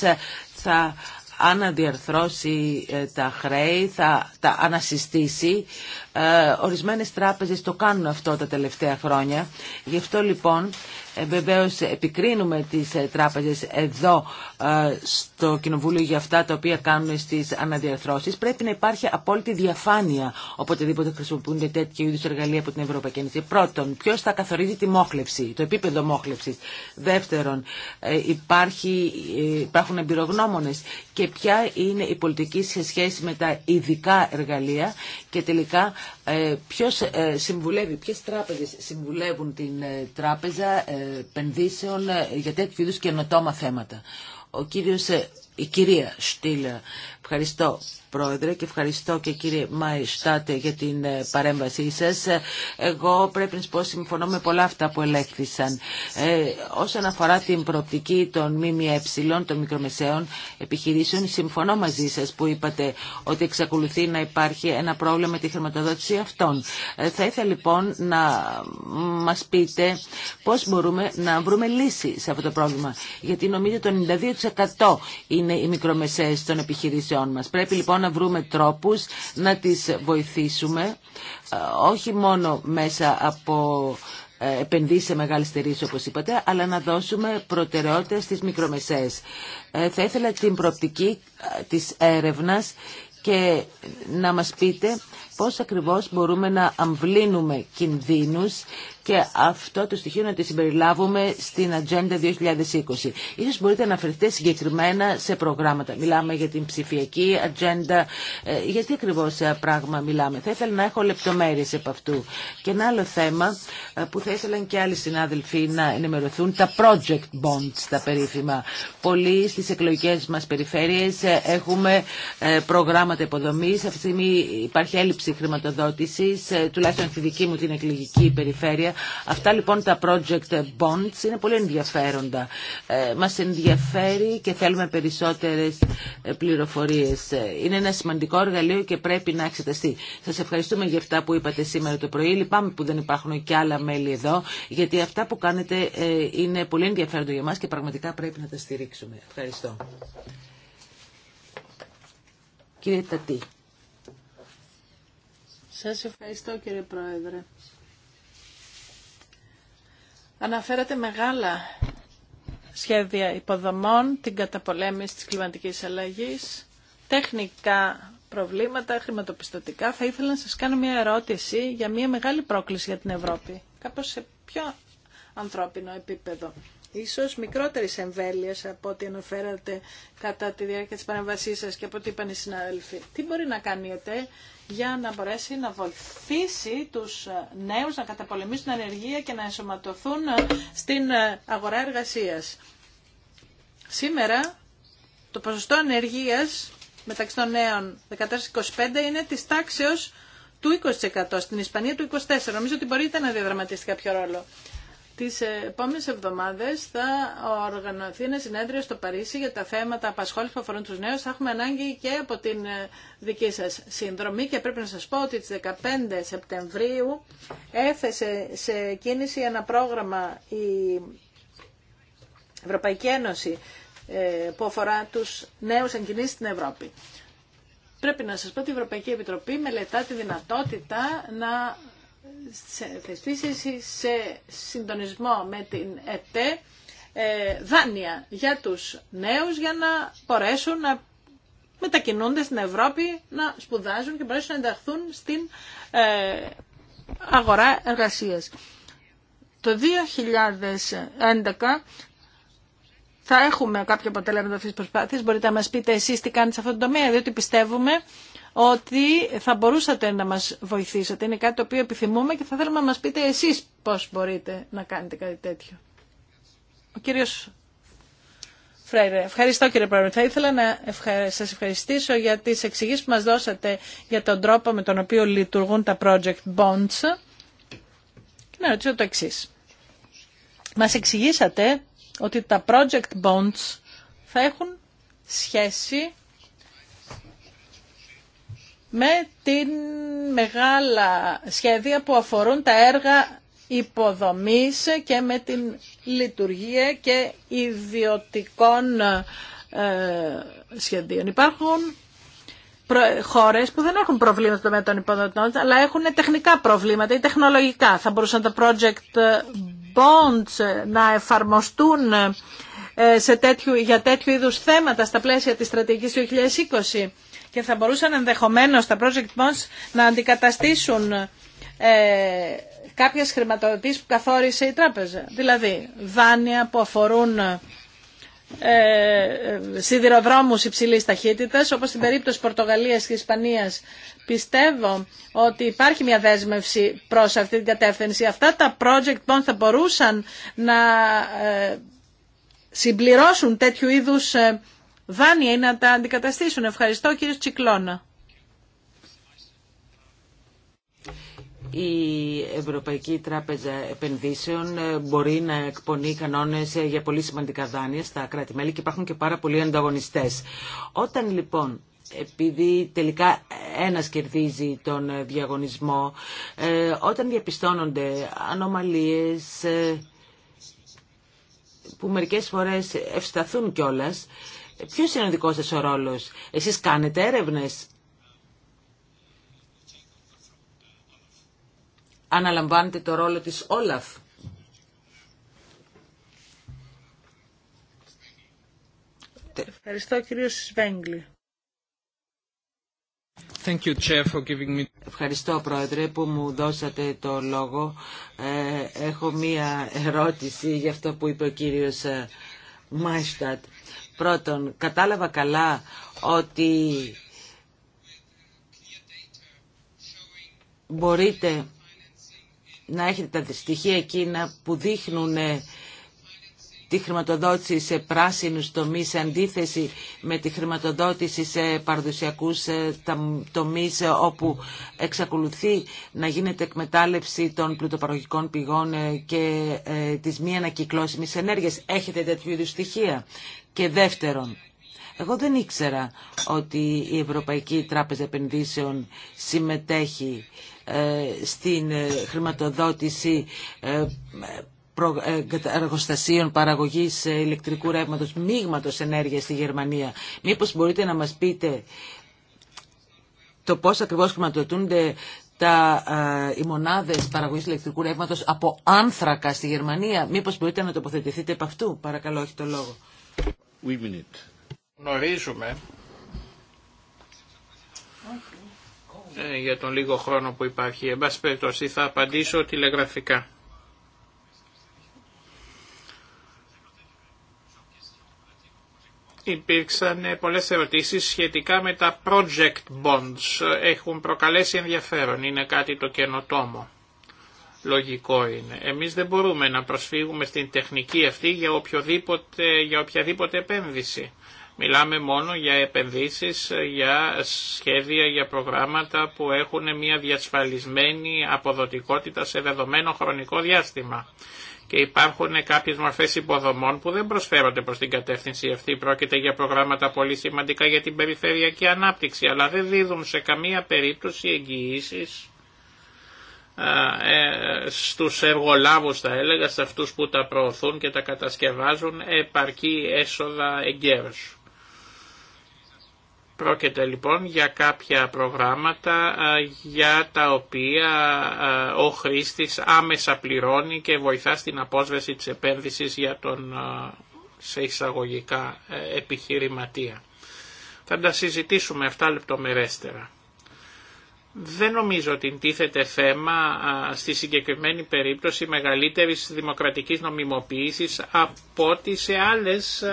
θα αναδιαρθρώσει ε, τα χρέη, θα τα ανασυστήσει. Ε, ορισμένες τράπεζες το κάνουν αυτό τα τελευταία χρόνια. Γι' αυτό λοιπόν ε, βεβαίως επικρίνουμε τις ε, τράπεζες εδώ στο Κοινοβούλιο για αυτά τα οποία κάνουν στις αναδιαρθρώσεις. Πρέπει να υπάρχει απόλυτη διαφάνεια οποτεδήποτε χρησιμοποιούνται τέτοια είδους εργαλεία από την Ευρωπαϊκή Ένωση. Πρώτον, ποιο θα καθορίζει τη μόχλευση, το επίπεδο μόχλευσης. Δεύτερον, υπάρχει, υπάρχουν εμπειρογνώμονες και ποια είναι η πολιτική σε σχέση με τα ειδικά εργαλεία και τελικά ε, ποιος ε, συμβουλεύει, ποιες τράπεζες συμβουλεύουν την ε, τράπεζα επενδύσεων για τέτοιου είδους καινοτόμα θέματα. Ο κύριος, η κυρία Στήλα Ευχαριστώ Πρόεδρε και ευχαριστώ και κύριε Μαϊστάτε για την ε, παρέμβασή σας. Εγώ πρέπει να σας πω συμφωνώ με πολλά αυτά που ελέγχθησαν. Ε, όσον αφορά την προοπτική των ΜΜΕ, των μικρομεσαίων επιχειρήσεων, συμφωνώ μαζί σας που είπατε ότι εξακολουθεί να υπάρχει ένα πρόβλημα με τη χρηματοδότηση αυτών. Ε, θα ήθελα λοιπόν να μας πείτε πώς μπορούμε να βρούμε λύση σε αυτό το πρόβλημα. Γιατί νομίζω το 92% είναι οι μικρομεσαίες των επιχειρήσεων μας. Πρέπει λοιπόν να βρούμε τρόπους να τις βοηθήσουμε, ε, όχι μόνο μέσα από ε, επενδύσει σε μεγάλε εταιρείε, όπω είπατε, αλλά να δώσουμε προτεραιότητα στις μικρομεσαίες. Ε, θα ήθελα την προοπτική της έρευνας και να μας πείτε πώς ακριβώς μπορούμε να αμβλύνουμε κινδύνους και αυτό το στοιχείο να τη συμπεριλάβουμε στην Ατζέντα 2020. Ίσως μπορείτε να αναφερθείτε συγκεκριμένα σε προγράμματα. Μιλάμε για την ψηφιακή Ατζέντα. Ε, γιατί ακριβώς σε πράγμα μιλάμε. Θα ήθελα να έχω λεπτομέρειες από αυτού. Και ένα άλλο θέμα ε, που θα ήθελαν και άλλοι συνάδελφοι να ενημερωθούν, τα project bonds, τα περίφημα. Πολλοί στις εκλογικές μας περιφέρειες ε, έχουμε προγράμματα υποδομής. Αυτή τη στιγμή υπάρχει έλλειψη χρηματοδότησης, τουλάχιστον στη δική μου την εκλογική περιφέρεια. Αυτά λοιπόν τα project bonds είναι πολύ ενδιαφέροντα. Ε, μας ενδιαφέρει και θέλουμε περισσότερες ε, πληροφορίες. Ε, είναι ένα σημαντικό εργαλείο και πρέπει να εξεταστεί. Σας ευχαριστούμε για αυτά που είπατε σήμερα το πρωί. Λυπάμαι που δεν υπάρχουν και άλλα μέλη εδώ, γιατί αυτά που κάνετε είναι πολύ ενδιαφέροντα για μας και πραγματικά πρέπει να τα στηρίξουμε. Ευχαριστώ. Κύριε Τατή. Σας ευχαριστώ κύριε Πρόεδρε. Αναφέρατε μεγάλα σχέδια υποδομών, την καταπολέμηση της κλιματικής αλλαγής, τεχνικά προβλήματα, χρηματοπιστωτικά. Θα ήθελα να σας κάνω μια ερώτηση για μια μεγάλη πρόκληση για την Ευρώπη, κάπως σε πιο ανθρώπινο επίπεδο. Ίσως μικρότερης εμβέλειας από ό,τι αναφέρατε κατά τη διάρκεια της παρεμβασής σας και από ό,τι είπαν οι συνάδελφοι. Τι μπορεί να κάνετε για να μπορέσει να βοηθήσει τους νέους να καταπολεμήσουν την ανεργία και να ενσωματωθούν στην αγορά εργασίας. Σήμερα το ποσοστό ανεργίας μεταξύ των νέων 14-25 είναι της τάξεως του 20%, στην Ισπανία του 24%. Νομίζω ότι μπορείτε να διαδραματίσετε κάποιο ρόλο. Τις επόμενες εβδομάδες θα οργανωθεί ένα συνέδριο στο Παρίσι για τα θέματα απασχόλησης που αφορούν τους νέους. Θα έχουμε ανάγκη και από την ε, δική σας συνδρομή και πρέπει να σας πω ότι τις 15 Σεπτεμβρίου έθεσε σε κίνηση ένα πρόγραμμα η Ευρωπαϊκή Ένωση ε, που αφορά τους νέους εγκινήσεις στην Ευρώπη. Πρέπει να σας πω ότι η Ευρωπαϊκή Επιτροπή μελετά τη δυνατότητα να σε σε συντονισμό με την ΕΤΕ δάνεια για τους νέους για να μπορέσουν να μετακινούνται στην Ευρώπη να σπουδάζουν και μπορέσουν να ενταχθούν στην ε, αγορά εργασίας. Το 2011 θα έχουμε κάποια αποτέλεσμα αυτής της προσπάθειας. Μπορείτε να μας πείτε εσείς τι κάνετε σε αυτό το τομέα, διότι πιστεύουμε ότι θα μπορούσατε να μας βοηθήσετε. Είναι κάτι το οποίο επιθυμούμε και θα θέλουμε να μας πείτε εσείς πώς μπορείτε να κάνετε κάτι τέτοιο. Ο κύριος Φρέιρε, ευχαριστώ κύριε Πρόεδρε. Θα ήθελα να σας ευχαριστήσω για τις εξηγήσεις που μας δώσατε για τον τρόπο με τον οποίο λειτουργούν τα project bonds. Και να ρωτήσω το εξή. Μας εξηγήσατε ότι τα project bonds θα έχουν σχέση με την μεγάλα σχέδια που αφορούν τα έργα υποδομής και με την λειτουργία και ιδιωτικών ε, σχεδίων. Υπάρχουν χώρες που δεν έχουν προβλήματα με τον υποδοτών, αλλά έχουν τεχνικά προβλήματα ή τεχνολογικά. Θα μπορούσαν τα project bonds να εφαρμοστούν ε, σε τέτοιου, για τέτοιου είδους θέματα στα πλαίσια της στρατηγικής του 2020 και θα μπορούσαν ενδεχομένως τα project bonds να αντικαταστήσουν ε, κάποιες χρηματοδοτήσεις που καθόρισε η τράπεζα. Δηλαδή δάνεια που αφορούν ε, σιδηροδρόμους υψηλής ταχύτητας, όπως στην περίπτωση Πορτογαλίας και Ισπανίας. Πιστεύω ότι υπάρχει μια δέσμευση προς αυτή την κατεύθυνση. Αυτά τα project bonds θα μπορούσαν να ε, συμπληρώσουν τέτοιου είδους ε, δάνεια είναι να τα αντικαταστήσουν. Ευχαριστώ κύριε Τσικλώνα. η Ευρωπαϊκή Τράπεζα Επενδύσεων ε, μπορεί να εκπονεί κανόνε ε, για πολύ σημαντικά δάνεια στα κράτη-μέλη και υπάρχουν και πάρα πολλοί ανταγωνιστέ. Όταν λοιπόν επειδή τελικά ένας κερδίζει τον ε, διαγωνισμό, όταν διαπιστώνονται ανομαλίες που μερικές φορές ευσταθούν κιόλας, Ποιο είναι ο δικό σα ο ρόλο, Εσεί κάνετε έρευνε. Αναλαμβάνετε το ρόλο της Όλαφ. Ευχαριστώ κύριο Σβέγγλη. Ευχαριστώ Πρόεδρε που μου δώσατε το λόγο. Ε, έχω μία ερώτηση για αυτό που είπε ο κύριος ε, Μάιστατ. Πρώτον, κατάλαβα καλά ότι μπορείτε να έχετε τα στοιχεία εκείνα που δείχνουν τη χρηματοδότηση σε πράσινους τομείς σε αντίθεση με τη χρηματοδότηση σε παραδοσιακούς ε, τομείς ε, όπου εξακολουθεί να γίνεται εκμετάλλευση των πλουτοπαραγωγικών πηγών ε, και της μη ανακυκλώσιμης ενέργειας. Έχετε τέτοιου είδους στοιχεία. Και δεύτερον, εγώ δεν ήξερα ότι η Ευρωπαϊκή Τράπεζα Επενδύσεων συμμετέχει στην χρηματοδότηση ε, εργοστασίων παραγωγής ηλεκτρικού ρεύματος, μίγματος ενέργειας στη Γερμανία. Μήπως μπορείτε να μας πείτε το πώς ακριβώς χρηματοδοτούνται τα, ε, οι μονάδες παραγωγής ηλεκτρικού ρεύματος από άνθρακα στη Γερμανία. Μήπως μπορείτε να τοποθετηθείτε επ' αυτού. Παρακαλώ, έχει το λόγο. Γνωρίζουμε ε, για τον λίγο χρόνο που υπάρχει. Εν πάση θα απαντήσω τηλεγραφικά. υπήρξαν ε, πολλές ερωτήσεις σχετικά με τα project bonds. Έχουν προκαλέσει ενδιαφέρον, είναι κάτι το καινοτόμο. Λογικό είναι. Εμείς δεν μπορούμε να προσφύγουμε στην τεχνική αυτή για, οποιοδήποτε, για οποιαδήποτε επένδυση. Μιλάμε μόνο για επενδύσεις, για σχέδια, για προγράμματα που έχουν μια διασφαλισμένη αποδοτικότητα σε δεδομένο χρονικό διάστημα και υπάρχουν κάποιε μορφές υποδομών που δεν προσφέρονται προς την κατεύθυνση αυτή. Πρόκειται για προγράμματα πολύ σημαντικά για την περιφερειακή ανάπτυξη, αλλά δεν δίδουν σε καμία περίπτωση εγγυήσει ε, στου εργολάβου θα έλεγα, σε αυτούς που τα προωθούν και τα κατασκευάζουν επαρκή έσοδα εγκαίρως. Πρόκειται λοιπόν για κάποια προγράμματα για τα οποία ο χρήστης άμεσα πληρώνει και βοηθά στην απόσβεση της επένδυσης για τον σε εισαγωγικά ε, επιχειρηματία. Θα τα συζητήσουμε αυτά λεπτομερέστερα. Δεν νομίζω ότι τίθεται θέμα στη συγκεκριμένη περίπτωση μεγαλύτερης δημοκρατικής νομιμοποίησης από ότι σε άλλες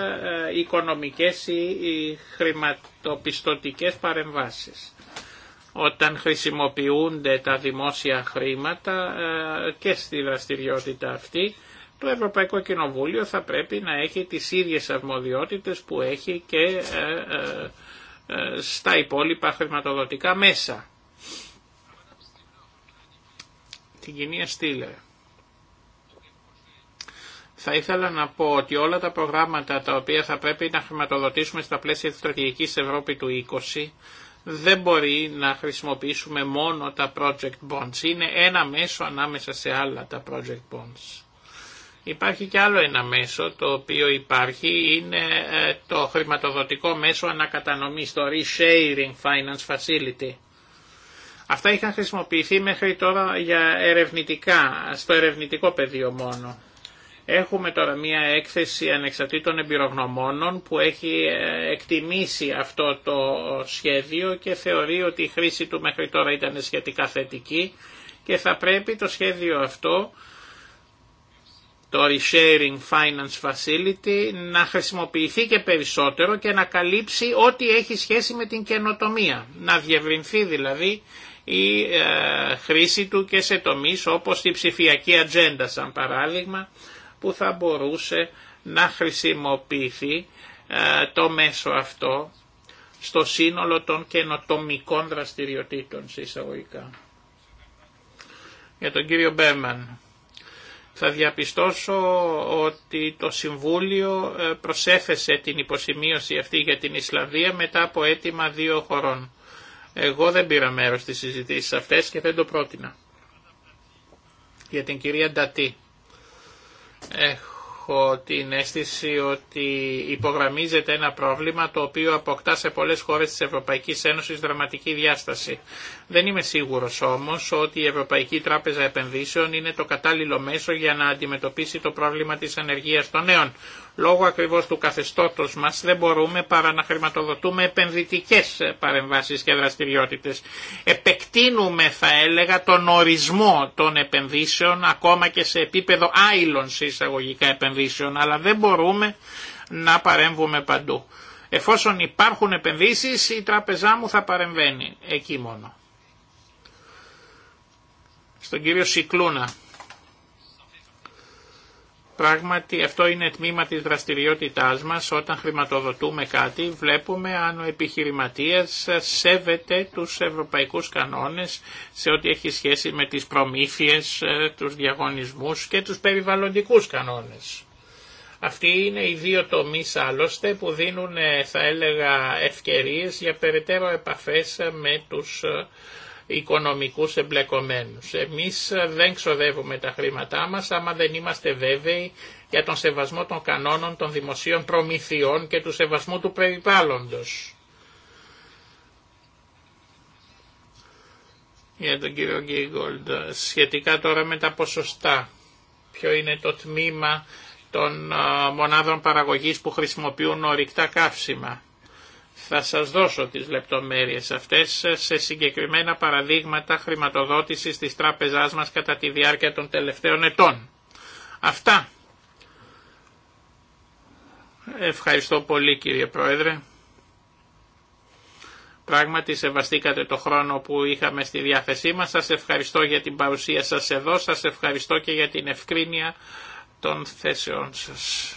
οικονομικές ή χρηματοπιστωτικές παρεμβάσεις. Όταν χρησιμοποιούνται τα δημόσια χρήματα και στη δραστηριότητα αυτή, το Ευρωπαϊκό Κοινοβούλιο θα πρέπει να έχει τις ίδιες αρμοδιότητες που έχει και ε, ε, ε, στα υπόλοιπα χρηματοδοτικά μέσα. την κοινή Στήλερ. Θα ήθελα να πω ότι όλα τα προγράμματα τα οποία θα πρέπει να χρηματοδοτήσουμε στα πλαίσια της στρατηγικής Ευρώπη του 20 δεν μπορεί να χρησιμοποιήσουμε μόνο τα project bonds. Είναι ένα μέσο ανάμεσα σε άλλα τα project bonds. Υπάρχει και άλλο ένα μέσο το οποίο υπάρχει, είναι ε, το χρηματοδοτικό μέσο ανακατανομής, το Resharing Finance Facility. Αυτά είχαν χρησιμοποιηθεί μέχρι τώρα για ερευνητικά, στο ερευνητικό πεδίο μόνο. Έχουμε τώρα μία έκθεση ανεξαρτήτων εμπειρογνωμόνων που έχει ε, εκτιμήσει αυτό το σχέδιο και θεωρεί ότι η χρήση του μέχρι τώρα ήταν σχετικά θετική και θα πρέπει το σχέδιο αυτό, το Resharing Finance Facility, να χρησιμοποιηθεί και περισσότερο και να καλύψει ό,τι έχει σχέση με την καινοτομία. Να διευρυνθεί δηλαδή η ε, χρήση του και σε τομείς όπως η ψηφιακή ατζέντα σαν παράδειγμα που θα μπορούσε να χρησιμοποιηθεί ε, το μέσο αυτό στο σύνολο των καινοτομικών δραστηριοτήτων συσταγωγικά. Για τον κύριο Μπέρμαν. Θα διαπιστώσω ότι το Συμβούλιο ε, προσέφεσε την υποσημείωση αυτή για την Ισλανδία μετά από αίτημα δύο χωρών. Εγώ δεν πήρα μέρος στις συζητήσεις αυτές και δεν το πρότεινα. Για την κυρία Ντατή. Έχω την αίσθηση ότι υπογραμμίζεται ένα πρόβλημα το οποίο αποκτά σε πολλές χώρες της Ευρωπαϊκής Ένωσης δραματική διάσταση. Δεν είμαι σίγουρος όμως ότι η Ευρωπαϊκή Τράπεζα Επενδύσεων είναι το κατάλληλο μέσο για να αντιμετωπίσει το πρόβλημα της ανεργίας των νέων. Λόγω ακριβώς του καθεστώτος μας δεν μπορούμε παρά να χρηματοδοτούμε επενδυτικές παρεμβάσεις και δραστηριότητες. Επεκτείνουμε θα έλεγα τον ορισμό των επενδύσεων ακόμα και σε επίπεδο άειλων εισαγωγικά επενδύσεων αλλά δεν μπορούμε να παρέμβουμε παντού. Εφόσον υπάρχουν επενδύσεις η τράπεζά μου θα παρεμβαίνει εκεί μόνο. Στον κύριο Σικλούνα. Πράγματι αυτό είναι τμήμα της δραστηριότητάς μας. Όταν χρηματοδοτούμε κάτι βλέπουμε αν ο επιχειρηματίας σέβεται τους ευρωπαϊκούς κανόνες σε ό,τι έχει σχέση με τις προμήθειες, ε, τους διαγωνισμούς και τους περιβαλλοντικούς κανόνες. Αυτοί είναι οι δύο τομείς άλλωστε που δίνουν ε, θα έλεγα ευκαιρίες για περαιτέρω επαφές με τους ε, οικονομικούς εμπλεκομένους. Εμείς ε, δεν ξοδεύουμε τα χρήματά μας άμα δεν είμαστε βέβαιοι για τον σεβασμό των κανόνων των δημοσίων προμηθειών και του σεβασμού του περιβάλλοντος. Για τον κύριο Γκίγκολντ, σχετικά τώρα με τα ποσοστά, ποιο είναι το τμήμα των ε, μονάδων παραγωγής που χρησιμοποιούν ορυκτά καύσιμα. Θα σας δώσω τις λεπτομέρειες αυτές σε συγκεκριμένα παραδείγματα χρηματοδότησης της τράπεζάς μας κατά τη διάρκεια των τελευταίων ετών. Αυτά. Ευχαριστώ πολύ κύριε Πρόεδρε. Πράγματι σεβαστήκατε το χρόνο που είχαμε στη διάθεσή μας. Σας ευχαριστώ για την παρουσία σας εδώ. Σας ευχαριστώ και για την ευκρίνεια των θέσεών σας.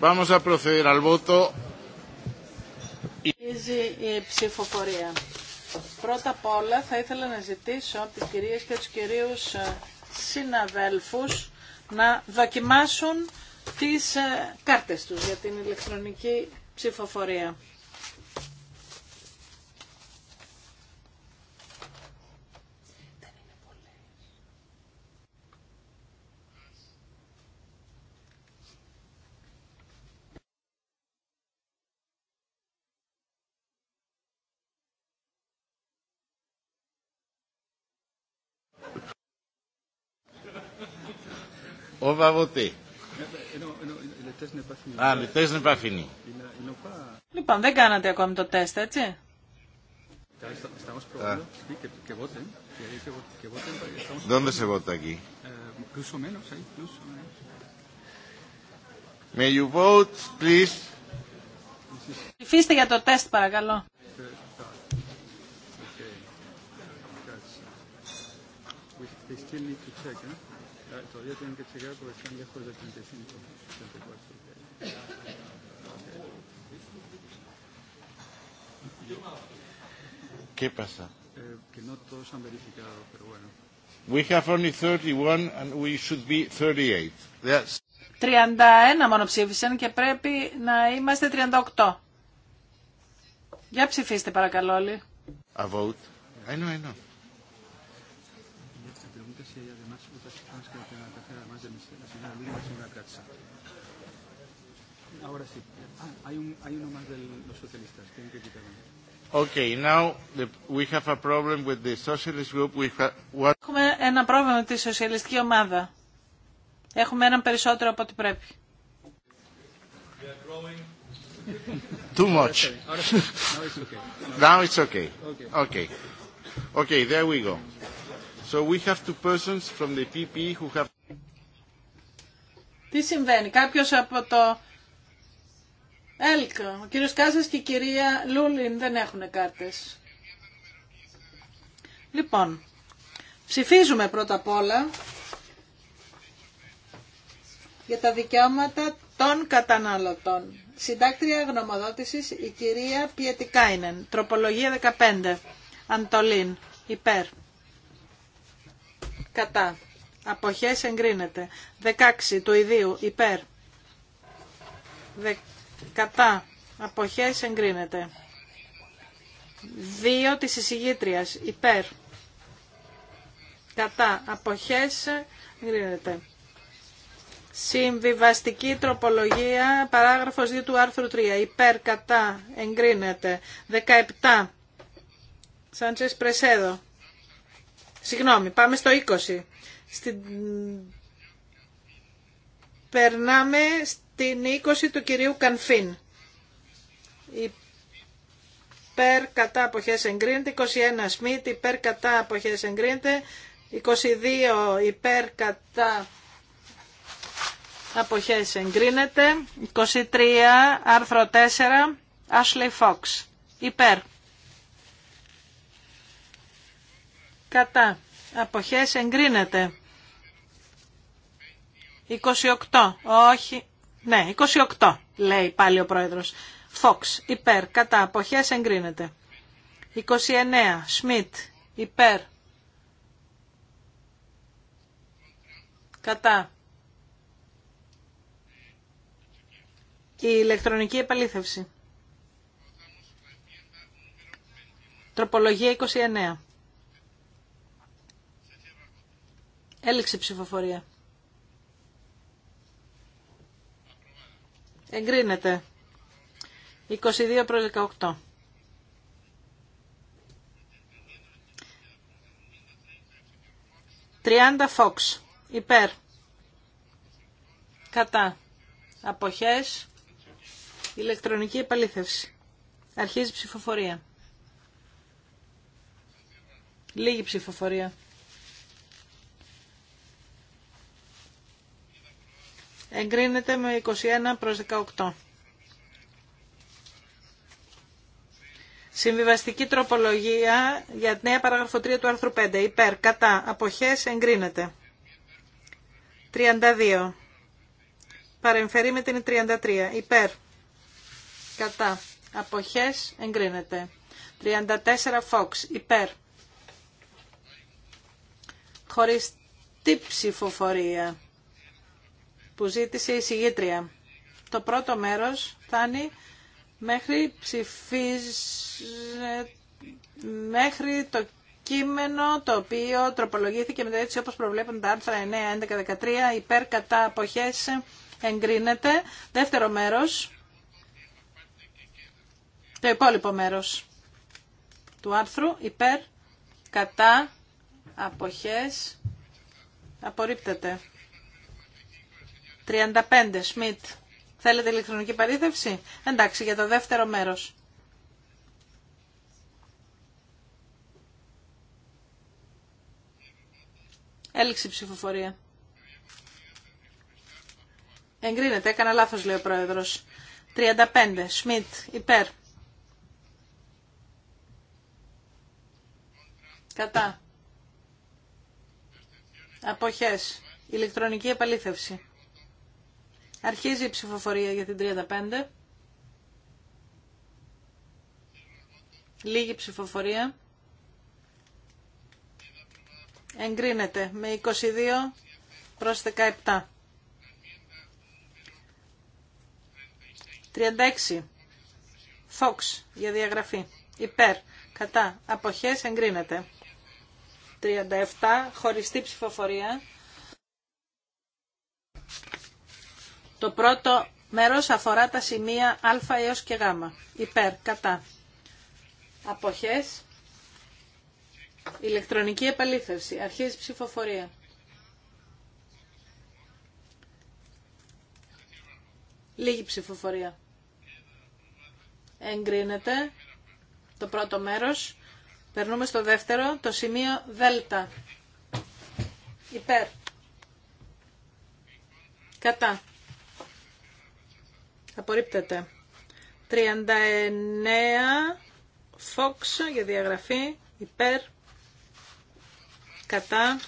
Vamos a proceder Η ψηφοφορία. Πρώτα απ' όλα θα ήθελα να ζητήσω από τις κυρίες και τους κυρίους ε, συναδέλφους να δοκιμάσουν τις ε, κάρτες τους για την ηλεκτρονική ψηφοφορία. va voter. test n'est Λοιπόν, δεν κάνατε ακόμη το τεστ, έτσι. ¿Dónde se vota May you vote, please. για το τεστ, παρακαλώ. Todavía tienen que chequear porque están lejos de 35, 34. ¿Qué pasa? Eh, que no todos han verificado, pero bueno. We have only 31 and we should be 38. That's... 31 μόνο ψήφισαν και πρέπει να είμαστε 38. Για ψηφίστε παρακαλώ όλοι. A vote. I know, I know. Ahora sí. Ah, hay, un, hay uno más de los socialistas. Tienen que quitarlo. Okay, now the, we have a problem with the socialist group. We have what... Έχουμε ένα πρόβλημα με τη σοσιαλιστική ομάδα. Έχουμε έναν περισσότερο από ό,τι πρέπει. Too much. now it's okay. Okay. Okay, there we go. So we have two persons from the PP who have... Τι συμβαίνει, κάποιος από το Έλκο, ο κύριος Κάζας και η κυρία Λούλιν δεν έχουν κάρτες. Λοιπόν, ψηφίζουμε πρώτα απ' όλα για τα δικαιώματα των καταναλωτών. Συντάκτρια γνωμοδότησης η κυρία Πιετικάινεν, τροπολογία 15, Αντολίν, υπέρ. Κατά. Αποχές εγκρίνεται. 16 του ιδίου, υπέρ κατά αποχές εγκρίνεται. Δύο της εισηγήτριας υπέρ κατά αποχές εγκρίνεται. Συμβιβαστική τροπολογία, παράγραφος 2 του άρθρου 3. Υπέρ, κατά, εγκρίνεται. 17. Σάντσες Πρεσέδο. Συγγνώμη, πάμε στο 20. Στην... Περνάμε την 20 του κυρίου Κανφίν. Υπέρ κατά αποχές εγκρίνεται. 21 Σμιτ. Υπέρ κατά αποχές εγκρίνεται. 22 υπέρ κατά αποχές εγκρίνεται. 23 άρθρο 4 Ashley Fox. Υπέρ. Κατά. Αποχές εγκρίνεται. 28. Όχι. Ναι, 28 λέει πάλι ο πρόεδρος. Φόξ, υπέρ, κατά, αποχές εγκρίνεται. 29, Σμιτ, υπέρ, κατά. Η ηλεκτρονική επαλήθευση. Τροπολογία 29. Έληξε ψηφοφορία. Εγκρίνεται. 22 προς 18. 30 Φόξ. Υπέρ. Κατά. Αποχές. Ηλεκτρονική επαλήθευση. Αρχίζει ψηφοφορία. Λίγη ψηφοφορία. εγκρίνεται με 21 προς 18. Συμβιβαστική τροπολογία για την νέα παραγραφο 3 του άρθρου 5. Υπέρ, κατά, αποχές, εγκρίνεται. 32. Παρεμφερεί με την 33. Υπέρ, κατά, αποχές, εγκρίνεται. 34. Φόξ, υπέρ. Χωρίς τι ψηφοφορία που ζήτησε η συγγήτρια. Το πρώτο μέρος φτάνει μέχρι ψηφίζ... μέχρι το κείμενο το οποίο τροπολογήθηκε το έτσι όπως προβλέπουν τα άρθρα 9, 11, 13 υπέρ κατά αποχές εγκρίνεται. Δεύτερο μέρος, το υπόλοιπο μέρος του άρθρου υπέρ κατά αποχές απορρίπτεται. 35. Σμιτ. Θέλετε ηλεκτρονική παρήθευση. Εντάξει, για το δεύτερο μέρος. Έληξη ψηφοφορία. Εγκρίνεται. Έκανα λάθος, λέει ο πρόεδρος. 35. Σμιτ. Υπέρ. Κατά. Αποχές. Ηλεκτρονική επαλήθευση. Αρχίζει η ψηφοφορία για την 35. Λίγη ψηφοφορία. Εγκρίνεται με 22 προς 17. 36. Φοξ για διαγραφή. Υπέρ. Κατά. Αποχές εγκρίνεται. 37. Χωριστή ψηφοφορία. Το πρώτο μέρος αφορά τα σημεία α έως και γ. Υπέρ, κατά. Αποχές. Ηλεκτρονική επαλήθευση. Αρχίζει ψηφοφορία. Λίγη ψηφοφορία. Εγκρίνεται το πρώτο μέρος. Περνούμε στο δεύτερο, το σημείο δέλτα. Υπέρ. Κατά. Απορρίπτεται. 39 Φόξ για διαγραφή. Υπέρ. Κατά.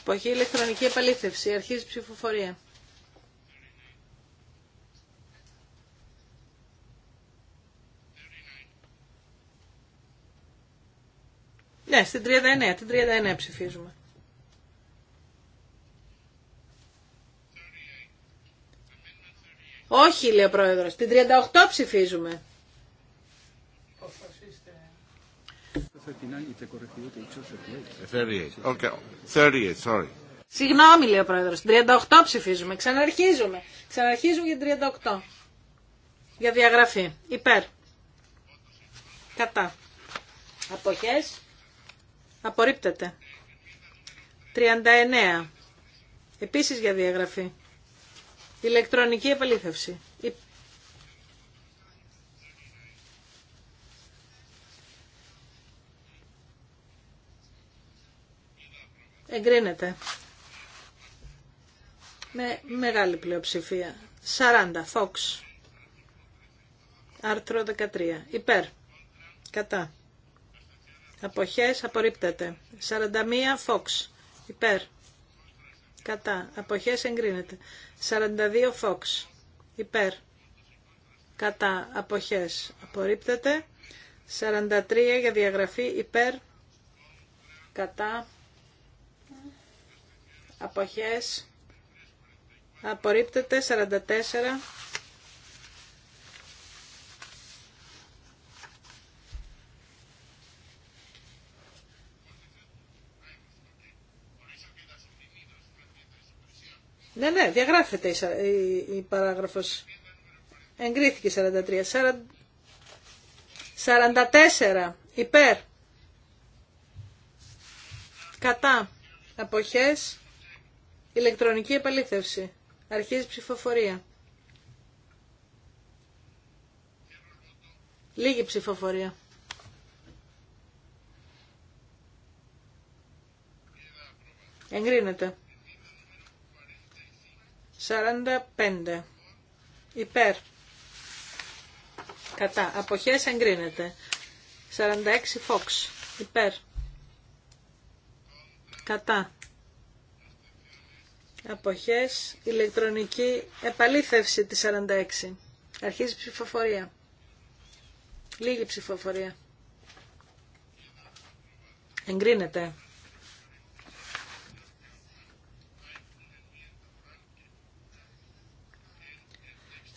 Αποχή ηλεκτρονική επαλήθευση. Αρχίζει ψηφοφορία. Ναι, στην 39, την 39 ψηφίζουμε. Όχι, λέει ο πρόεδρο. Την 38 ψηφίζουμε. Okay. sorry. Συγγνώμη, λέει ο πρόεδρο. Την 38 ψηφίζουμε. Ξαναρχίζουμε. Ξαναρχίζουμε για την 38. Για διαγραφή. Υπέρ. Κατά. Αποχές. Απορρίπτεται. 39. Επίσης για διαγραφή. Ηλεκτρονική επαλήθευση. Εγκρίνεται. Με μεγάλη πλειοψηφία. 40. Fox. Άρθρο 13. Υπέρ. Κατά. Αποχές απορρίπτεται. 41. Fox. Υπέρ. Κατά. Αποχές εγκρίνεται. 42 Fox. Υπέρ. Κατά. Αποχές. Απορρίπτεται. 43 για διαγραφή. Υπέρ. Κατά. Αποχές. Απορρίπτεται. 44 Ναι, ναι, διαγράφεται η, η, η παράγραφος. Εγκρίθηκε 43. 44. Υπέρ. Κατά. Αποχές. Ηλεκτρονική επαλήθευση. Αρχίζει ψηφοφορία. Λίγη ψηφοφορία. Εγκρίνεται. 45. Υπέρ. Κατά. Αποχές εγκρίνεται. 46 φόξ. Υπέρ. Κατά. Αποχές. Ηλεκτρονική επαλήθευση τη 46. Αρχίζει ψηφοφορία. Λίγη ψηφοφορία. Εγκρίνεται.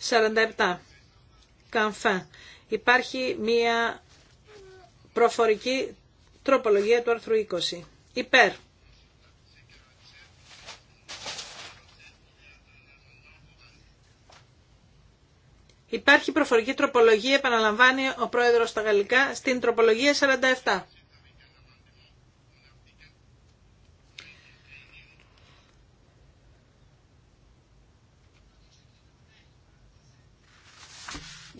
47. Καμφά. Υπάρχει μία προφορική τροπολογία του άρθρου 20. Υπέρ. Υπάρχει προφορική τροπολογία, επαναλαμβάνει ο πρόεδρος στα γαλλικά, στην τροπολογία 47.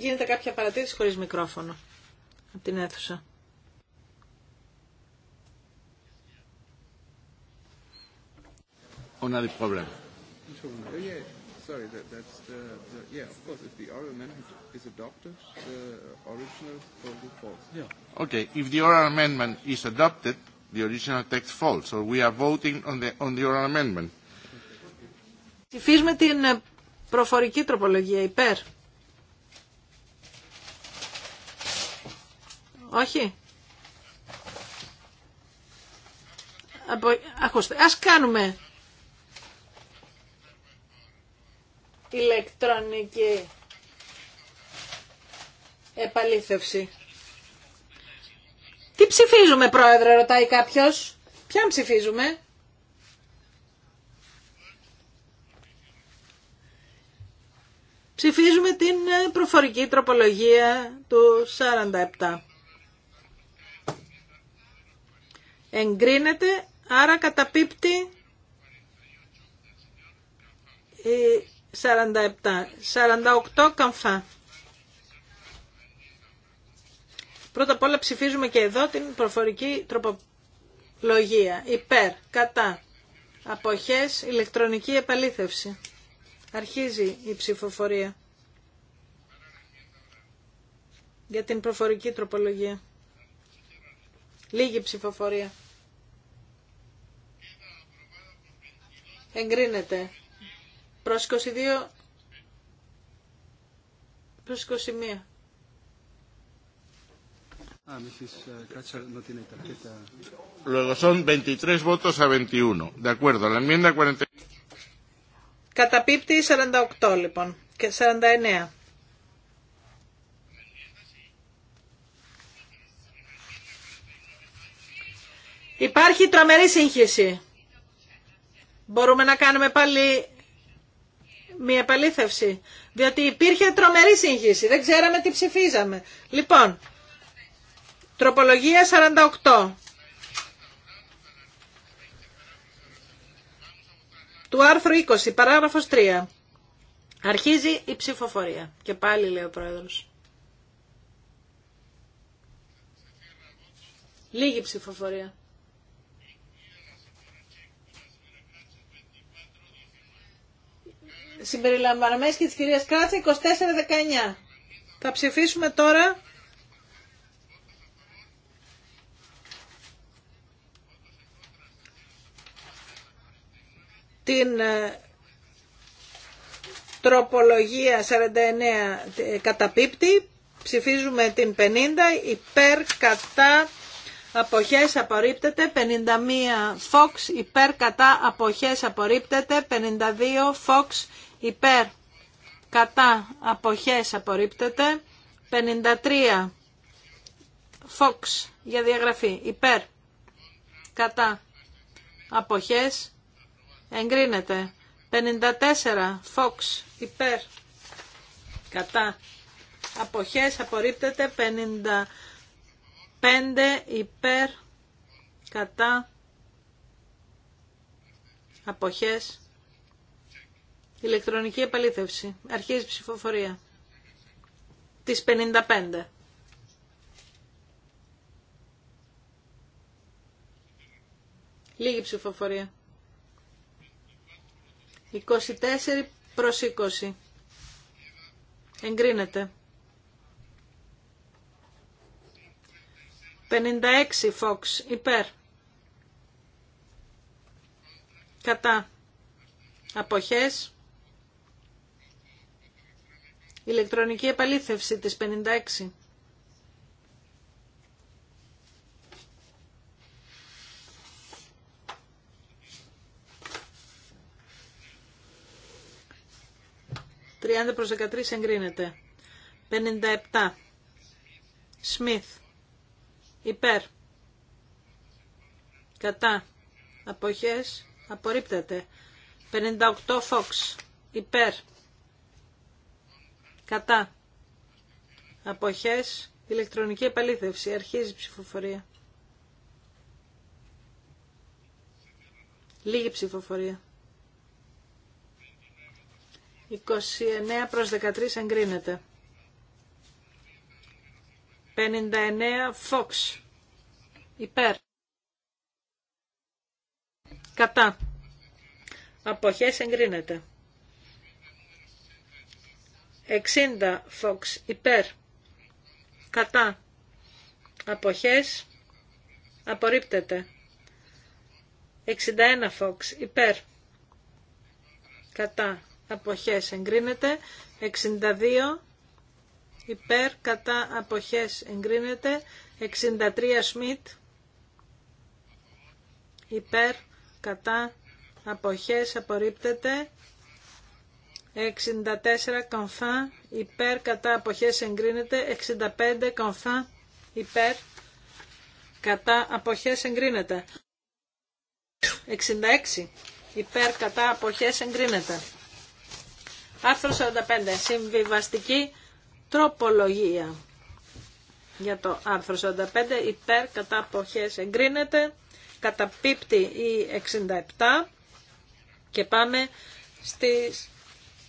Γίνεται κάποια παρατήρηση χωρίς μικρόφωνο από την αίθουσα. On a des problèmes. Okay. If the oral amendment is adopted, the original text falls. So we are voting on the on the oral amendment. Ψηφίζουμε την προφορική τροπολογία υπέρ. Όχι. Από... Ακούστε, ας κάνουμε ηλεκτρονική επαλήθευση. Τι ψηφίζουμε, πρόεδρε, ρωτάει κάποιος. ποια ψηφίζουμε. Ψηφίζουμε την ε, προφορική τροπολογία του 47. εγκρίνεται, άρα καταπίπτει η 47. 48 καμφά. Πρώτα απ' όλα ψηφίζουμε και εδώ την προφορική τροπολογία. Υπέρ, κατά, αποχές, ηλεκτρονική επαλήθευση. Αρχίζει η ψηφοφορία για την προφορική τροπολογία. Λίγη ψηφοφορία. εγκρίνεται. Προς 22 προς 21. Luego son 23 votos a 21. De acuerdo, la enmienda 40. Καταπίπτει 48 λοιπόν και 49. Υπάρχει τρομερή σύγχυση. Μπορούμε να κάνουμε πάλι μια επαλήθευση. Διότι υπήρχε τρομερή σύγχυση. Δεν ξέραμε τι ψηφίζαμε. Λοιπόν, τροπολογία 48. Του άρθρου 20, παράγραφος 3. Αρχίζει η ψηφοφορία. Και πάλι λέει ο πρόεδρος. Λίγη ψηφοφορία. συμπεριλαμβανομένης και της κυρίας Κράτσα 24-19. Θα ψηφίσουμε τώρα την ε, τροπολογία 49 ε, καταπίπτει. Ψηφίζουμε την 50 υπέρ κατά αποχές απορρίπτεται. 51 Fox υπέρ κατά αποχές απορρίπτεται. 52 Fox υπέρ κατά αποχές απορρίπτεται 53 Fox για διαγραφή υπέρ κατά αποχές εγκρίνεται 54 φόξ υπέρ κατά αποχές απορρίπτεται 55 υπέρ κατά αποχές Ηλεκτρονική επαλήθευση. Αρχίζει ψηφοφορία. Τις 55. Λίγη ψηφοφορία. 24 προς 20. Εγκρίνεται. 56 Fox υπέρ. Κατά. Αποχές ηλεκτρονική επαλήθευση της 56. 30 προς 13 εγκρίνεται. 57. Σμιθ. Υπέρ. Κατά. Αποχές. Απορρίπτεται. 58. Φόξ. Υπέρ. Κατά. Αποχές. Ηλεκτρονική επαλήθευση. Αρχίζει η ψηφοφορία. Λίγη ψηφοφορία. 29 προς 13 εγκρίνεται. 59 Fox. Υπέρ. Κατά. Αποχές εγκρίνεται. 60 Fox υπέρ κατά αποχές απορρίπτεται 61 Fox υπέρ κατά αποχές εγκρίνεται 62 υπέρ κατά αποχές εγκρίνεται 63 Σμιτ υπέρ κατά αποχές απορρίπτεται 64 κονφά υπέρ κατά αποχές εγκρίνεται. 65 κονφά υπέρ κατά αποχές εγκρίνεται. 66 υπέρ κατά αποχές εγκρίνεται. Άρθρο 45. Συμβιβαστική τροπολογία. Για το άρθρο 45 υπέρ κατά αποχές εγκρίνεται. Καταπίπτει η 67 και πάμε στις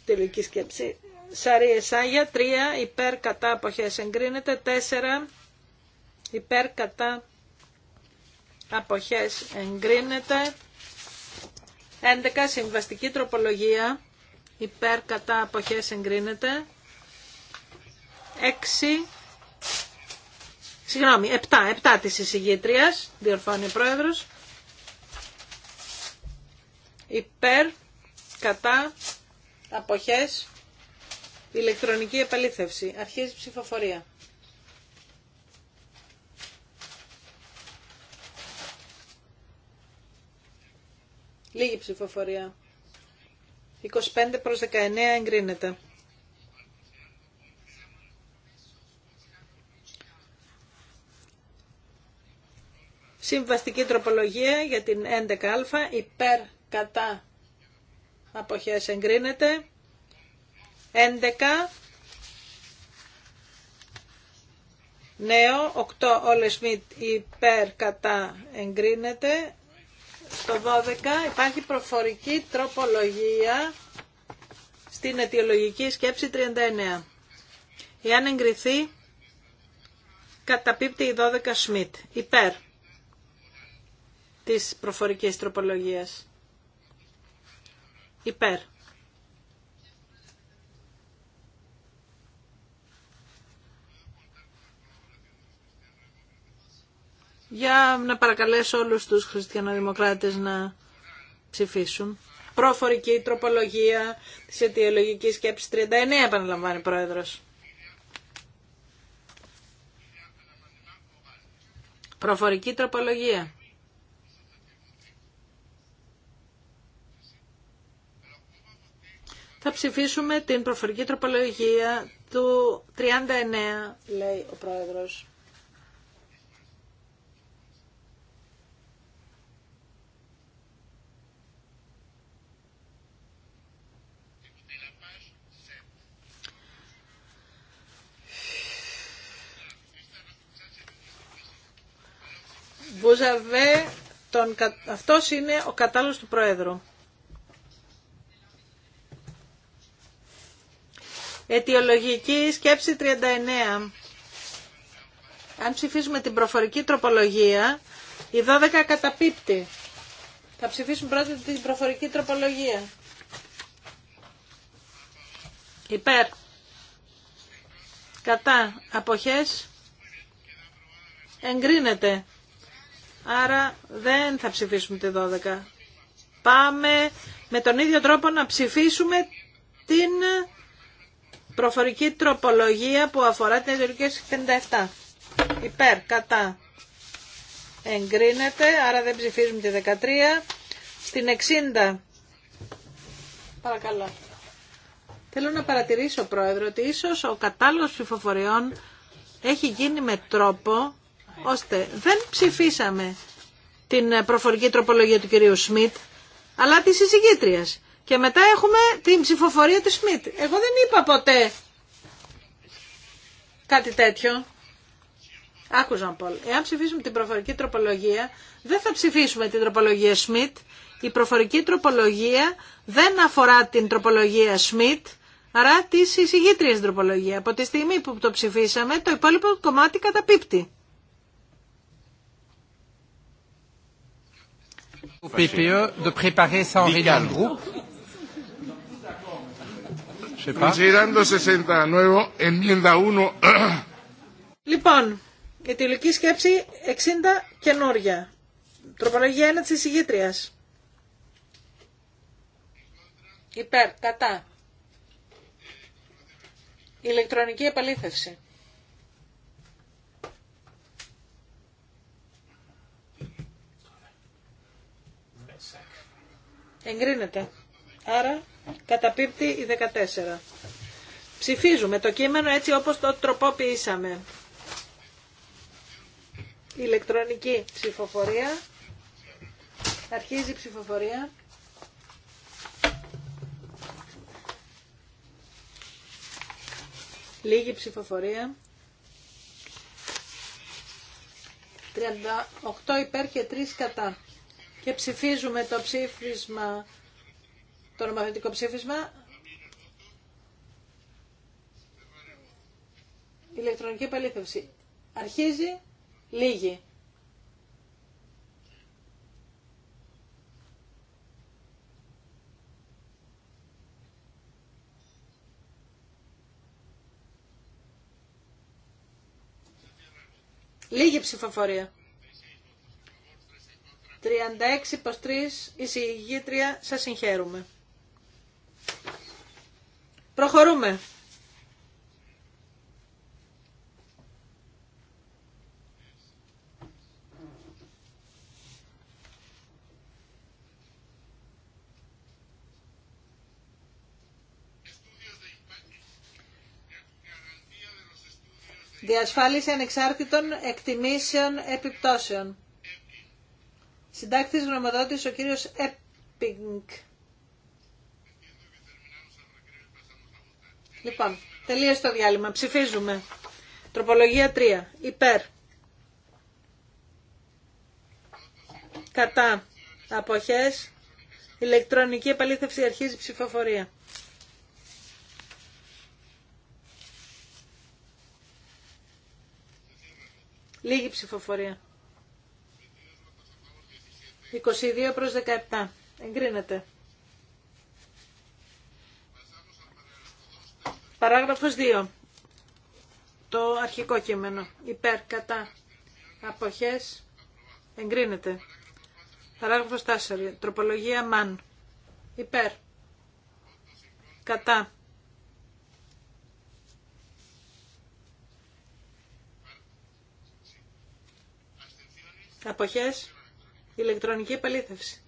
Τελική σκέψη. Σαρή Εσάγια, 3 υπέρ κατά αποχές εγκρίνεται, 4 υπέρ κατά απόχέ εγκρίνεται, 11 συμβαστική τροπολογία υπέρ κατά αποχές εγκρίνεται, 6 Συγγνώμη, 7, 7 τη εισηγήτριας, διορθώνει ο πρόεδρος. Υπέρ, κατά, αποχές, ηλεκτρονική επαλήθευση. Αρχίζει ψηφοφορία. Λίγη ψηφοφορία. 25 προς 19 εγκρίνεται. Συμβαστική τροπολογία για την 11α υπέρ κατά αποχές εγκρίνεται. 11 νέο, 8 όλες σμιτ υπέρ κατά εγκρίνεται. Στο 12 υπάρχει προφορική τροπολογία στην αιτιολογική σκέψη 39. Εάν εγκριθεί, καταπίπτει η 12 Σμιτ, υπέρ της προφορικής τροπολογίας υπέρ. Για να παρακαλέσω όλους τους χριστιανοδημοκράτες να ψηφίσουν. Προφορική τροπολογία της αιτιολογικής σκέψης 39 επαναλαμβάνει πρόεδρος. Προφορική τροπολογία. θα ψηφίσουμε την προφορική τροπολογία του 39, λέει ο Πρόεδρος. Βουζαβέ. αυτός είναι ο κατάλληλος του Πρόεδρου. Αιτιολογική σκέψη 39. Αν ψηφίσουμε την προφορική τροπολογία, η 12 καταπίπτει. Θα ψηφίσουμε πρώτα την προφορική τροπολογία. Υπέρ. Κατά. Αποχές. Εγκρίνεται. Άρα δεν θα ψηφίσουμε τη 12. Πάμε με τον ίδιο τρόπο να ψηφίσουμε την Προφορική τροπολογία που αφορά την ιδεολογία 57. Υπέρ, κατά. Εγκρίνεται, άρα δεν ψηφίζουμε τη 13. Στην 60. Παρακαλώ. Θέλω να παρατηρήσω, Πρόεδρο, ότι ίσως ο κατάλογος ψηφοφοριών έχει γίνει με τρόπο ώστε δεν ψηφίσαμε την προφορική τροπολογία του κυρίου Σμιτ, αλλά τη εισηγήτριας. Και μετά έχουμε την ψηφοφορία του Σμιτ. Εγώ δεν είπα ποτέ κάτι τέτοιο. Άκουζαν Πολ. Εάν ψηφίσουμε την προφορική τροπολογία, δεν θα ψηφίσουμε την τροπολογία Σμιτ. Η προφορική τροπολογία δεν αφορά την τροπολογία Σμιτ, άρα τη συζυγήτρια τροπολογία. Από τη στιγμή που το ψηφίσαμε, το υπόλοιπο κομμάτι καταπίπτει. Considerando 69, enmienda 1. Λοιπόν, η τελική σκέψη 60 καινούρια. Τροπολογία είναι τη εισηγήτριας. Υπέρ, κατά. Ηλεκτρονική επαλήθευση. Εγκρίνεται. Άρα Καταπίπτει η 14. Ψηφίζουμε το κείμενο έτσι όπως το τροποποιήσαμε. Ηλεκτρονική ψηφοφορία. Αρχίζει η ψηφοφορία. Λίγη ψηφοφορία. 38 υπέρ και 3 κατά. Και ψηφίζουμε το ψήφισμα το νομοθετικό ψήφισμα. Ηλεκτρονική επαλήθευση. Αρχίζει, λίγη. Λίγη ψηφοφορία. 36 προς 3 εισηγήτρια, σας συγχαίρουμε. Προχωρούμε. Διασφάλιση ανεξάρτητων εκτιμήσεων επιπτώσεων. Συντάκτης γνωμοδότης ο κύριος Επινγκ. Λοιπόν, τελείωσε το διάλειμμα. Ψηφίζουμε. Τροπολογία 3. Υπέρ. Κατά. Αποχές. Ηλεκτρονική επαλήθευση αρχίζει ψηφοφορία. Λίγη ψηφοφορία. 22 προς 17. Εγκρίνεται. Παράγραφος 2. Το αρχικό κείμενο. Υπέρ, κατά, αποχές, εγκρίνεται. Παράγραφος 4. Τροπολογία μαν. Υπέρ. Κατά. Αποχές. Ηλεκτρονική επαλήθευση.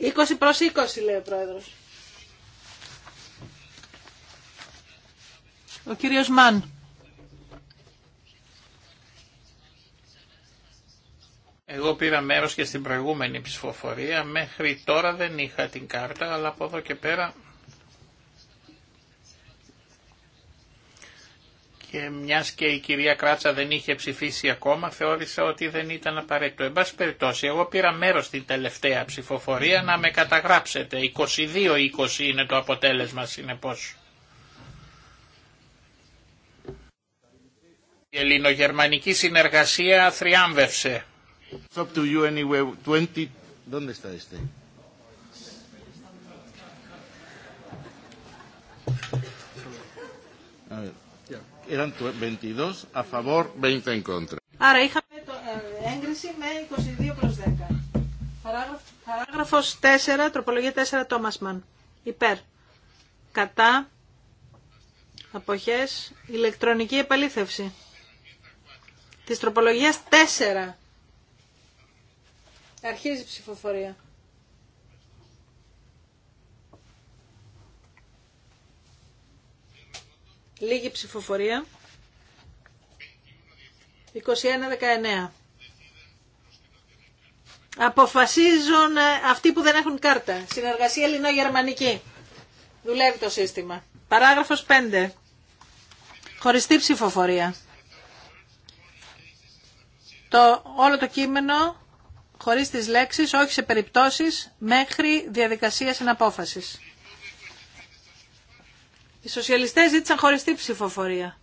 20 προς 20 λέει ο πρόεδρος. Ο κύριος Μαν. Εγώ πήρα μέρος και στην προηγούμενη ψηφοφορία. Μέχρι τώρα δεν είχα την κάρτα, αλλά από εδώ και πέρα και μιας και η κυρία Κράτσα δεν είχε ψηφίσει ακόμα, θεώρησα ότι δεν ήταν απαραίτητο. Εν πάση περιπτώσει, εγώ πήρα μέρος στην τελευταία ψηφοφορία να με καταγράψετε. 22-20 είναι το αποτέλεσμα, συνεπώς. Η ελληνογερμανική συνεργασία θριάμβευσε. Ήταν 22 a 20 en Άρα είχαμε το, ε, έγκριση με 22 προς 10. Παράγραφ, παράγραφος 4, τροπολογία 4, Mann. Υπέρ. Κατά. Αποχές. Ηλεκτρονική επαλήθευση. Της τροπολογίας 4. Αρχίζει η ψηφοφορία. Λίγη ψηφοφορία. 21-19. Αποφασίζουν ε, αυτοί που δεν έχουν κάρτα. Συνεργασία ελληνογερμανική. Δουλεύει το σύστημα. Παράγραφος 5. Χωριστή ψηφοφορία. Το, όλο το κείμενο χωρίς τις λέξεις, όχι σε περιπτώσεις, μέχρι διαδικασία συναπόφασης. Οι σοσιαλιστές ζήτησαν χωριστή ψηφοφορία.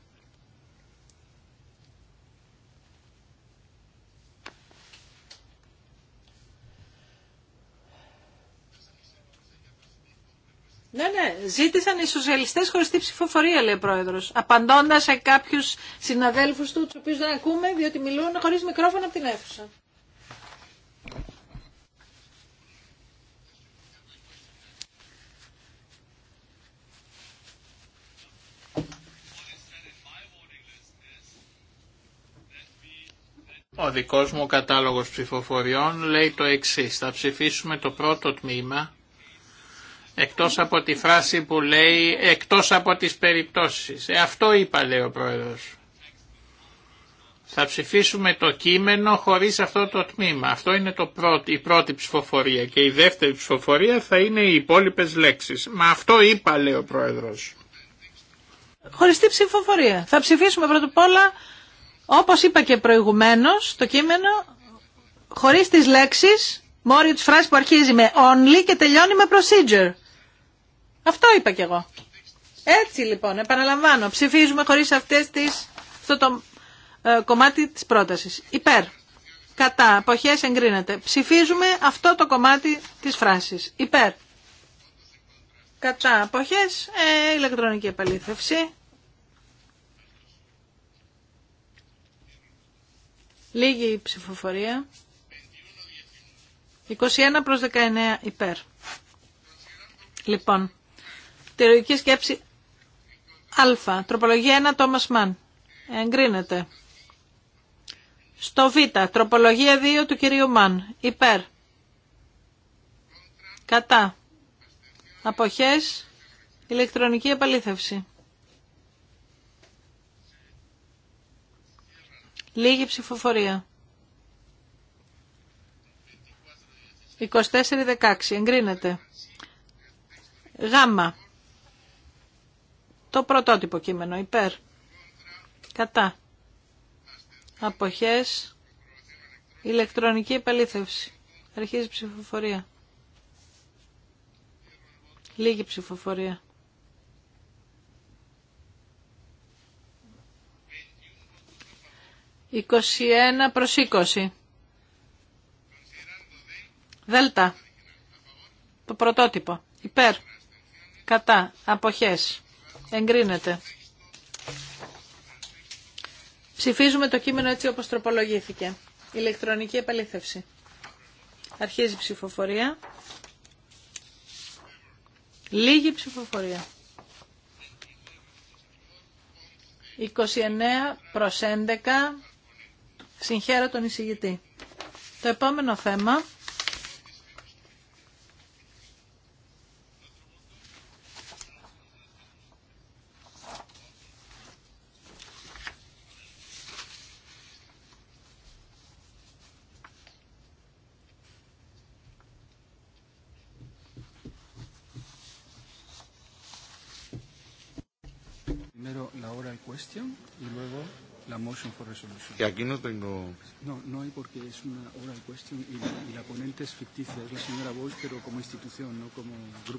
Ναι, ναι, ζήτησαν οι σοσιαλιστές χωριστή ψηφοφορία, λέει ο πρόεδρος, απαντώντας σε κάποιους συναδέλφους του, του οποίου δεν ακούμε, διότι μιλούν χωρί μικρόφωνο από την αίθουσα. Ο δικός μου κατάλογος ψηφοφοριών λέει το εξής. Θα ψηφίσουμε το πρώτο τμήμα εκτός από τη φράση που λέει εκτός από τις περιπτώσεις. Ε, αυτό είπα λέει ο Πρόεδρος. Θα ψηφίσουμε το κείμενο χωρίς αυτό το τμήμα. Αυτό είναι το πρώτη, η πρώτη ψηφοφορία και η δεύτερη ψηφοφορία θα είναι οι υπόλοιπε λέξεις. Μα αυτό είπα λέει ο Πρόεδρος. Χωριστή ψηφοφορία. Θα ψηφίσουμε πρώτα απ' όλα όπως είπα και προηγουμένως, το κείμενο, χωρίς τις λέξεις, μόριο της φράσης που αρχίζει με only και τελειώνει με procedure. Αυτό είπα και εγώ. Έτσι λοιπόν, επαναλαμβάνω, ψηφίζουμε χωρίς αυτές τις, αυτό το ε, κομμάτι της πρότασης. Υπέρ, κατά, αποχές εγκρίνεται. Ψηφίζουμε αυτό το κομμάτι της φράσης. Υπέρ, κατά, αποχές, ε, ηλεκτρονική επαλήθευση. Λίγη η ψηφοφορία. 21 προς 19 υπέρ. Λοιπόν, τη σκέψη Α. Τροπολογία 1 Τόμας Μαν. Εγκρίνεται. Στο Β. Τροπολογία 2 του κυρίου Μαν. Υπέρ. Κατά. Αποχές. Ηλεκτρονική επαλήθευση. Λίγη ψηφοφορία. 24-16. Εγκρίνεται. Γάμα. Το πρωτότυπο κείμενο. Υπέρ. Κατά. Αποχές. Ηλεκτρονική επαλήθευση. Αρχίζει ψηφοφορία. Λίγη ψηφοφορία. 21 προς 20. Δέλτα. Το πρωτότυπο. Υπέρ. Κατά. Αποχές. Εγκρίνεται. Ψηφίζουμε το κείμενο έτσι όπως τροπολογήθηκε. Ηλεκτρονική επαλήθευση. Αρχίζει η ψηφοφορία. Λίγη ψηφοφορία. 29 προς 11 Συγχαίρω τον εισηγητή. Το επόμενο θέμα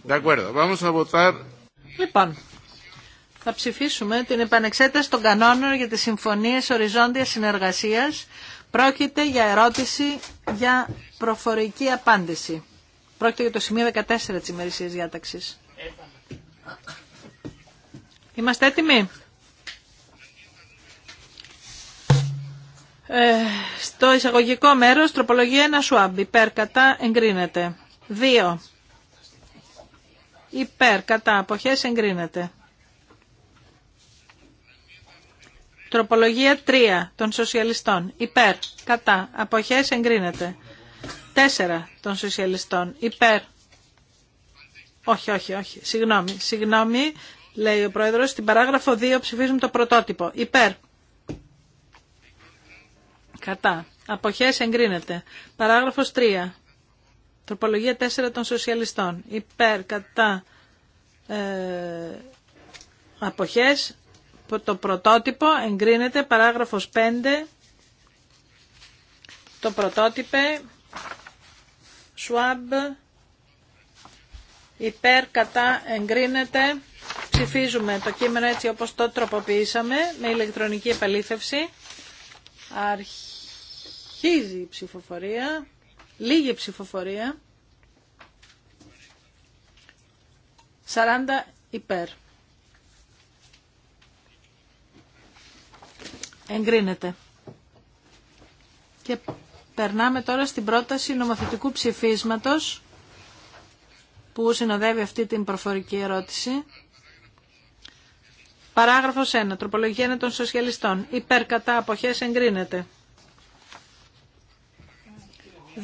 De acuerdo, vamos a votar. Λοιπόν, θα ψηφίσουμε την επανεξέταση των κανόνων για τις συμφωνίες οριζόντιας συνεργασίας. Πρόκειται για ερώτηση για προφορική απάντηση. Πρόκειται για το σημείο 14 της ημερησίας διάταξης. Είμαστε έτοιμοι. Ε, στο εισαγωγικό μέρος, τροπολογία 1 σουάμπ. Υπέρ κατά εγκρίνεται. 2. Υπέρ κατά αποχές εγκρίνεται. Τροπολογία 3 των σοσιαλιστών. Υπέρ κατά αποχές εγκρίνεται. 4 των σοσιαλιστών. Υπέρ. Όχι, όχι, όχι. Συγγνώμη. Συγγνώμη, λέει ο πρόεδρος. Στην παράγραφο 2 ψηφίζουμε το πρωτότυπο. Υπέρ Κατά. Αποχέ εγκρίνεται. Παράγραφος 3. Τροπολογία 4 των σοσιαλιστών. Υπέρ, κατά, ε, αποχές. Το πρωτότυπο εγκρίνεται. Παράγραφος 5. Το πρωτότυπε. Σουάμπ. Υπέρ, κατά, εγκρίνεται. Ψηφίζουμε το κείμενο έτσι όπως το τροποποιήσαμε με ηλεκτρονική επαλήθευση. Αρχή Αρχίζει η ψηφοφορία. Λίγη ψηφοφορία. 40 υπέρ. Εγκρίνεται. Και περνάμε τώρα στην πρόταση νομοθετικού ψηφίσματος που συνοδεύει αυτή την προφορική ερώτηση. Παράγραφος 1. Τροπολογία 1 των σοσιαλιστών. Υπέρ κατά αποχές εγκρίνεται.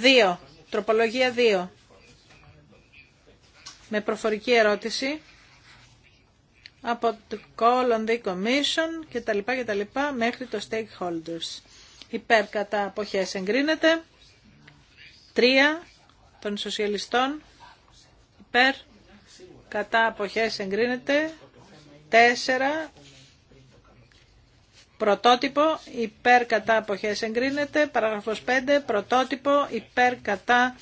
2. Τροπολογία 2. Με προφορική ερώτηση από το Call on the Commission και τα λοιπά και τα λοιπά μέχρι το Stakeholders. Υπέρ κατά αποχές εγκρίνεται. τρία των σοσιαλιστών. Υπέρ κατά αποχές εγκρίνεται. τέσσερα... Πρωτότυπο υπέρ κατά αποχές εγκρίνεται. Παράγραφος 5. Πρωτότυπο υπέρ κατά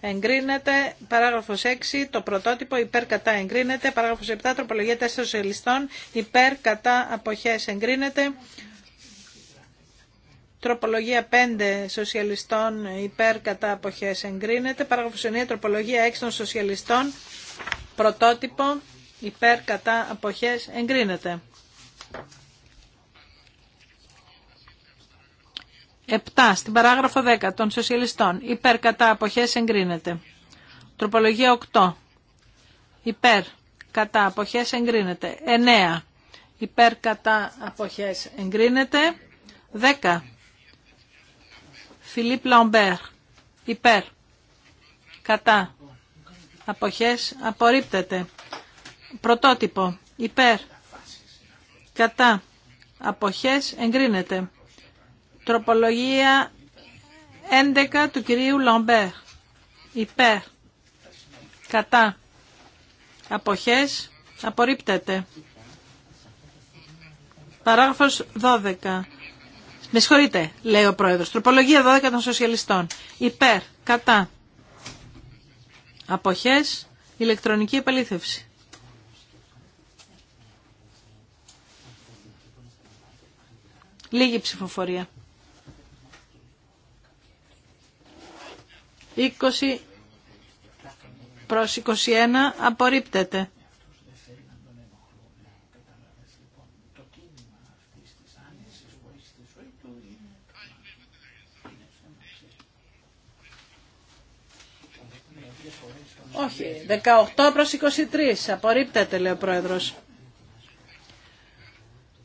εγκρίνεται. Παράγραφος 6. Το πρωτότυπο υπέρ κατά εγκρίνεται. Παράγραφος 7. Τροπολογία 4 σοσιαλιστών υπέρ κατά αποχές εγκρίνεται. Τροπολογία 5 σοσιαλιστών υπέρ κατά αποχές εγκρίνεται. Παράγραφος 9. Τροπολογία 6 των σοσιαλιστών πρωτότυπο υπέρ κατά αποχές εγκρίνεται. 7 στην παράγραφο 10 των σοσιαλιστών. Υπέρ κατά αποχές εγκρίνεται. Τροπολογία 8. Υπέρ κατά αποχές εγκρίνεται. 9. Υπέρ κατά αποχές εγκρίνεται. 10. Φιλίπ Λαμπέρ. Υπέρ. Κατά. Αποχές απορρίπτεται. Πρωτότυπο. Υπέρ. Κατά. Αποχές εγκρίνεται. Τροπολογία 11 του κυρίου Λαμπέρ. Υπέρ. Κατά. Αποχές. Απορρίπτεται. Παράγραφος 12. Με συγχωρείτε, λέει ο πρόεδρος. Τροπολογία 12 των σοσιαλιστών. Υπέρ. Κατά. Αποχές. Ηλεκτρονική επαλήθευση. Λίγη ψηφοφορία. 20 προς 21 απορρίπτεται. Όχι, 18 προς 23. Απορρίπτεται, λέει ο Πρόεδρος.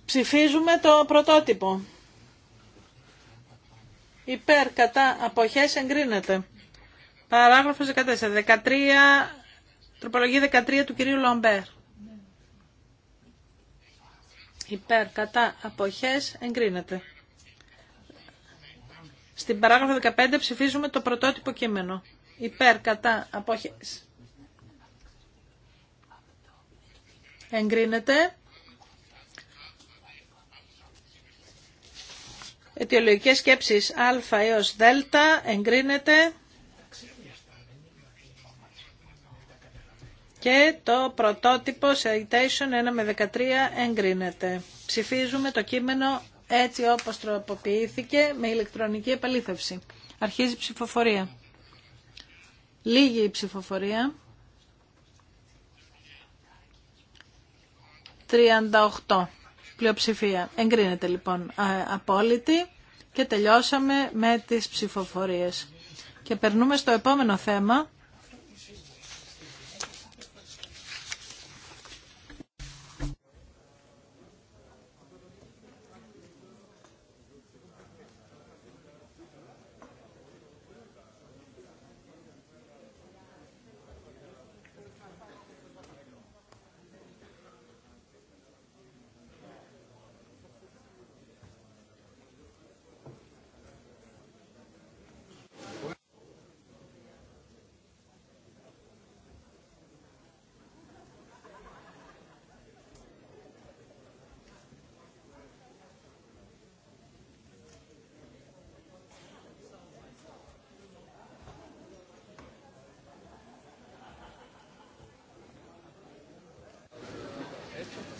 Ψηφίζουμε το πρωτότυπο. Υπέρ, κατά, αποχές εγκρίνεται. Παράγραφος 14. 13, τροπολογία 13 του κυρίου Λομπέρ. Υπέρ, κατά, αποχές, εγκρίνεται. Στην παράγραφο 15 ψηφίζουμε το πρωτότυπο κείμενο. Υπέρ, κατά, αποχές. Εγκρίνεται. Αιτιολογικές σκέψεις α έως δ εγκρίνεται. και το πρωτότυπο citation 1 με 13 εγκρίνεται. Ψηφίζουμε το κείμενο έτσι όπως τροποποιήθηκε με ηλεκτρονική επαλήθευση. Αρχίζει η ψηφοφορία. Λίγη η ψηφοφορία. 38 πλειοψηφία. Εγκρίνεται λοιπόν απόλυτη και τελειώσαμε με τις ψηφοφορίες. Και περνούμε στο επόμενο θέμα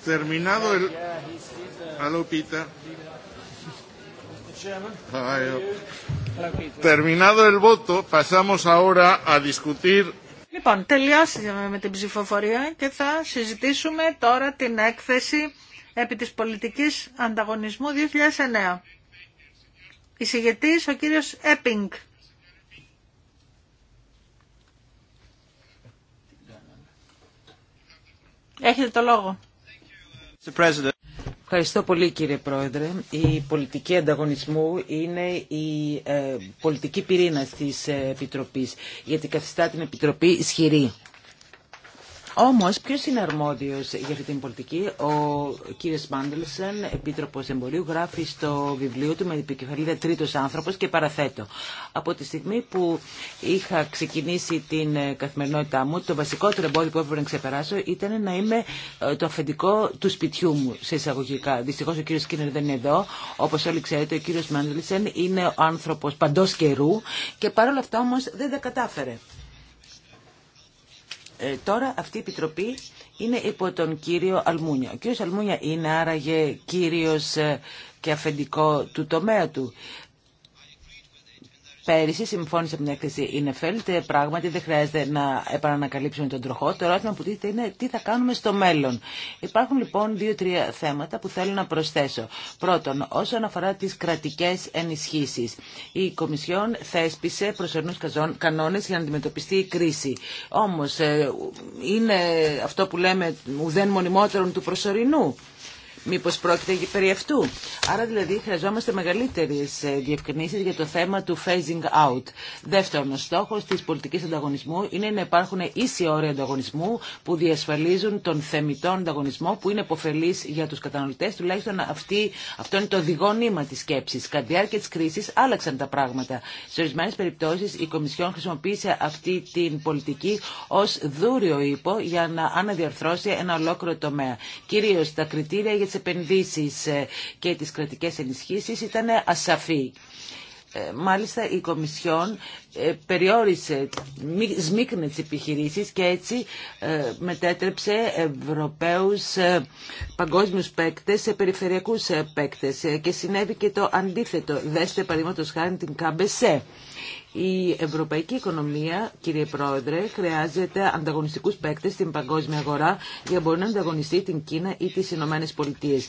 terminado el... Uh, uh, Hello, Peter. Terminado el voto, pasamos ahora a discutir... Λοιπόν, τελειώσαμε με την ψηφοφορία και θα συζητήσουμε τώρα την έκθεση επί της πολιτικής ανταγωνισμού 2009. Εισηγητής ο κύριος Έπινγκ. Έχετε το λόγο. Ευχαριστώ πολύ κύριε Πρόεδρε. Η πολιτική ανταγωνισμού είναι η ε, πολιτική πυρήνα της ε, Επιτροπής γιατί καθιστά την Επιτροπή ισχυρή. Όμω, ποιο είναι αρμόδιο για αυτή την πολιτική. Ο κύριος Μάντελσεν, επίτροπο εμπορίου, γράφει στο βιβλίο του με επικεφαλίδα Τρίτο άνθρωπο και παραθέτω. Από τη στιγμή που είχα ξεκινήσει την ε, καθημερινότητά μου, το βασικότερο εμπόδιο που έπρεπε να ξεπεράσω ήταν να είμαι ε, το αφεντικό του σπιτιού μου, σε εισαγωγικά. Δυστυχώ ο κύριο Κίνερ δεν είναι εδώ. Όπω όλοι ξέρετε, ο κύριο Μάντελσεν είναι ο άνθρωπο παντό καιρού και παρόλα αυτά όμω δεν τα κατάφερε. Ε, τώρα αυτή η επιτροπή είναι υπό τον κύριο Αλμούνια. Ο κύριος Αλμούνια είναι άραγε κύριος ε, και αφεντικό του τομέα του. Πέρυσι συμφώνησε με την έκθεση Ινεφέλτ, πράγματι δεν χρειάζεται να επανανακαλύψουμε τον τροχό. Το ερώτημα που τίθεται είναι τι θα κάνουμε στο μέλλον. Υπάρχουν λοιπόν δύο-τρία θέματα που θέλω να προσθέσω. Πρώτον, όσον αφορά τι κρατικέ ενισχύσει. Η Κομισιόν θέσπισε προσωρινού κανόνε για να αντιμετωπιστεί η κρίση. Όμω, ε, είναι αυτό που λέμε ουδέν μονιμότερον του προσωρινού μήπως πρόκειται περί αυτού. Άρα δηλαδή χρειαζόμαστε μεγαλύτερες ε, διευκρινήσεις για το θέμα του phasing out. Δεύτερον, ο στόχος της πολιτικής ανταγωνισμού είναι να υπάρχουν ίσοι όροι ανταγωνισμού που διασφαλίζουν τον θεμητό ανταγωνισμό που είναι υποφελής για τους καταναλωτές, τουλάχιστον αυτή, αυτό είναι το νήμα της σκέψης. Κατά τη διάρκεια της κρίσης άλλαξαν τα πράγματα. Σε ορισμένε περιπτώσεις η Κομισιόν χρησιμοποίησε αυτή την πολιτική ως δούριο ύπο για να αναδιαρθρώσει ένα ολόκληρο τομέα. Κυρίως τα κριτήρια για τι επενδύσεις ε, και τις κρατικές ενισχύσεις ήταν ασαφή. Ε, μάλιστα η Κομισιόν ε, περιόρισε, σμίκνε τις επιχειρήσεις και έτσι μετέτρεψε Ευρωπαίους παγκόσμιους παίκτες σε περιφερειακούς παίκτες και συνέβη και το αντίθετο. Δέστε παραδείγματος χάρη την ΚΑΜΠΕΣΕ η ευρωπαϊκή οικονομία, κύριε Πρόεδρε, χρειάζεται ανταγωνιστικού παίκτε στην παγκόσμια αγορά για να μπορεί να ανταγωνιστεί την Κίνα ή τι Ηνωμένε Πολιτείε.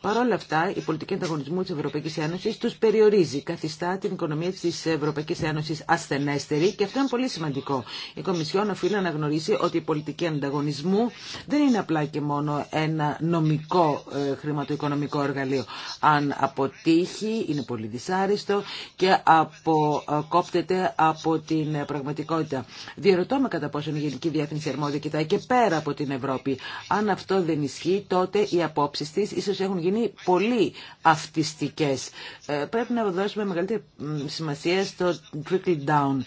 Παρ' όλα αυτά, η πολιτική ανταγωνισμού της Ευρωπαϊκής Ένωσης τους περιορίζει, καθιστά την οικονομία της Ευρωπαϊκής Ένωσης ασθενέστερη και αυτό είναι πολύ σημαντικό. Η Κομισιόν οφείλει να αναγνωρίσει ότι η πολιτική ανταγωνισμού δεν είναι απλά και μόνο ένα νομικό ε, χρηματοοικονομικό εργαλείο. Αν αποτύχει, είναι πολύ δυσάρεστο και αποκόπτεται ε, από την πραγματικότητα. Διερωτώ με κατά πόσο η Γενική Διεύθυνση Αρμόδια κοιτάει και πέρα από την Ευρώπη. Αν αυτό δεν ισχύει, τότε οι απόψει τη ίσω έχουν είναι πολύ αυτιστικές. Ε, πρέπει να δώσουμε μεγαλύτερη σημασία στο trickle down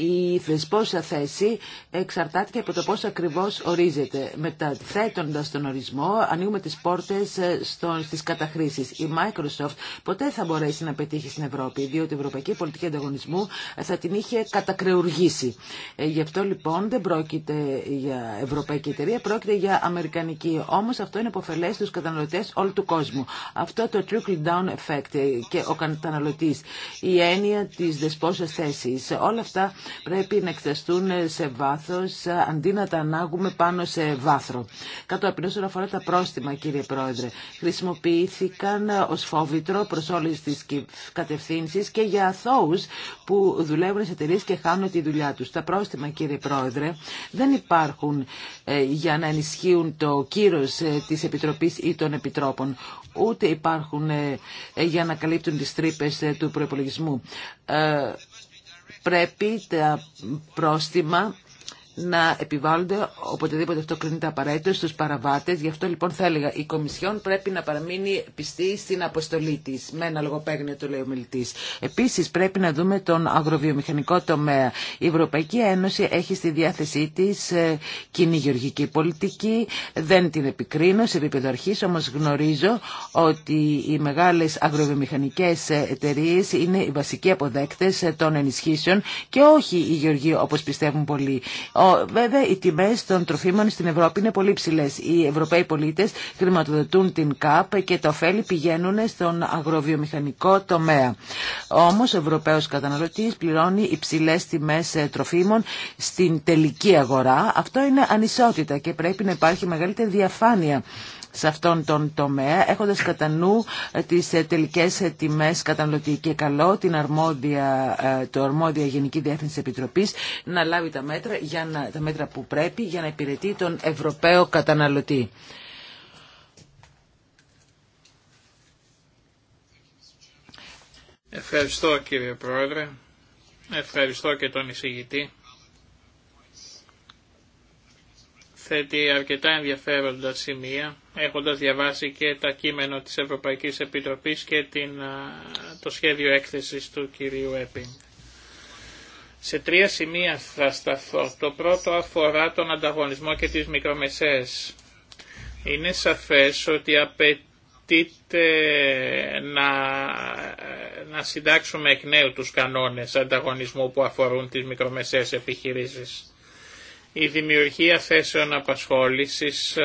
η θεσπόσα θέση εξαρτάται και από το πώς ακριβώς ορίζεται. Μεταθέτοντας τον ορισμό, ανοίγουμε τις πόρτες ε, στο, στις καταχρήσεις. Η Microsoft ποτέ θα μπορέσει να πετύχει στην Ευρώπη, διότι η Ευρωπαϊκή Πολιτική Ανταγωνισμού ε, θα την είχε κατακρεουργήσει. Ε, γι' αυτό λοιπόν δεν πρόκειται για ευρωπαϊκή εταιρεία, πρόκειται για αμερικανική. Όμως αυτό είναι υποφελές στους καταναλωτές όλου του κόσμου. Αυτό το trickle down effect και ο καταναλωτής, η έννοια της δεσπόσας θέσης, όλα αυτά πρέπει να εκτεστούν σε βάθος αντί να τα ανάγουμε πάνω σε βάθρο. Κατόπιν όσον αφορά τα πρόστιμα κύριε Πρόεδρε, χρησιμοποιήθηκαν ως φόβητρο προς όλες τις κατευθύνσεις και για αθώους που δουλεύουν σε εταιρείε και χάνουν τη δουλειά τους. Τα πρόστιμα κύριε Πρόεδρε δεν υπάρχουν ε, για να ενισχύουν το κύρος ε, της Επιτροπής ή των Επιτρόπων ούτε υπάρχουν ε, για να καλύπτουν τις τρύπες του προϋπολογισμού πρέπει τα πρόστιμα να επιβάλλονται οποτεδήποτε αυτό κρίνεται απαραίτητο στους παραβάτες. Γι' αυτό λοιπόν θα έλεγα η Κομισιόν πρέπει να παραμείνει πιστή στην αποστολή της. Με ένα λογοπαίγνιο το λέει ο μιλητής. Επίσης πρέπει να δούμε τον αγροβιομηχανικό τομέα. Η Ευρωπαϊκή Ένωση έχει στη διάθεσή της ε, κοινή γεωργική πολιτική. Δεν την επικρίνω σε επίπεδο αρχής, όμως γνωρίζω ότι οι μεγάλες αγροβιομηχανικές εταιρείε είναι οι βασικοί αποδέκτες των ενισχύσεων και όχι οι γεωργοί όπως πιστεύουν πολλοί. Βέβαια, οι τιμέ των τροφίμων στην Ευρώπη είναι πολύ ψηλέ. Οι Ευρωπαίοι πολίτε χρηματοδοτούν την ΚΑΠ και τα ωφέλη πηγαίνουν στον αγροβιομηχανικό τομέα. Όμω, ο Ευρωπαίο καταναλωτή πληρώνει υψηλέ τιμέ ε, τροφίμων στην τελική αγορά. Αυτό είναι ανισότητα και πρέπει να υπάρχει μεγαλύτερη διαφάνεια σε αυτόν τον τομέα, έχοντας κατά νου ε, τις ε, τελικές ε, τιμές καταναλωτή και καλό την αρμόδια, το αρμόδια Γενική Διεύθυνση Επιτροπής να λάβει τα μέτρα, για τα μέτρα που πρέπει για να υπηρετεί τον Ευρωπαίο καταναλωτή. Ευχαριστώ κύριε Πρόεδρε. Ευχαριστώ και τον εισηγητή. Θέτει αρκετά ενδιαφέροντα σημεία έχοντας διαβάσει και τα κείμενα της Ευρωπαϊκής Επιτροπής και την, το σχέδιο έκθεσης του κυρίου Έπιν. Σε τρία σημεία θα σταθώ. Το πρώτο αφορά τον ανταγωνισμό και τις μικρομεσαίες. Είναι σαφές ότι απαιτείται να, να συντάξουμε εκ νέου τους κανόνες ανταγωνισμού που αφορούν τις μικρομεσαίες επιχειρήσεις η δημιουργία θέσεων απασχόλησης ε,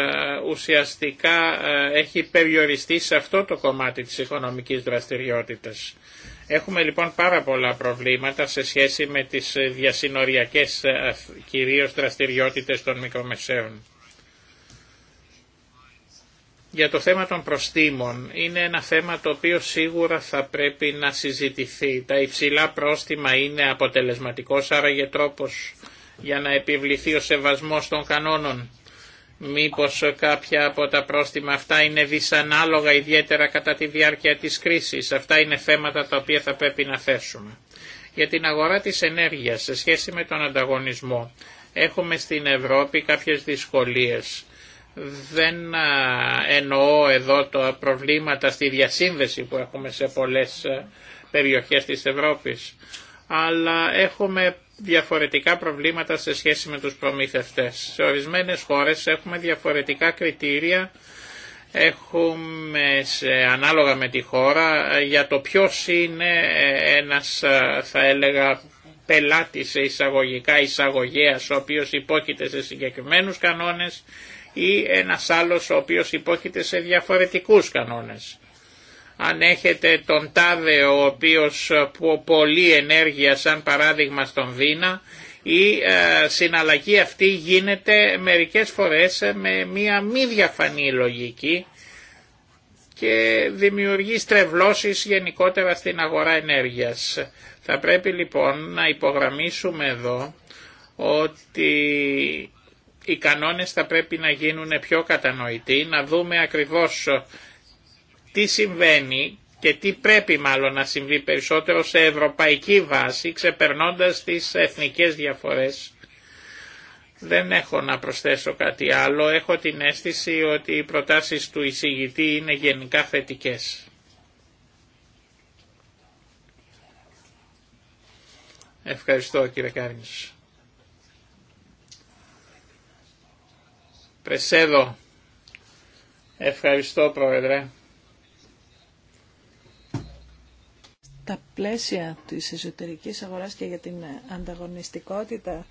ουσιαστικά ε, έχει περιοριστεί σε αυτό το κομμάτι της οικονομικής δραστηριότητας. Έχουμε λοιπόν πάρα πολλά προβλήματα σε σχέση με τις διασυνοριακές ε, κυρίως δραστηριότητες των μικρομεσαίων. Για το θέμα των προστήμων είναι ένα θέμα το οποίο σίγουρα θα πρέπει να συζητηθεί. Τα υψηλά πρόστιμα είναι αποτελεσματικός άραγε τρόπος για να επιβληθεί ο σεβασμός των κανόνων. Μήπως κάποια από τα πρόστιμα αυτά είναι δυσανάλογα ιδιαίτερα κατά τη διάρκεια της κρίσης. Αυτά είναι θέματα τα οποία θα πρέπει να θέσουμε. Για την αγορά της ενέργειας σε σχέση με τον ανταγωνισμό έχουμε στην Ευρώπη κάποιες δυσκολίες. Δεν εννοώ εδώ τα προβλήματα στη διασύνδεση που έχουμε σε πολλές ε, περιοχές της Ευρώπης αλλά έχουμε διαφορετικά προβλήματα σε σχέση με τους προμήθευτές. Σε ορισμένες χώρες έχουμε διαφορετικά κριτήρια, έχουμε σε, ανάλογα με τη χώρα ε, για το ποιος είναι ε, ένας ε, θα έλεγα πελάτης σε εισαγωγικά εισαγωγέας ο οποίος υπόκειται σε συγκεκριμένους κανόνες ή ένας άλλος ο οποίος υπόκειται σε διαφορετικούς κανόνες αν έχετε τον Τάδε ο οποίος ε, που πολύ ενέργεια σαν παράδειγμα στον Δίνα η ε, συναλλαγή αυτή γίνεται μερικές φορές ε, με μία μη διαφανή λογική και δημιουργεί στρεβλώσεις γενικότερα στην αγορά ενέργειας. Θα πρέπει λοιπόν να υπογραμμίσουμε εδώ ότι οι κανόνες θα πρέπει να γίνουν πιο κατανοητοί, να δούμε ακριβώς τι συμβαίνει και τι πρέπει μάλλον να συμβεί περισσότερο σε ευρωπαϊκή βάση ξεπερνώντας τις εθνικές διαφορές. Δεν έχω να προσθέσω κάτι άλλο, έχω την αίσθηση ότι οι προτάσεις του εισηγητή είναι γενικά θετικές. Ευχαριστώ κύριε Κάρινς. Πρεσέδο. Ευχαριστώ πρόεδρε. τα πλαίσια της εσωτερικής αγοράς και για την ανταγωνιστικότητα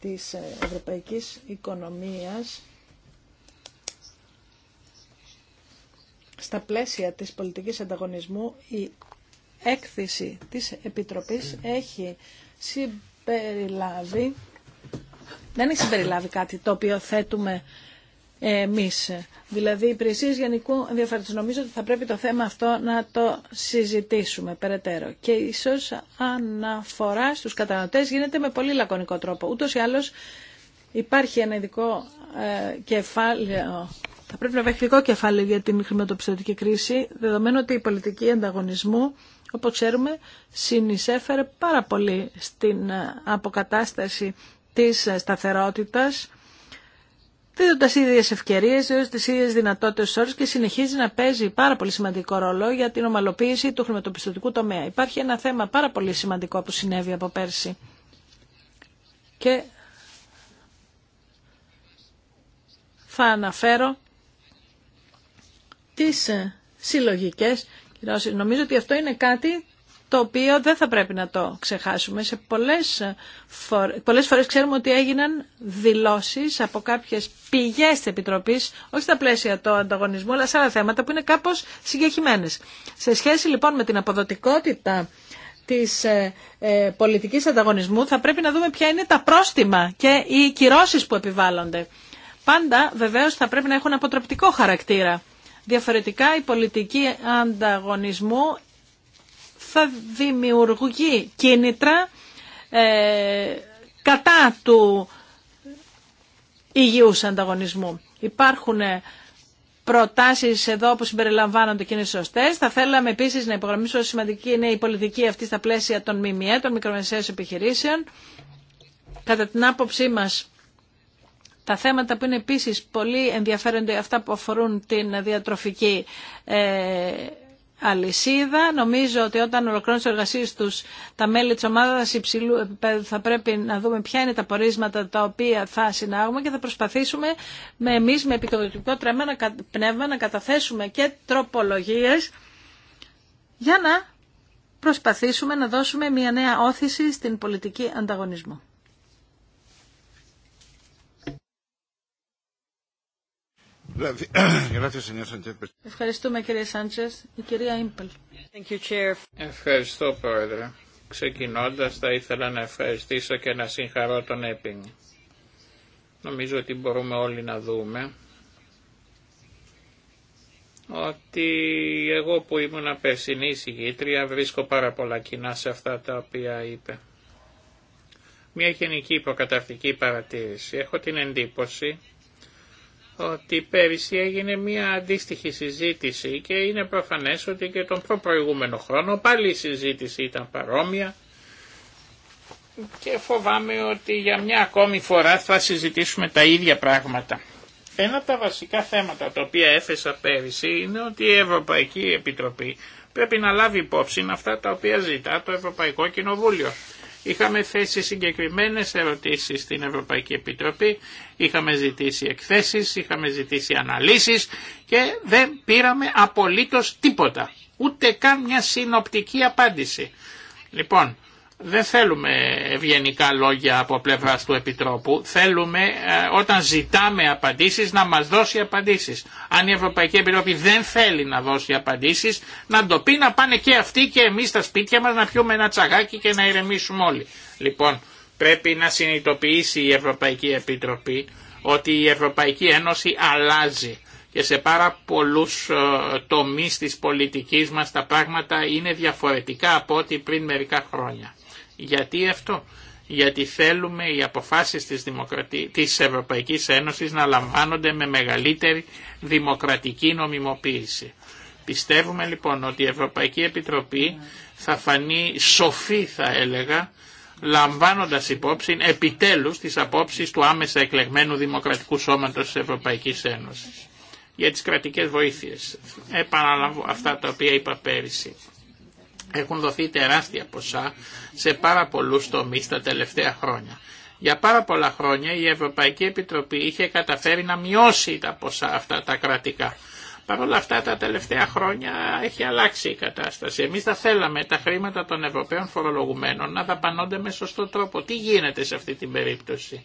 της ευρωπαϊκής οικονομίας στα πλαίσια της πολιτικής ανταγωνισμού η έκθεση της Επιτροπής έχει συμπεριλάβει δεν έχει συμπεριλάβει κάτι το οποίο θέτουμε εμείς. Δηλαδή υπηρεσίε γενικού ενδιαφέροντο. Νομίζω ότι θα πρέπει το θέμα αυτό να το συζητήσουμε περαιτέρω. Και ίσω αναφορά στου καταναλωτέ γίνεται με πολύ λακωνικό τρόπο. Ούτω ή άλλω υπάρχει ένα ειδικό ε, κεφάλαιο θα πρέπει να υπάρχει ειδικό κεφάλαιο για την χρηματοπιστωτική κρίση, δεδομένου ότι η πολιτική ανταγωνισμού, όπω ξέρουμε, συνεισέφερε πάρα πολύ στην ε, αποκατάσταση τη ε, σταθερότητα δίδοντας ίδιες ευκαιρίες, τι τι ίδιες δυνατότητες όρου και συνεχίζει να παίζει πάρα πολύ σημαντικό ρόλο για την ομαλοποίηση του χρηματοπιστωτικού τομέα. Υπάρχει ένα θέμα πάρα πολύ σημαντικό που συνέβη από πέρσι. Και θα αναφέρω τις συλλογικές Νομίζω ότι αυτό είναι κάτι το οποίο δεν θα πρέπει να το ξεχάσουμε. Σε πολλές, φορ... πολλές φορές ξέρουμε ότι έγιναν δηλώσεις από κάποιες πηγές της Επιτροπής, όχι στα πλαίσια του ανταγωνισμού, αλλά σε άλλα θέματα που είναι κάπως συγκεχημένες. Σε σχέση λοιπόν με την αποδοτικότητα της ε, ε πολιτικής ανταγωνισμού θα πρέπει να δούμε ποια είναι τα πρόστιμα και οι κυρώσεις που επιβάλλονται. Πάντα βεβαίως θα πρέπει να έχουν αποτροπτικό χαρακτήρα. Διαφορετικά η πολιτική ανταγωνισμού θα δημιουργεί κίνητρα ε, κατά του υγιούς ανταγωνισμού. Υπάρχουν ε, προτάσει εδώ που συμπεριλαμβάνονται και είναι σωστέ. Θα θέλαμε επίση να υπογραμμίσω σημαντική είναι η πολιτική αυτή στα πλαίσια των ΜΜΕ, των μικρομεσαίων επιχειρήσεων. Κατά την άποψή μα τα θέματα που είναι επίση πολύ ενδιαφέρονται, αυτά που αφορούν την διατροφική ε, αλυσίδα. Νομίζω ότι όταν ολοκληρώνουν τι εργασίε του τα μέλη τη ομάδα υψηλού επίπεδου θα πρέπει να δούμε ποια είναι τα πορίσματα τα οποία θα συνάγουμε και θα προσπαθήσουμε με εμεί με επικοδοτικό τρέμα πνεύμα να καταθέσουμε και τροπολογίε για να προσπαθήσουμε να δώσουμε μια νέα όθηση στην πολιτική ανταγωνισμού. Δηλαδή, Ευχαριστούμε κύριε Σάντσες. Η κυρία Ήμπελ. Ευχαριστώ πρόεδρε. Ξεκινώντας θα ήθελα να ευχαριστήσω και να συγχαρώ τον Έπινγκ. Νομίζω ότι μπορούμε όλοι να δούμε ότι εγώ που ήμουν περσινή συγγήτρια βρίσκω πάρα πολλά κοινά σε αυτά τα οποία είπε. Μια γενική υποκαταρτική παρατήρηση. Έχω την εντύπωση ότι πέρυσι έγινε μια αντίστοιχη συζήτηση και είναι προφανές ότι και τον προπροηγούμενο χρόνο πάλι η συζήτηση ήταν παρόμοια και φοβάμαι ότι για μια ακόμη φορά θα συζητήσουμε τα ίδια πράγματα. Ένα από τα βασικά θέματα τα οποία έθεσα πέρυσι είναι ότι η Ευρωπαϊκή Επιτροπή πρέπει να λάβει υπόψη αυτά τα οποία ζητά το Ευρωπαϊκό Κοινοβούλιο. Είχαμε θέσει συγκεκριμένες ερωτήσεις στην Ευρωπαϊκή Επιτροπή, είχαμε ζητήσει εκθέσεις, είχαμε ζητήσει αναλύσεις και δεν πήραμε απολύτως τίποτα, ούτε καν μια συνοπτική απάντηση. Λοιπόν, δεν θέλουμε ευγενικά λόγια από πλευρά του Επιτρόπου. Θέλουμε ε, όταν ζητάμε απαντήσεις να μας δώσει απαντήσεις. Αν η Ευρωπαϊκή Επιτροπή δεν θέλει να δώσει απαντήσεις, να το πει να πάνε και αυτοί και εμείς στα σπίτια μας να πιούμε ένα τσαγάκι και να ηρεμήσουμε όλοι. Λοιπόν, πρέπει να συνειδητοποιήσει η Ευρωπαϊκή Επιτροπή ότι η Ευρωπαϊκή Ένωση αλλάζει και σε πάρα πολλούς ε, τομείς της πολιτικής μας τα πράγματα είναι διαφορετικά από ό,τι πριν μερικά χρόνια. Γιατί αυτό. Γιατί θέλουμε οι αποφάσεις της, Ευρωπαϊκή της Ευρωπαϊκής Ένωσης να λαμβάνονται με μεγαλύτερη δημοκρατική νομιμοποίηση. Πιστεύουμε λοιπόν ότι η Ευρωπαϊκή Επιτροπή θα φανεί σοφή θα έλεγα λαμβάνοντας υπόψη επιτέλους τις απόψεις του άμεσα εκλεγμένου Δημοκρατικού Σώματος της Ευρωπαϊκής Ένωσης για τις κρατικές βοήθειες. Επαναλαμβάνω αυτά τα οποία είπα πέρυσι. Έχουν δοθεί τεράστια ποσά σε πάρα πολλούς τομείς τα τελευταία χρόνια. Για πάρα πολλά χρόνια η Ευρωπαϊκή Επιτροπή είχε καταφέρει να μειώσει τα ποσά αυτά τα κρατικά. Παρ' όλα αυτά τα τελευταία χρόνια έχει αλλάξει η κατάσταση. Εμείς θα θέλαμε τα χρήματα των Ευρωπαίων φορολογουμένων να δαπανώνται με σωστό τρόπο. Τι γίνεται σε αυτή την περίπτωση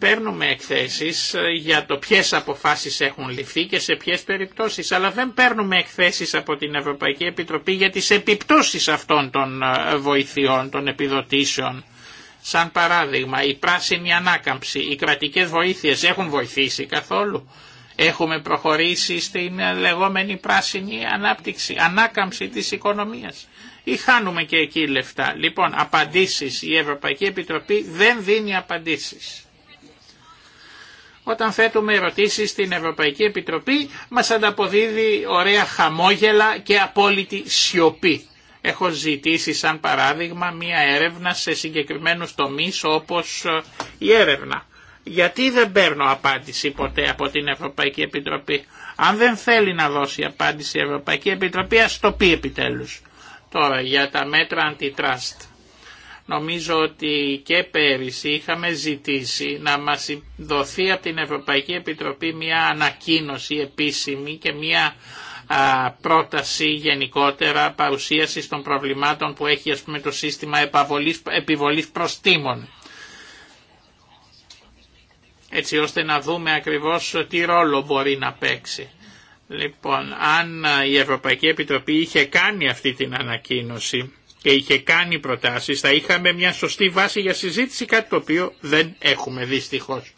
παίρνουμε εκθέσεις ε, για το ποιες αποφάσεις έχουν ληφθεί και σε ποιες περιπτώσεις, αλλά δεν παίρνουμε εκθέσεις από την Ευρωπαϊκή Επιτροπή για τις επιπτώσεις αυτών των ε, βοηθειών, των επιδοτήσεων. Σαν παράδειγμα, η πράσινη ανάκαμψη, οι κρατικές βοήθειες έχουν βοηθήσει καθόλου. Έχουμε προχωρήσει στην ε, λεγόμενη πράσινη ανάπτυξη, ανάκαμψη της οικονομίας ή χάνουμε και εκεί λεφτά. Λοιπόν, απαντήσεις. Η Ευρωπαϊκή Επιτροπή δεν δίνει απαντήσεις. Όταν θέτουμε ερωτήσεις στην Ευρωπαϊκή Επιτροπή μας ανταποδίδει ωραία χαμόγελα και απόλυτη σιωπή. Έχω ζητήσει σαν παράδειγμα μία έρευνα σε συγκεκριμένους τομείς όπως ε, η έρευνα. Γιατί δεν παίρνω απάντηση ποτέ από την Ευρωπαϊκή Επιτροπή. Αν δεν θέλει να δώσει απάντηση η Ευρωπαϊκή Επιτροπή ας το πει επιτέλους. Τώρα για τα μέτρα αντιτράστ. Νομίζω ότι και πέρυσι είχαμε ζητήσει να μας δοθεί από την Ευρωπαϊκή Επιτροπή μια ανακοίνωση επίσημη και μια πρόταση γενικότερα παρουσίασης των προβλημάτων που έχει ας το σύστημα επαβολής, επιβολής προστήμων. Έτσι ώστε να δούμε ακριβώς τι ρόλο μπορεί να παίξει. Λοιπόν, αν η Ευρωπαϊκή Επιτροπή είχε κάνει αυτή την ανακοίνωση και είχε κάνει προτάσεις θα είχαμε μια σωστή βάση για συζήτηση κάτι το οποίο δεν έχουμε δυστυχώς.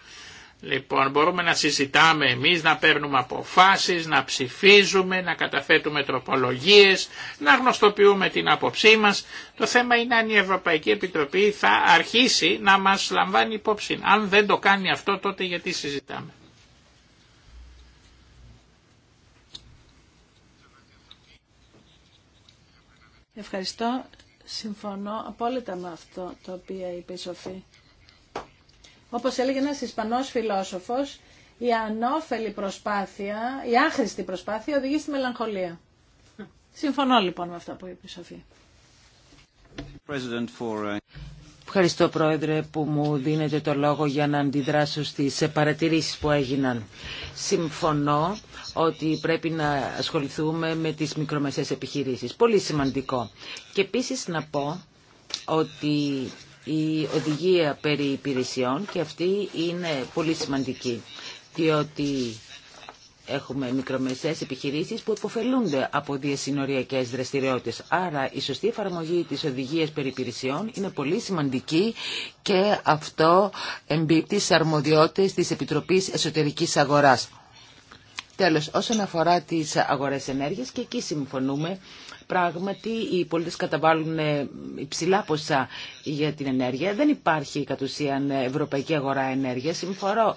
Λοιπόν μπορούμε να συζητάμε εμείς, να παίρνουμε αποφάσεις, να ψηφίζουμε, να καταθέτουμε τροπολογίες, να γνωστοποιούμε την άποψή μας. Το θέμα είναι αν η Ευρωπαϊκή Επιτροπή θα αρχίσει να μας λαμβάνει υπόψη. Αν δεν το κάνει αυτό τότε γιατί συζητάμε. Ευχαριστώ. Συμφωνώ απόλυτα με αυτό το οποίο είπε η Σοφή. Όπως έλεγε ένας Ισπανός φιλόσοφος, η ανώφελη προσπάθεια, η άχρηστη προσπάθεια οδηγεί στη μελαγχολία. Συμφωνώ λοιπόν με αυτά που είπε η Σοφή. Uh, Ευχαριστώ Πρόεδρε που μου δίνετε το λόγο για να αντιδράσω στις παρατηρήσεις που έγιναν. Συμφωνώ ότι πρέπει να ασχοληθούμε με τις μικρομεσαίες επιχειρήσεις. Πολύ σημαντικό. Και επίσης να πω ότι η οδηγία περί υπηρεσιών και αυτή είναι πολύ σημαντική, διότι έχουμε μικρομεσαίες επιχειρήσεις που υποφελούνται από διασυνοριακές δραστηριότητες. Άρα η σωστή εφαρμογή της οδηγίας περί υπηρεσιών είναι πολύ σημαντική και αυτό εμπίπτει στις αρμοδιότητες της Επιτροπής Εσωτερικής Αγοράς. Τέλος, όσον αφορά τις αγορές ενέργειας και εκεί συμφωνούμε, πράγματι οι πολίτες καταβάλουν ε, υψηλά ποσά για την ενέργεια. Δεν υπάρχει κατ' ουσίαν ευρωπαϊκή αγορά ενέργειας.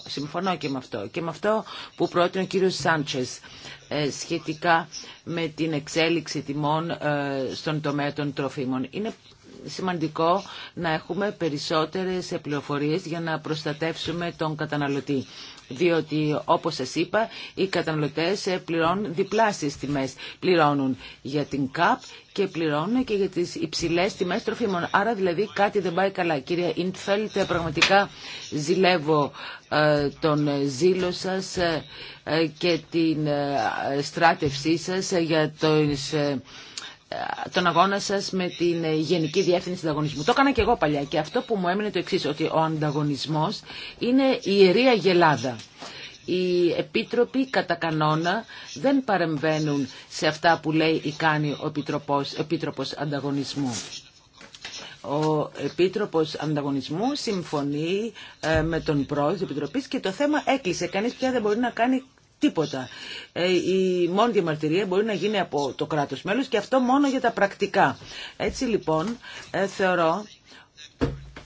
Συμφωνώ, και με αυτό. Και με αυτό που πρότεινε ο κύριος Σάντσες ε, σχετικά με την εξέλιξη τιμών ε, στον τομέα των τροφίμων. Είναι σημαντικό να έχουμε περισσότερες πληροφορίες για να προστατεύσουμε τον καταναλωτή διότι όπως σας είπα οι καταναλωτές ε, πληρώνουν διπλάσεις τιμές. Πληρώνουν για την ΚΑΠ και πληρώνουν και για τις υψηλές τιμές τροφίμων. Άρα δηλαδή κάτι δεν πάει καλά. Κύριε Ιντφέλτ, ε, πραγματικά ζηλεύω ε, τον ζήλο σας και την στράτευσή σας για το τον αγώνα σα με την ε, Γενική Διεύθυνση Ανταγωνισμού. Το έκανα και εγώ παλιά και αυτό που μου έμεινε το εξή ότι ο ανταγωνισμός είναι η ιερή αγελάδα. Οι επίτροποι κατά κανόνα δεν παρεμβαίνουν σε αυτά που λέει ή κάνει ο Επίτροπος, Επίτροπος Ανταγωνισμού. Ο Επίτροπος Ανταγωνισμού συμφωνεί ε, με τον πρόεδρο της Επιτροπής και το θέμα έκλεισε. Κανείς πια δεν μπορεί να κάνει τίποτα. Ε, η μόνη διαμαρτυρία μπορεί να γίνει από το κράτος μέλος και αυτό μόνο για τα πρακτικά. Έτσι λοιπόν ε, θεωρώ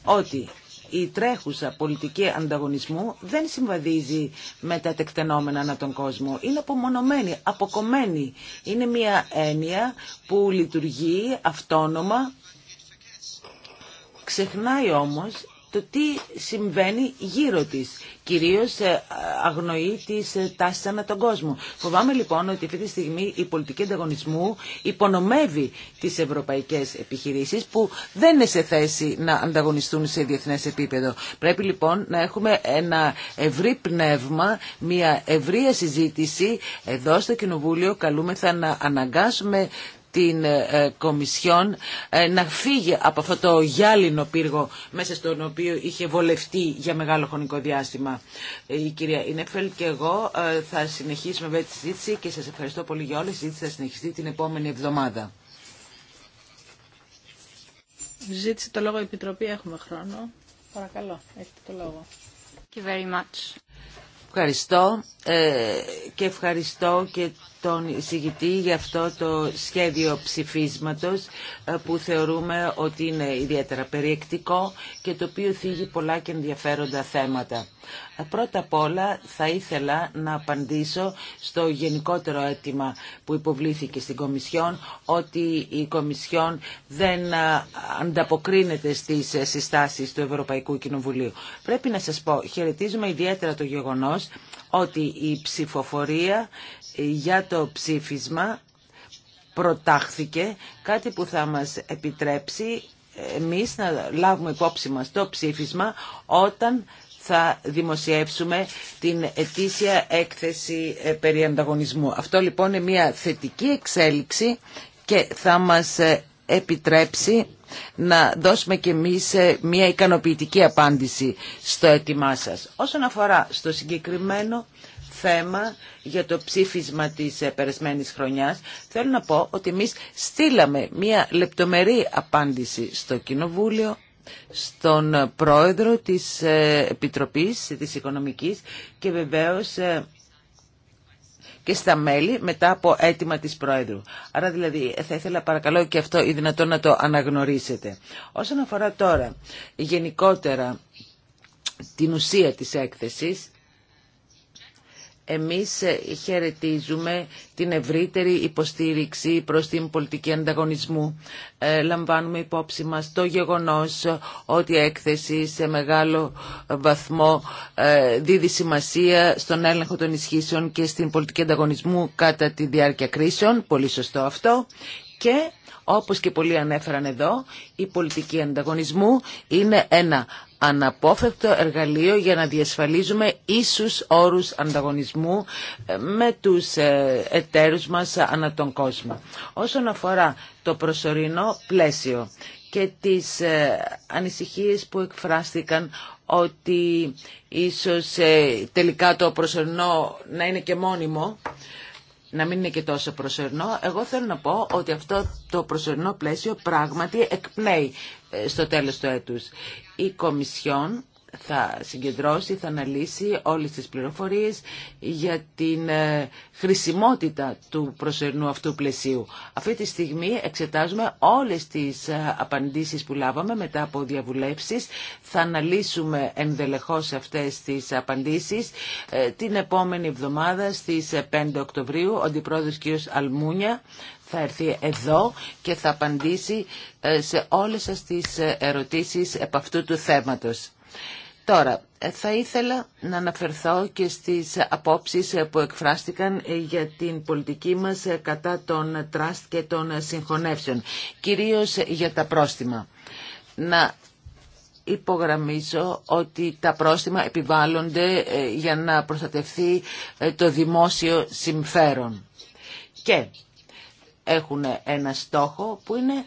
ότι η τρέχουσα πολιτική ανταγωνισμού δεν συμβαδίζει με τα τεκτενόμενα ανά τον κόσμο. Είναι απομονωμένη, αποκομμένη. Είναι μια έννοια που λειτουργεί αυτόνομα. Ξεχνάει όμως το τι συμβαίνει γύρω της. Κυρίως ε, αγνοεί τις ε, τάσεις ανά τον κόσμο. Φοβάμαι λοιπόν ότι αυτή τη στιγμή η πολιτική ανταγωνισμού υπονομεύει τις ευρωπαϊκές επιχειρήσεις που δεν είναι σε θέση να ανταγωνιστούν σε διεθνές επίπεδο. Πρέπει λοιπόν να έχουμε ένα ευρύ πνεύμα, μια ευρία συζήτηση εδώ στο Κοινοβούλιο καλούμεθα να αναγκάσουμε την ε, ε, Κομισιόν ε, να φύγει από αυτό το γυάλινο πύργο μέσα στον οποίο είχε βολευτεί για μεγάλο χρονικό διάστημα. Η κυρία Ινεφέλ και εγώ θα συνεχίσουμε με τη συζήτηση και σας ευχαριστώ πολύ για όλες. Η συζήτηση θα συνεχιστεί την επόμενη εβδομάδα. Ζήτησε το λόγο η Επιτροπή, έχουμε χρόνο. Παρακαλώ, έχετε το λόγο. Thank you very much. Ευχαριστώ και ευχαριστώ και τον εισηγητή για αυτό το σχέδιο ψηφίσματος ε, που θεωρούμε ότι είναι ιδιαίτερα περιεκτικό και το οποίο θίγει πολλά και ενδιαφέροντα θέματα. Ε, πρώτα απ' όλα θα ήθελα να απαντήσω στο γενικότερο αίτημα που υποβλήθηκε στην Κομισιόν ότι η Κομισιόν δεν ε, ανταποκρίνεται στις συστάσεις του Ευρωπαϊκού Κοινοβουλίου. Πρέπει να σας πω, χαιρετίζουμε ιδιαίτερα το γεγονός ότι η ψηφοφορία για το ψήφισμα προτάχθηκε κάτι που θα μας επιτρέψει εμείς να λάβουμε υπόψη μας το ψήφισμα όταν θα δημοσιεύσουμε την ετήσια έκθεση ε, περί ανταγωνισμού. Αυτό λοιπόν είναι μια θετική εξέλιξη και θα μας ε, επιτρέψει να δώσουμε και εμείς ε, μια ικανοποιητική απάντηση στο έτοιμά σας. Όσον αφορά στο συγκεκριμένο θέμα για το ψήφισμα της ε, περασμένης χρονιάς, θέλω να πω ότι εμείς στείλαμε μια λεπτομερή απάντηση στο Κοινοβούλιο, στον πρόεδρο της ε, Επιτροπής της Οικονομικής και βεβαίως ε, και στα μέλη μετά από αίτημα της Πρόεδρου. Άρα δηλαδή θα ήθελα παρακαλώ και αυτό ή δυνατόν να το αναγνωρίσετε. Όσον αφορά τώρα γενικότερα την ουσία της έκθεσης, εμείς ε, χαιρετίζουμε την ευρύτερη υποστήριξη προς την πολιτική ανταγωνισμού. Ε, λαμβάνουμε υπόψη μας το γεγονός ότι η έκθεση σε μεγάλο βαθμό ε, δίδει σημασία στον έλεγχο των ισχύσεων και στην πολιτική ανταγωνισμού κατά τη διάρκεια κρίσεων. Πολύ σωστό αυτό. Και όπως και πολλοί ανέφεραν εδώ, η πολιτική ανταγωνισμού είναι ένα αναπόφευκτο εργαλείο για να διασφαλίζουμε ίσους όρους ανταγωνισμού ε, με τους ε, εταίρους μας ανά τον κόσμο. Όσον αφορά το προσωρινό πλαίσιο και τις ε, ανησυχίες που εκφράστηκαν ότι ίσως τελικά το προσωρινό να είναι και μόνιμο, να μην είναι και τόσο προσωρινό, εγώ θέλω να πω ότι αυτό το προσωρινό πλαίσιο πράγματι εκπνέει ε, στο τέλος του έτους. Η Κομισιόν θα συγκεντρώσει, θα αναλύσει όλες τις πληροφορίες για την ε, χρησιμότητα του προσωρινού αυτού πλαισίου. Αυτή τη στιγμή εξετάζουμε όλες τις ε, απαντήσεις που λάβαμε μετά από διαβουλεύσεις. Θα αναλύσουμε ενδελεχώς αυτές τις απαντήσεις την επόμενη εβδομάδα στις 5 Οκτωβρίου. Ο Αντιπρόεδρος κ. Αλμούνια θα έρθει εδώ και θα απαντήσει ε, σε όλες σας τις ε, ερωτήσεις επ' αυτού του θέματος. Τώρα, ε, θα ήθελα να αναφερθώ και στις απόψεις που εκφράστηκαν για την πολιτική μας κατά των τραστ και των συγχωνεύσεων, κυρίως για τα πρόστιμα. Να υπογραμμίσω ότι τα πρόστιμα επιβάλλονται για να προστατευθεί το δημόσιο συμφέρον. Και έχουν ένα στόχο που είναι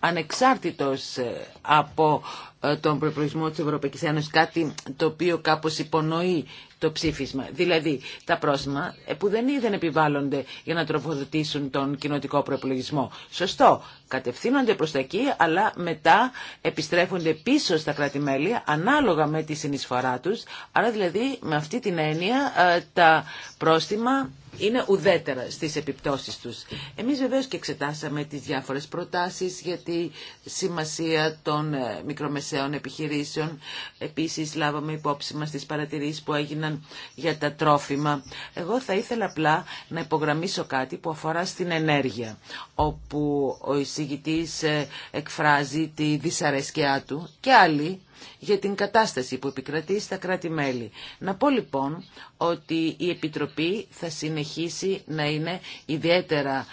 ανεξάρτητος ε, από ε, τον προπολογισμό της Ευρωπαϊκής Ένωσης, κάτι το οποίο κάπως υπονοεί το ψήφισμα. Δηλαδή τα πρόστιμα ε, που δεν είδαν επιβάλλονται για να τροφοδοτήσουν τον κοινοτικό προπολογισμό. Σωστό, κατευθύνονται προς τα εκεί, αλλά μετά επιστρέφονται πίσω στα κράτη-μέλη ανάλογα με τη συνεισφορά τους. Άρα δηλαδή με αυτή την έννοια τα πρόστιμα είναι ουδέτερα στις επιπτώσεις τους. Εμείς βεβαίως και εξετάσαμε τις διάφορες προτάσεις για τη σημασία των ε, μικρομεσαίων επιχειρήσεων. Επίσης λάβαμε υπόψη μας τις παρατηρήσεις που έγιναν για τα τρόφιμα. Εγώ θα ήθελα απλά να υπογραμμίσω κάτι που αφορά στην ενέργεια, όπου ο εισηγητής ε, εκφράζει τη δυσαρέσκειά του και άλλοι για την κατάσταση που επικρατεί στα κράτη-μέλη. Να πω λοιπόν ότι η Επιτροπή θα συνεχίσει να είναι ιδιαίτερα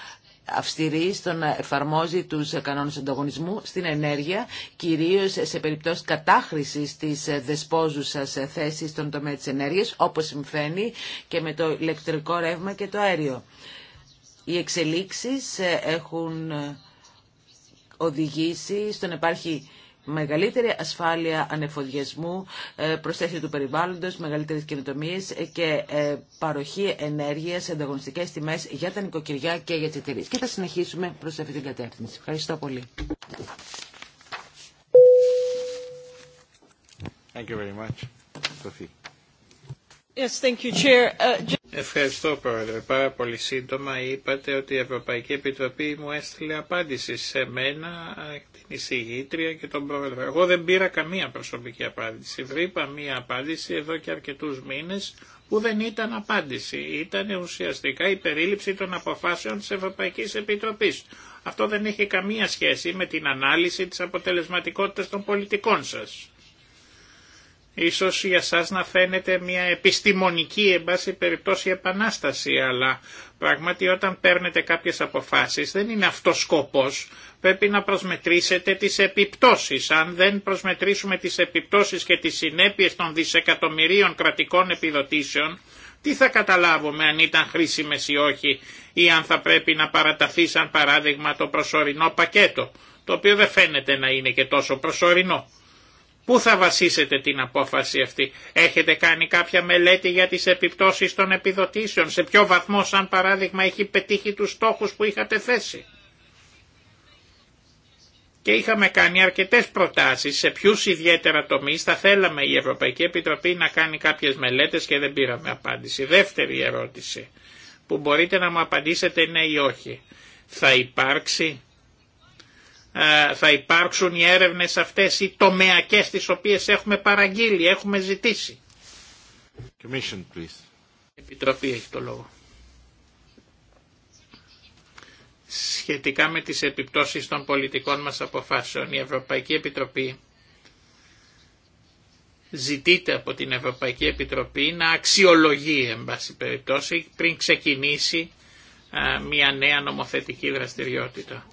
αυστηρή στο να εφαρμόζει τους κανόνες ανταγωνισμού στην ενέργεια, κυρίως σε περιπτώσεις κατάχρησης της δεσπόζουσας θέσης στον τομέα της ενέργειας, όπως συμβαίνει και με το ηλεκτρικό ρεύμα και το αέριο. Οι εξελίξεις έχουν οδηγήσει στον να μεγαλύτερη ασφάλεια ανεφοδιασμού, ε, προσθέσει του περιβάλλοντος, μεγαλύτερες καινοτομίες ε, και ε, παροχή ενέργειας σε ανταγωνιστικές τιμές για τα νοικοκυριά και για τις εταιρείες. Και θα συνεχίσουμε προς αυτή την κατεύθυνση. Ευχαριστώ πολύ. Uh, Ευχαριστώ Πρόεδρε. Πάρα πολύ σύντομα είπατε ότι η Ευρωπαϊκή Επιτροπή μου έστειλε απάντηση σε μένα, ε, την εισηγήτρια και τον Πρόεδρο. Εγώ δεν πήρα καμία προσωπική απάντηση. Βρήκα μία απάντηση εδώ και αρκετούς μήνες που δεν ήταν απάντηση. Ήταν ουσιαστικά η περίληψη των αποφάσεων της Ευρωπαϊκής Επιτροπής. Αυτό δεν έχει καμία σχέση με την ανάλυση της αποτελεσματικότητας των πολιτικών σας. Ίσως για σας να φαίνεται μια επιστημονική, εμπάση περιπτώσει, επανάσταση, αλλά πράγματι όταν παίρνετε κάποιες αποφάσεις δεν είναι αυτός σκοπός. Πρέπει να προσμετρήσετε τις επιπτώσεις. Αν δεν προσμετρήσουμε τις επιπτώσεις και τις συνέπειες των δισεκατομμυρίων κρατικών επιδοτήσεων, τι θα καταλάβουμε αν ήταν χρήσιμες ή όχι ή αν θα πρέπει να παραταθεί σαν παράδειγμα το προσωρινό πακέτο, το οποίο δεν φαίνεται να είναι και τόσο προσωρινό. Πού θα βασίσετε την απόφαση αυτή. Έχετε κάνει κάποια μελέτη για τις επιπτώσεις των επιδοτήσεων. Σε ποιο βαθμό σαν παράδειγμα έχει πετύχει τους στόχους που είχατε θέσει. Και είχαμε κάνει αρκετές προτάσεις σε ποιου ιδιαίτερα τομείς θα θέλαμε η Ευρωπαϊκή Επιτροπή να κάνει κάποιες μελέτες και δεν πήραμε απάντηση. Δεύτερη ερώτηση που μπορείτε να μου απαντήσετε ναι ή όχι. Θα υπάρξει ε, θα υπάρξουν οι έρευνες αυτές οι τομεακές τις οποίες έχουμε παραγγείλει, έχουμε ζητήσει. Commission, please. Επιτροπή Σχετικά με τις επιπτώσεις των πολιτικών μας αποφάσεων, η Ευρωπαϊκή Επιτροπή ζητείται από την Ευρωπαϊκή Επιτροπή να αξιολογεί, εν πάση περιπτώσει, πριν ξεκινήσει ε, μια νέα νομοθετική δραστηριότητα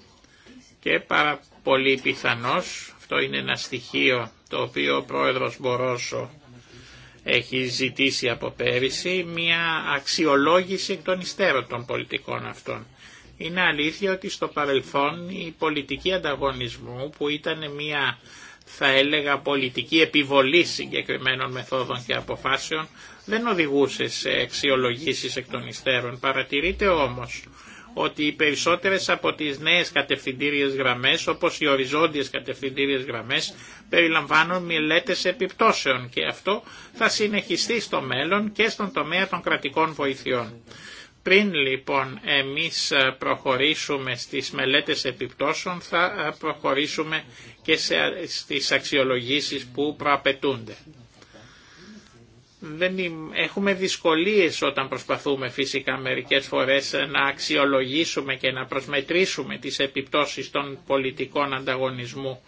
και πάρα πολύ πιθανώς, αυτό είναι ένα στοιχείο το οποίο ο πρόεδρος Μπορόσο έχει ζητήσει από πέρυσι, μια αξιολόγηση των υστέρων των πολιτικών αυτών. Είναι αλήθεια ότι στο παρελθόν η πολιτική ανταγωνισμού που ήταν μια θα έλεγα πολιτική επιβολή συγκεκριμένων μεθόδων και αποφάσεων δεν οδηγούσε σε αξιολογήσεις εκ των υστέρων. Παρατηρείται όμως ότι οι περισσότερες από τις νέες κατευθυντήριες γραμμές, όπως οι οριζόντιες κατευθυντήριες γραμμές, περιλαμβάνουν μελέτες επιπτώσεων και αυτό θα συνεχιστεί στο μέλλον και στον τομέα των κρατικών βοηθειών. Πριν λοιπόν εμείς ε, προχωρήσουμε στις μελέτες επιπτώσεων θα ε, προχωρήσουμε και ε, στις αξιολογήσεις που προαπαιτούνται δεν έχουμε δυσκολίες όταν προσπαθούμε φυσικά μερικές φορές να αξιολογήσουμε και να προσμετρήσουμε τις επιπτώσεις των πολιτικών ανταγωνισμού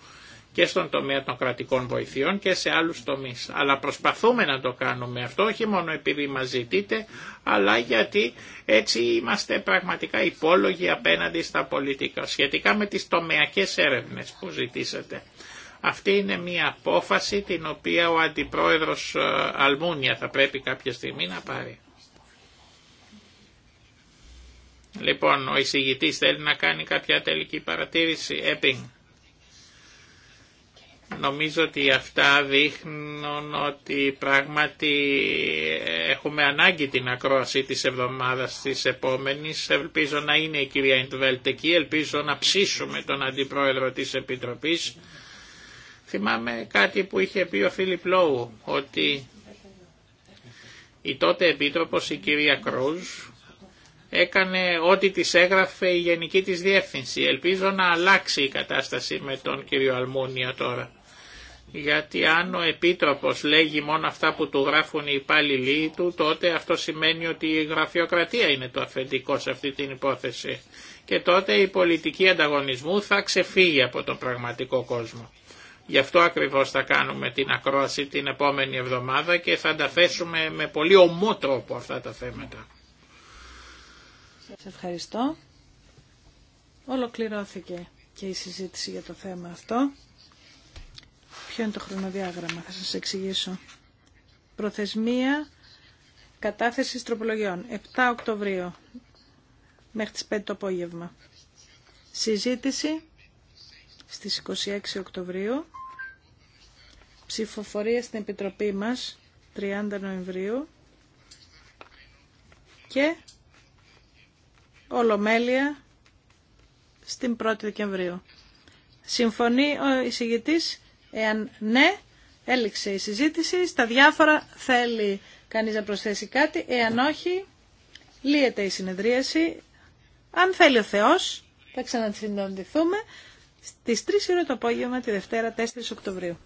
και στον τομέα των κρατικών βοηθειών και σε άλλους τομείς. Αλλά προσπαθούμε να το κάνουμε αυτό, όχι μόνο επειδή μας ζητείτε, αλλά γιατί έτσι είμαστε πραγματικά υπόλογοι απέναντι στα πολιτικά, σχετικά με τις τομεακές έρευνες που ζητήσατε. Αυτή είναι μια απόφαση την οποία ο Αντιπρόεδρος ε, Αλμούνια θα πρέπει κάποια στιγμή να πάρει. Λοιπόν, ο εισηγητής θέλει να κάνει κάποια τελική παρατήρηση. Έπινγκ. Νομίζω ότι αυτά δείχνουν ότι πράγματι ε, έχουμε ανάγκη την ακρόαση της εβδομάδας της επόμενης. Ελπίζω να είναι η κυρία Ιντβέλτ ελπίζω να ψήσουμε τον Αντιπρόεδρο της Επιτροπής Θυμάμαι κάτι που είχε πει ο Φίλιπ Λόου, ότι η τότε επίτροπος η κυρία Κρούζ έκανε ό,τι της έγραφε η γενική της διεύθυνση. Ελπίζω να αλλάξει η κατάσταση με τον κύριο Αλμούνια τώρα. Γιατί αν ο επίτροπος λέγει μόνο αυτά που του γράφουν οι υπάλληλοι του, τότε αυτό σημαίνει ότι η γραφειοκρατία είναι το αφεντικό σε αυτή την υπόθεση. Και τότε η πολιτική ανταγωνισμού θα ξεφύγει από τον πραγματικό κόσμο. Γι' αυτό ακριβώς θα κάνουμε την ακρόαση την επόμενη εβδομάδα και θα τα θέσουμε με πολύ ομό τρόπο αυτά τα θέματα. Σας ευχαριστώ. Ολοκληρώθηκε και η συζήτηση για το θέμα αυτό. Ποιο είναι το χρονοδιάγραμμα, θα σας εξηγήσω. Προθεσμία Προθεσμία τροπολογιών, 7 Οκτωβρίου, μέχρι τις 5 το απόγευμα. Συζήτηση στις 26 Οκτωβρίου ψηφοφορία στην Επιτροπή μας 30 Νοεμβρίου και ολομέλεια στην 1η Δεκεμβρίου. Συμφωνεί ο εισηγητής, εάν ναι, έληξε η συζήτηση, στα διάφορα θέλει κανείς να προσθέσει κάτι, εάν όχι, λύεται η συνεδρίαση. Αν θέλει ο Θεός, θα ξανασυντοντηθούμε στις 3 ώρα το απόγευμα τη Δευτέρα 4 Οκτωβρίου.